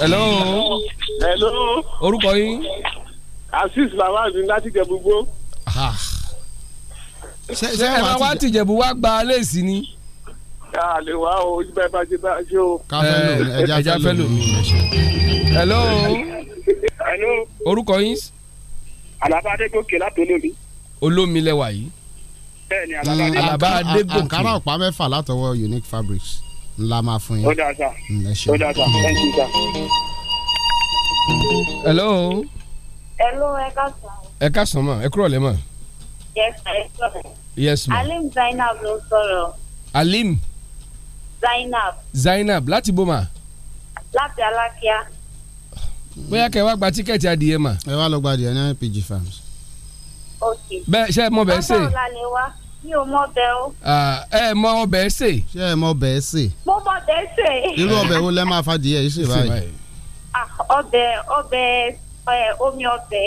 hello. hello. orúkọ yín. asis lawal ní láti jẹ gbogbo. ṣe ẹ máa wá tìjẹ̀bù wá gba léèsì ni. a lè wá o bẹ́ẹ̀ bá ṣe bá ṣe o. Eh, ẹja fẹ́ lò mí. hello. hello. orúkọ yín. Àlàbá Adégòkè láti olómi. olómi lẹ́wà yìí. bẹ́ẹ̀ni Àlàbá Adégòkè. Àǹkárá ọ̀pá mẹ́fà látọwọ́ Unique Fabrics ńlá máa fún yín. ó dáa sá mm, ó dáa sá thank you sá. hello. hello ẹ ká sàn. ẹ ká sàn mà ẹ kúrò lẹ́mọ̀. yes sir ẹ kúrò. yes ma. alim zainab ló sọ̀rọ̀. alim. zainab. zainab láti boma. láti alákíá. bóyá kẹ́ ẹ wá gba tíkẹ́ẹ̀tì adìyẹ mà. ẹ wá lọ gba adìyẹ ní pg farms. ok. bẹ́ẹ̀ ṣe é mọ bẹ́ẹ̀ sè. ọjọ́ ọ̀la ni wá mi ò mọ ọbẹ̀ o. ẹ mọ ọbẹ̀ sè. ṣé ẹ mọ ọbẹ̀ sè. mo mọ ọbẹ̀ sè. irú ọbẹ̀ wo lẹ máa fadìyẹ yìí sè báyìí. ọbẹ̀ ọbẹ̀ omi ọbẹ̀.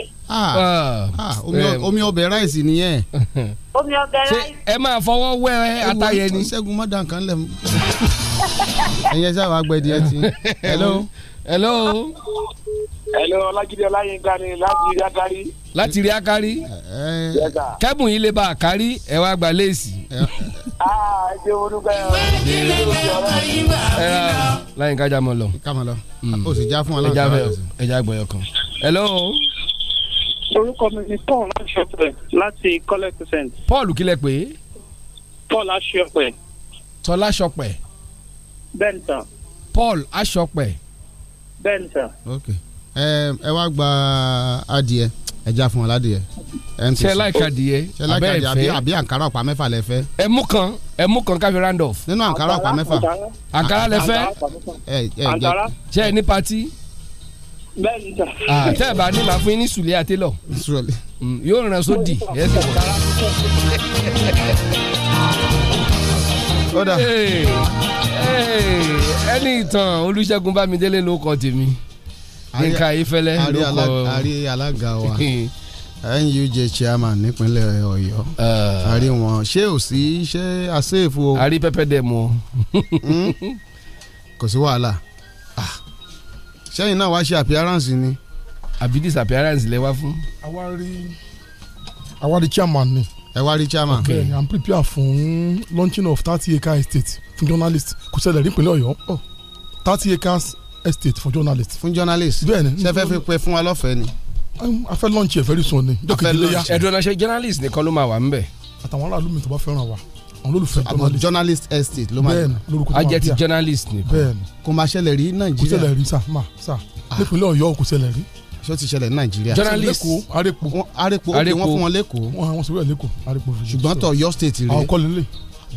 omi ọbẹ̀ ráìsì nìyẹn. omi ọbẹ̀ ráìsì. ẹ máa fọwọ́ wẹ atayẹ ni. ṣẹ́gun má dàn kan lẹ̀ mú. ẹ̀yẹ sábà gbẹ̀dì ẹ ti. hello. hello. hello ọlájídé ọláyínká ni láti yàtàrí láti rí akari kẹ́bùn yìí lè ba àkárí ẹ wá gba léèsì. Ah, láyìn ká jámọ lọ. kámọ lọ hmm. o sì já fún wa lọ́wọ́ ẹja gbọ̀yọ̀ kan. hello. orúkọ mi ni paul aṣọpẹ láti collect percent. paul kílẹ̀ pé. paul aṣọpẹ. tọ́lá aṣọpẹ. bẹ́ẹ̀ ni sà. paul aṣọpẹ. bẹ́ẹ̀ ni sà. ok ẹ ẹ wá gba adìẹ ẹja fún ọ ládìyẹ. ṣe láìka díẹ̀ abẹ́ ẹ̀ fẹ́ àbí àǹkárá ọ̀pá mẹ́fà lẹ fẹ́. ẹ mú kan ẹ mú kan káfí randolph. nínú àǹkárá ọ̀pá mẹ́fà. àǹkárá lẹ fẹ́. ṣe ẹ ní patí. bẹ́ẹ̀ni sà. tẹ́ ẹ bá ní màá fún yín ní sùlẹ̀ àti lọ. yóò ràn só di. ẹni ìtàn Olúṣẹ́gun Bámidélé ló kọ tèmi. Yínká Ayéfẹ́lẹ́ ló kọ àrí alága wa NUJ chairman nípínlẹ̀ Ọ̀yọ́ ah. àrí wọn ṣé ò sí ṣé àṣeèfo. àrí pẹpẹ dẹ mọ. Hmm? kò sí wàhálà sẹ́yìn ah. náà wàá ṣe appearance ni. àbí disappearance lẹ wá fún. àwa rí chairman ni ẹ wá rí chairman. ok mm. i'm prepared fún launching of thirty acres estate fún journalist kò ṣẹlẹ̀ nípínlẹ̀ ọ̀yọ́ oh, thirty acres estate for journalists. fún journalists bẹ́ẹ̀ ni ṣe fẹ́ fi pe fún wa lọ́fẹ̀ẹ́ ni. Um, a fẹ́ lọ́ọ̀nì ẹ̀ very soon ni. a fẹ́ lọ́ọ̀nì ẹ̀ ẹ̀dùn ọ̀nàṣẹ́ journalist nìkan ló máa wà ńbẹ̀. àtàwọn aráàlú mi tó bá fẹ́ràn wa àwọn olólùfẹ́ journalist. journalist estate ló máa bẹ́ẹ̀ ni lórúkọ tó máa bí i. ajẹ́ ti journalist nìkan. bẹ́ẹ̀ ni kò máa ṣẹlẹ̀ rí nàìjíríà. kò ṣẹlẹ̀ rí sà má sà nípínlẹ̀ ọ̀yọ́ kò ṣẹlẹ̀ rí ṣó ti ṣẹlẹ̀ ní nàìjíríà. journalist arepo arepo ok wọ́n fún wọn lẹ́kọ̀ọ́. wọ́n wọ́n sọ wíwẹ̀ lẹ́kọ̀ọ́ arepo. ṣùgbọ́n tọ Ọ̀yọ́ state rẹ̀. àwọn kọ́lé lè.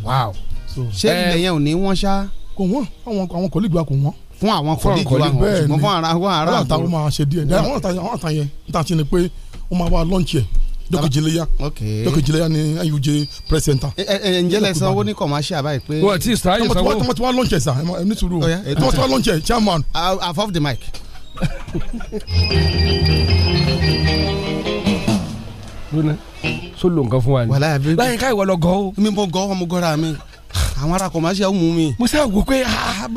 wow ṣé eh. ilẹ̀ yẹn ò ní wọ́n ṣá. kò wọ́n àwọn kò lè gba kò wọ́n fún àwọn kọ́líìkì wa ṣùgbọ́n fún ara wa ara àwọn. àtàwọn máa ṣe díẹ̀ díẹ̀ àwọn àtàyẹ àwọn àtàyẹ níta ṣe ni pé ó máa wá lọ́ǹchì ẹ̀ dọ́kìjìléyà dọ́kìjìléyà ni nuj press center. ẹ ẹ ǹjẹ́ lẹ sanwó ní commercial báyìí pé. wọ́n ti sàn sanwó. tọmọ tí wọ́n lọ́ǹchì ẹ̀ sà ní sùúrù o tọmọ tí wọ́n lọ́ǹchì ẹ̀ chairman. I've the mic. solo nǹkan fún wa ni. wàlá yà bí. báyìí ká ìwọ lọ gọ́ o. mi mọ gọ́ ọmọ gọ́ra àwọn ará commercial mú mi. mo sẹ́ wò pé ó ah, ah,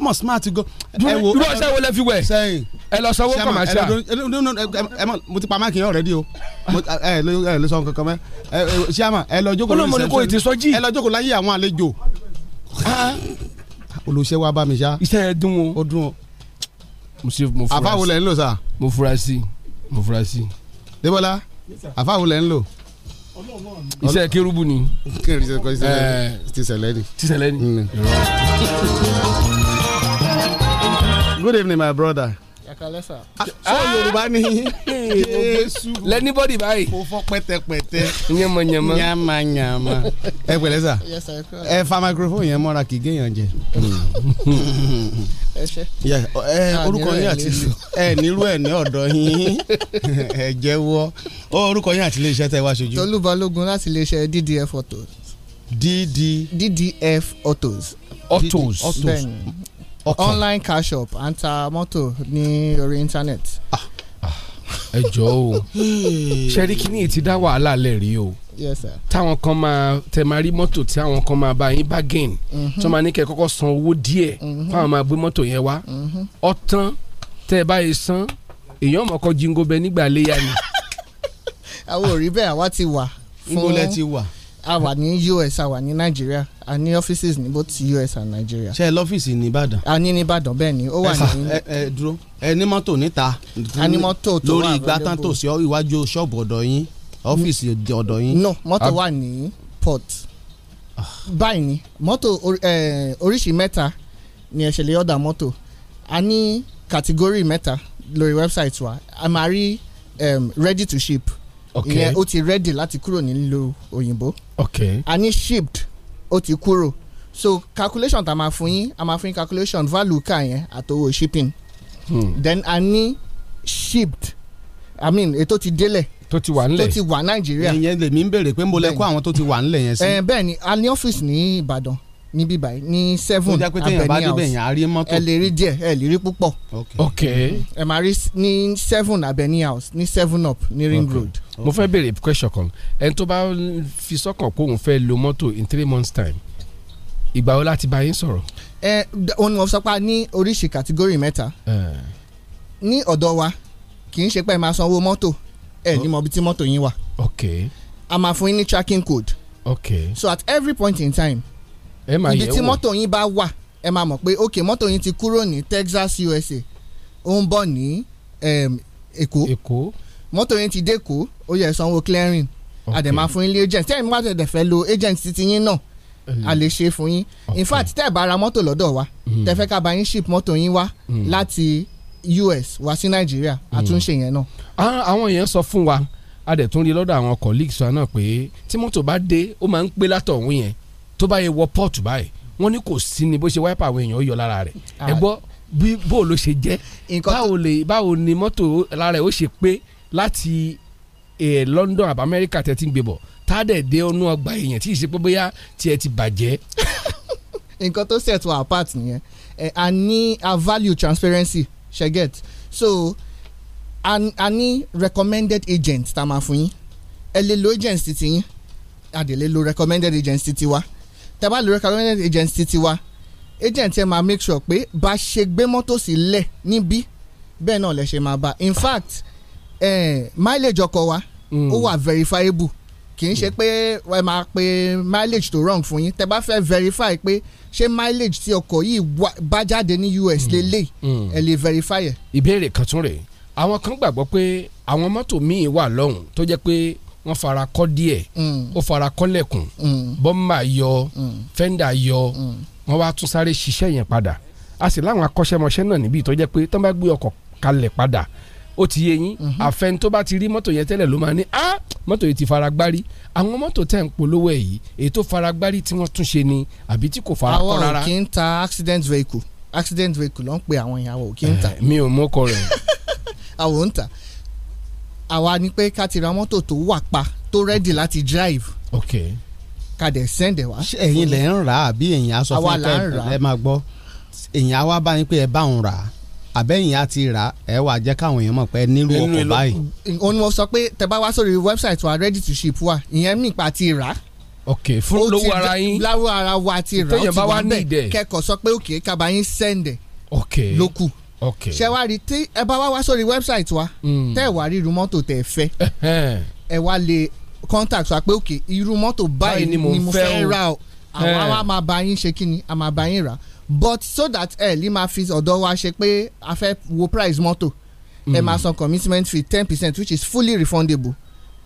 mọ̀ smart gan. ẹ wo irú ọṣẹ wo lẹ fi wẹ. sẹ́yìn ẹ lọ sanwó commercial. mo ti pa máàkì yẹn already o ẹ ẹ sọ kankan mẹ ṣíàmà ẹ lọ jókòó lórí sẹ́yìn ẹ lọ jókòó láyé àwọn àlejò. olùṣẹ́ wa bá mi ṣá. iṣẹ́ ẹ dùn o. ó dùn o. mo ṣe mo fura sí. àfáwo lẹ ń lò sá. mo fura sí mo fura sí. débọ́lá àfáwo lẹ ń lò iṣẹ́ kérúbù ni. kérúbù iṣẹ́ kọ́ iṣẹ́ tíṣẹ̀lẹ́ ni. tíṣẹ̀lẹ́ ni. good evening my brother ẹ̀kálẹ́ sà. sọ yorùbá ni lẹ́nibọ́dì báyìí. kò fọ pẹ́tẹpẹ́tẹ. yẹmọ yẹmọ. yàmà yàmà. ẹ pẹ̀lẹ́ sà. ẹ fa microphone yẹn mọ́ra kì í géèyàn jẹ. ẹ ah, orúkọ yín àti ẹ nírú ẹ ní ọ̀dọ̀ yín ẹ jẹ́wọ́ orúkọ yín àti iléeṣẹ́ tẹ wá ṣojú. Tolú Balógun láti iléeṣẹ́ DDF Autos. DD DDF Autos. Autos. Autos ọkàn online cash up à ń ta mọ́tò ní orí internet. Ah. Ah, ẹ jọ o ṣẹ́rí kínní ti dá wàhálà lẹ̀ rí o táwọn kan máa tẹ máa rí mọ́tò tí àwọn kan máa bá yín bargain mhm. tó máa ní kẹ́ kọ́kọ́ san owó díẹ̀ mhm. fáwọn máa gbé mọ́tò yẹn wá ọ̀tán mhm. tẹ́ ẹ báyìí san èèyàn mọ̀ọ́kọ́ jingo bẹ nígbà léyà ni. àwọn ò rí bẹ́ẹ̀ àwa ti wà. ń bolẹ̀ ti wà. a wà ní US a wà ní Nàìjíríà a ní offices ní both US and Nigeria. ṣe lọ́fíìsì ní Ìbàdàn. a ní ní Ìbàdàn bẹ́ẹ̀ ni ó wà ní. ẹ ẹ dúró ẹ ní mọ́tò níta. a ní mọ́tò tó wà lórí ìgbà tán tó sí iwájú ṣọ́ọ̀bù ọ̀dọ̀ yín ọ́fíìsì ọ̀dọ̀ yín. no mọ́tò wà ní port báyìí ni mọ́tò oríṣìí mẹ́ta ni ẹ ṣe lè ọ̀dà mọ́tò a ní kàtígórì mẹ́ta lórí website wa a máa rí ready to ship ìyẹn okay. ó ti ready láti kúrò nílùú òyìnbó okay. a ní shipped ó ti kúrò so calculation tá a máa fún yín a máa fún yín calculation value car yẹn àtòwò shipping hmm. then a ní shipped i mean ètò ti délẹ̀ tó ti wà ńlẹ̀ tó ti wà nàìjíríà ìyẹn lèmi ń béèrè pé mo lẹ kó àwọn tó ti wà ńlẹ̀ yẹn sí. Eh, bẹ́ẹ̀ ni a ní ọ́fíìsì ní ìbàdàn níbí báyìí ní seven abẹni house ẹ lè rí díẹ̀ ẹ lè rí púpọ̀ ok ẹ máa rí ní seven abẹni house ní seven up ní ring okay. road. mo fẹ́ béèrè question kan ẹni tó bá fi sọ́kàn pé òun fẹ́ lo mọ́tò in three months time ìgbà wo láti bá yín sọ̀rọ̀. ẹ òun ni mo sọ pé a ní oríṣi kàtígórì mẹ́ta ní ọ̀dọ̀ wa kì í ṣe pé ẹ máa sanwó mọ́tò ẹ ní mọ̀ bí tí mọ́tò yín wà. a máa fún yín ní tracking code. ok so at every point in time ibi tí mọ́tò yín bá wà ẹ máa mọ̀ pé ok mọ́tò yín ti kúrò ní Texas USA ó ń bọ̀ ní ehm, Èkó mọ́tò yín ti dẹ́kó ó yẹ sanwó clearing àdèmà fún ilé agent tẹ́ ẹ̀ ń bá tẹ̀dẹ̀ fẹ́ lo agent titi yín náà a lè ṣe fún yín in fact tẹ́ ẹ̀ bá ra mọ́tò lọ́dọ̀ wa hmm. tẹ́ fẹ́ ká bá yín ship mọ́tò yín wá hmm. láti US wá sí Nàìjíríà àtúnṣe hmm. yẹn náà. àwọn yẹn sọ fún wa a dẹ̀ tún rí lọ́dọ̀ àwọn colleagues wa náà pé tí mọ́tò bá dé ó máa ń pé látọ̀hún yẹn tó bá yẹ wọ pọ́ọ̀tù báyìí wọ́n ní kò sí ni bó ṣe wáìpà àwọn èèyàn yọ lára rẹ̀ ah. ẹ gbọ́ bí bó ló ṣe jẹ́ báwo ni mọ́tò lára ẹ̀ ó ṣe pé láti London àbá Amẹ́ríkà tẹ̀ ti ń gbé bọ̀ tá a dẹ̀ dé ọ̀nà ọgbà èèyàn tí ì ṣe pé bóyá tiẹ̀ ti bàjẹ́. nǹkan tó set apart nìyẹn a ní a value transparency ṣe get so a ní recommended agent tá a máa fún yín ẹ lè lo agent titi yín a dẹ̀ lè lo recommended agent titi wa tẹ́ bá lè recommended agency ti tiwa agent ẹ máa make sure pé bá ṣe gbé mọ́tò sí lẹ̀ níbí bẹ́ẹ̀ náà lẹ ṣe máa bá in fact eh, mileage ọkọ̀ wa ó hmm. wà verifiable kì í ṣe hmm. pé ẹ máa pe mileage tó wrong fún yín tẹ́ bá fẹ́ verify pé ṣé mileage tí ọkọ̀ yìí bá jáde ní US hmm. lélẹ̀ ẹ lè verify ẹ̀. ìbéèrè kan tún rèé àwọn kan gbàgbọ́ pé àwọn mọ́tò míì wà lọ́hùn tó jẹ́ pé wọ́n fara kọ́ díẹ̀ mm. ó fara kọ́ lẹ̀kùn mm. bọ́mbà yọ mm. fẹ́ndà yọ wọ́n wá tún sáré ṣiṣẹ́ yẹn padà a sì láwọn akọ́ṣẹ́mọṣẹ́ náà níbi ìtọ́jẹ́ pé tán bá gbé ọkọ̀ kalẹ̀ padà ó ti yé yín mm-hmm. àfẹn tó bá ti rí mọ́tò yẹn tẹ́lẹ̀ ló máa ní ah mọ́tò yìí ti fara gbárí àwọn mọ́tò tẹ̀ ń polówó ẹ̀ yìí èyí tó fara gbárí tí wọ́n tún ṣe ni àbí tí kò fara kọ́ rárá. àwọn ò ń ta accident vehicle accident vehicle ló ń pe àwọn yẹn eh, àwọn ò ń ta. mi ò mọ́kọ rẹ̀. àwọn ò ń ta àwa ni pé ká ti ra mọ́tò tó wà pa tó rẹ́dì láti drive. ok ká dẹ̀ sẹ́ndẹ̀ wá. ṣé ẹ̀yin lẹ̀ ń rà àbí ẹ̀yin aṣọ fún ẹ ẹ máa gbọ́ ẹ̀yin á wá bá yín pé ẹ bá òun rà á àbẹ́yìn á ti rà ẹ wà jẹ́ káwọn èèyàn mọ̀ pé nílùú ọkọ̀ báyìí. òun ni mo sọ pé tẹ bá wá sórí website wa ready to ship wa ìyẹn nípa ti rà á ok fún lówó ara yín láwọ ara wa ti rà ó ti wà bẹ́ẹ̀ kẹ́kọ̀ọ́ sọ pé òkè kábàáyín sẹ́ndẹ̀ ok lókù ṣe wá rí tí ẹ bá wá wá sórí wẹ́bsáìtì wa hmm. tẹ́ ẹ̀ wá rí irú mọ́tò tẹ́ ẹ fẹ́ ẹ wá lè contact wa pé òkè irú mọ́tò báyìí ni mo fẹ́ rà o àwa wa máa bá yín ṣe kí ni a máa bá yín rà but so that ẹ lè máa fi ọ̀dọ̀ wa ṣe pé a fẹ́ wo price mọ́tò ẹ hmm. máa san commitment fee ten percent which is fully refundable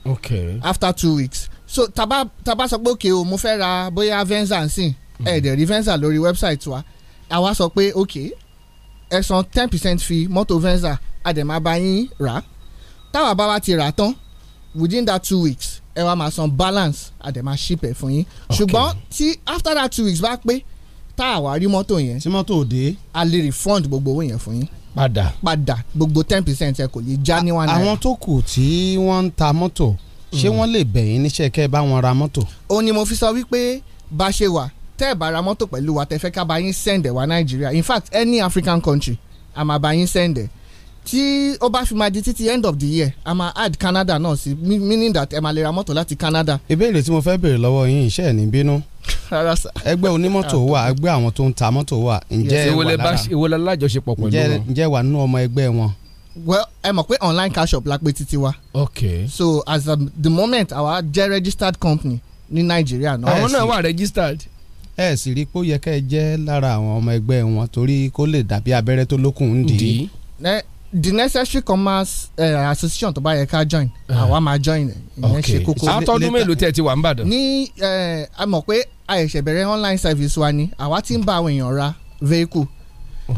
okay. after two weeks so taba taba sọ pé òkè o mo fẹ́ ra bóyá venza nsìn ẹ hmm. dẹ̀ rí venza lórí website wa àwa sọ pé òkè ẹ san ten percent fi mọ́tò venza àdèmábáyín rà táwa bá wa ti rà tán within that two weeks ẹ wá máa san balance àdèmáṣípẹ̀ fún yín ṣùgbọ́n tí after that two weeks bá pé tá a wá rí mọ́tò yẹn tí mọ́tò ò a lè refund gbogbo owó yẹn fún yín padà padà gbogbo ten percent ẹ kò lè já ní one naira. àwọn tó kù tí wọ́n ń ta mọ́tò ṣé hmm. wọ́n lè bẹ̀yìn níṣẹ́ kẹ́ ẹ bá wọn ra mọ́tò. ó ní mo fi sọ wípé bá ṣe wà tẹ́ ẹ̀ bá ra mọ́tò pẹ̀lú wa tẹ́ fẹ́ ká bá yín sẹ́ndẹ̀ wá nàìjíríà in fact any african country a máa bá yín sẹ́ndẹ̀ tí ó bá fi máa di títí end of the year a máa add canada náà sí meaning that ẹ máa lè ra mọ́tò láti canada. ìbéèrè tí mo fẹ́ béèrè lọ́wọ́ yín iṣẹ́ ẹ̀ ní bínú ẹgbẹ́ onímọ́tò wà ẹgbẹ́ àwọn tó ń ta mọ́tò wà ǹjẹ́ ìwọ lára ìwọ lára lájọṣepọ̀ pẹ̀lú wọn ǹjẹ́ wà nínú ọmọ ẹgbẹ́ wọn well ẹ mọ̀ pé online cash shop la pé títí wa. okay. so as um, the moment our jẹ́ registered company ní nàìjíríà náà. àwọn náà wà registered ẹ sì rí i pé ó yẹ kẹ́ ẹ jẹ́ lára àwọn ọmọ ẹgbẹ́ wọn torí kó lè dàbí abẹ́rẹ́ tó lókun ń dì the necessary commerce uh, association tó bá yẹ ká join ah. àwa máa join ìyẹn ṣe kókó. àtọ́dún mélòó tẹ̀ ti wà ń bàdàn. ní a mọ̀ pé àìṣẹ̀ bẹ̀rẹ̀ online service wa ni àwa ti ń bá àwọn èèyàn ra vehicle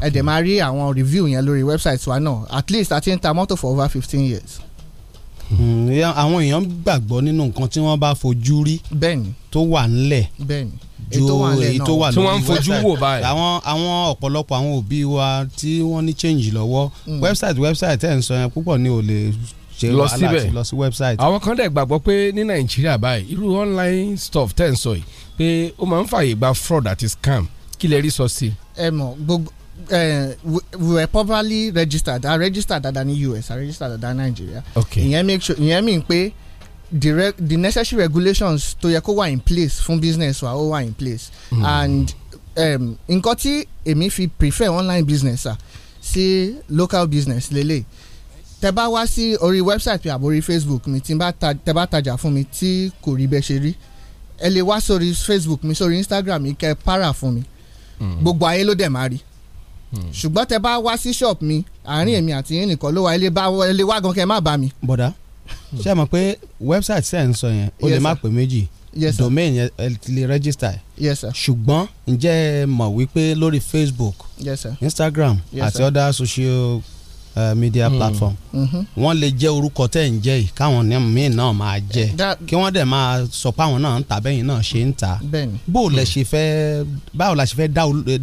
ẹ dẹ̀ máa rí àwọn review yẹn lórí website wa náà at least a ti ń ta mọ́tò for over fifteen years hmm, àwọn èèyàn gbàgbọ́ nínú nǹkan tí wọ́n bá fojú rí tó wà ńlẹ̀ ju èyí tó wà lórí website tí wọ́n ń fojú wò báyìí. àwọn àwọn ọ̀pọ̀lọpọ̀ àwọn òbí wa tí wọ́n ní change lọ́wọ́ mm. website website ẹ̀ ń sọ yẹn púpọ̀ ni ò lè ṣe lọ síbẹ̀ lọ sí website. àwọn kan dẹ̀ gbàgbọ́ pé ní nàìjíríà báyìí irú online stuff tẹ̀ ń sọ yìí pé ó máa ń fààyè gba fraud àti scam kí lè rí sọ sí. ẹ mọ̀ gbogbo we, we were properly registered i registered dada ní us i registered dada ní nigeria. okay ìyẹn make sure ìyẹn mean pé the re the necessary regulations to yẹ kó wà in place fún business wa ó wà in place mm. and um, nǹkan tí èmi fi prefer online business ah sí local business lele. tẹ bá wá sí orí website mi àbórí facebook mi tí tẹ bá tajà fún mi tí kò rí bẹ́ẹ̀ ṣe rí ẹ lè wá sórí facebook mi sórí instagram mi kẹ para fún mi hmm. gbogbo ayé ló dẹ̀ máa rí hmm. ṣùgbọ́n tẹ bá wá sí shop mi àárín hmm. èmi àti yín nìkan ló wà ẹ lè wá gan kẹ má bá mi. bọ̀dá ṣé ẹ mọ̀ pé website ṣe ń sọ yẹn o lè má pè méjì domain yẹn lè register ṣùgbọ́n ǹjẹ́ ẹ mọ̀ wípé lórí Facebook yes, Instagram àti yes, other social Uh, media mm. platform mm-hmm. wọ́n lè jẹ́ orúkọ tẹ́ ń jẹ́ yìí káwọn míì náà máa jẹ́ eh, kí wọ́n dẹ̀ máa sọ pé àwọn náà ń ta bẹ́yìn náà ṣe ń ta báwo la ṣe fẹ́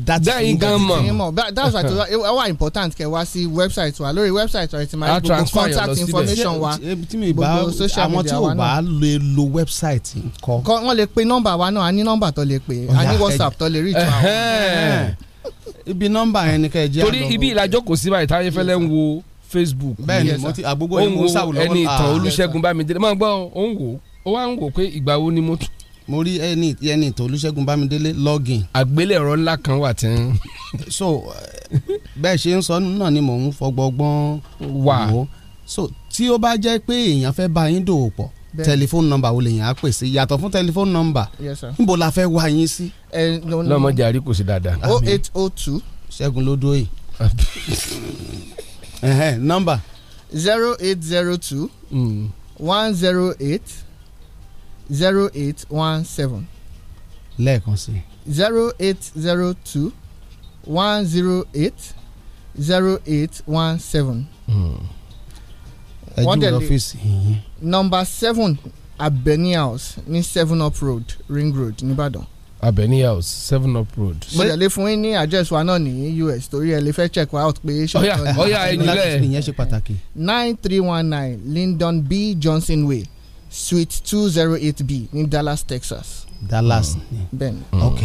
dá eh, yín gan mọ̀ that's why ó eh, important kẹ wá sí website wa lórí website wa ti máa gbogbo contact information wa gbogbo social media wa náà àwọn tí ò bá lè lo website nǹkan. wọ́n lè pe nọ́mbà wa náà a ní nọ́mbà tó lè pe a ní whatsapp tó lè reach wa ibi nọ́mbà yẹn ni kẹ́ ẹ jẹ́ àlọ́ torí ibi ìlàjọkọ̀ sí báyìí táyé fẹ́lẹ́ ń wo Facebook bẹ́ẹ̀ni mo ti àgbogbo ìmú sáwùlọ́wọ́ ẹni ìtàn ah, Olúṣẹ́gun Bámidélé máa gbọ́ òun wò ó wá ń wò pé ìgbà wo ni mo tún mo rí ẹni ẹni ìtàn Olúṣẹ́gun Bámidélé login. àgbélẹ̀rọ ńlá kan wà tí ń. so bẹ́ẹ̀ ṣe ń sọ náà ni mò ń fọgbọgbọ́n wò so tí ó bá jẹ́ pé èèyàn fẹ́ bá yín dòwò pọ̀ Telephone number. wo lèyàn á pè sí yàtọ̀ fún tẹlifóònù nọ́mbà níbo la fẹ́ wá yín sí. lọ́mọdé àríkò sí dáadáa. o eight o oh two. ṣẹ́gun ló dúró yìí. nọ́mbà. zero eight zero two. Hmm. one zero eight zero eight one seven. lẹ́ẹ̀kan sí. zero eight zero two one zero eight zero eight one seven. Hmm ẹjú ọ́fíìsì yìí. number seven Abeni House ní Seven Up Road Ring Road nìbàdàn. Abeni House Seven Up Road. mo tẹ̀lé fún yín ní address wa náà ní US torí ẹ lè fẹ́ check out pé ṣé ọ̀tọ̀ ni. ọ̀ya ẹ̀jìnlẹ̀ ìyẹn ṣe nine three one nine Lyndon B. Johnson Way Suite two zero eight B ní Dallas, Texas. Dallas hmm. bẹ́ẹ̀ni. Hmm. ok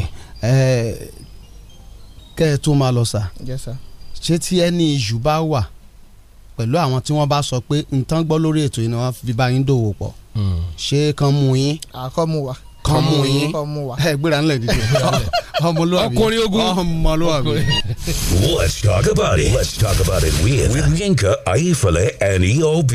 kẹ́ ẹ tó máa lọ sà. yes sir. ṣé tí ẹni ìṣù bá wà pẹ̀lú àwọn tí wọ́n bá sọ pé nǹkan gbọ́ lórí ètò yìí ni wọ́n fi bá yín dòwò pọ̀ hmm. ṣé kan mú yín. àkọ́mu wa kan mú yín ẹ gbéra ńlẹ̀ dídì ọmọlúwàbí ọkùnrin ogun ọmọlúwàbí. let's talk about it let's talk about it with, with Yinka Ayefele and EOB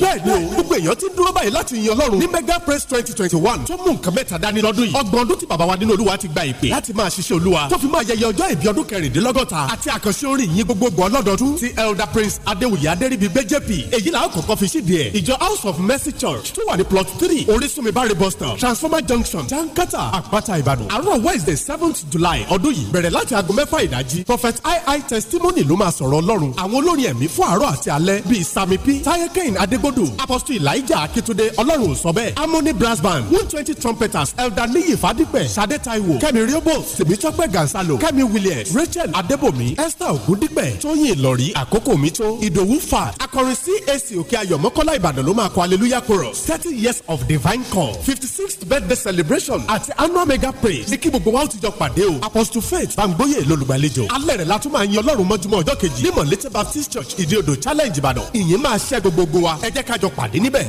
bẹ́ẹ̀ni o gbogbo èèyàn ti dúró báyìí láti yin Ọlọ́run ní mega press twenty twenty one tó mú nǹkan mẹ́ta dání lọ́dún yìí ọgbọ̀n ọdún tí bàbá wa nínú Olúwa ti gba ìpè láti máa ṣiṣẹ́ Olúwa tó fi máa yẹyẹ ọjọ́ ìbí ọdún kẹrìndínlọ́gọ́ta àti àkànṣe orin yìí gbogbogbò ọlọ́dọọdún ti elder prince Adéwòye Adéríbigbé JP èyí là á kọ́kọ́ fi ṣíde ẹ̀ ìjọ house of mercy church tó wà ní plot three orísunmi bari bus stop transformer junction jankata àpáta Ìbàdàn àárọ̀ Wednesday seventh July ọdún yìí bẹ̀rẹ̀ láti aago mẹ́fà ìdájí prophet ii testimony ló máa sọ̀rọ̀ àwọn olórin ẹ̀mí fún àárọ̀ àti alẹ́ bíi sami p taye kane adegodo apostle elijah akitunde ọlọ́run sọ bẹ́ẹ̀ harmony brass band one twenty trumpeters elder niyi fadipẹ sade taiwo kẹ́mi riobos tèmítọ́pẹ́ gansalo kẹ́mi williams rachel adebomi esther ogundipẹ tóyìn ìlọrí àkókò mi tó ìdòwú fat akọrin cac òkè ayọ̀ mọ́kọ́lá ìbàdàn ló máa kọ hallelujah chorus thirty years of divine call fifty sixth birthday celebration àti annual mega praise ní kí gbogbo wa ó ti jọ pàdé o apostle faith bangboye lolùgbàlejò alẹ́ rẹ̀ la tún máa yin ọlọ́run mọ́júmọ́ ọjọ́ kejì nímọ̀létí baptist church ìdíodò challenge ìbàdàn ìyìn máa ṣẹ́ gbogbogbò wa ẹ jẹ́ kájọ pàdé níbẹ̀.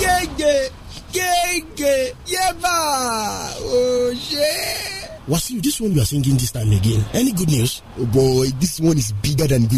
gègé gègé yébà ò ṣe é. Wasiu, this one you are singing this time again. Any good news? Oh boy, this one is bigger than good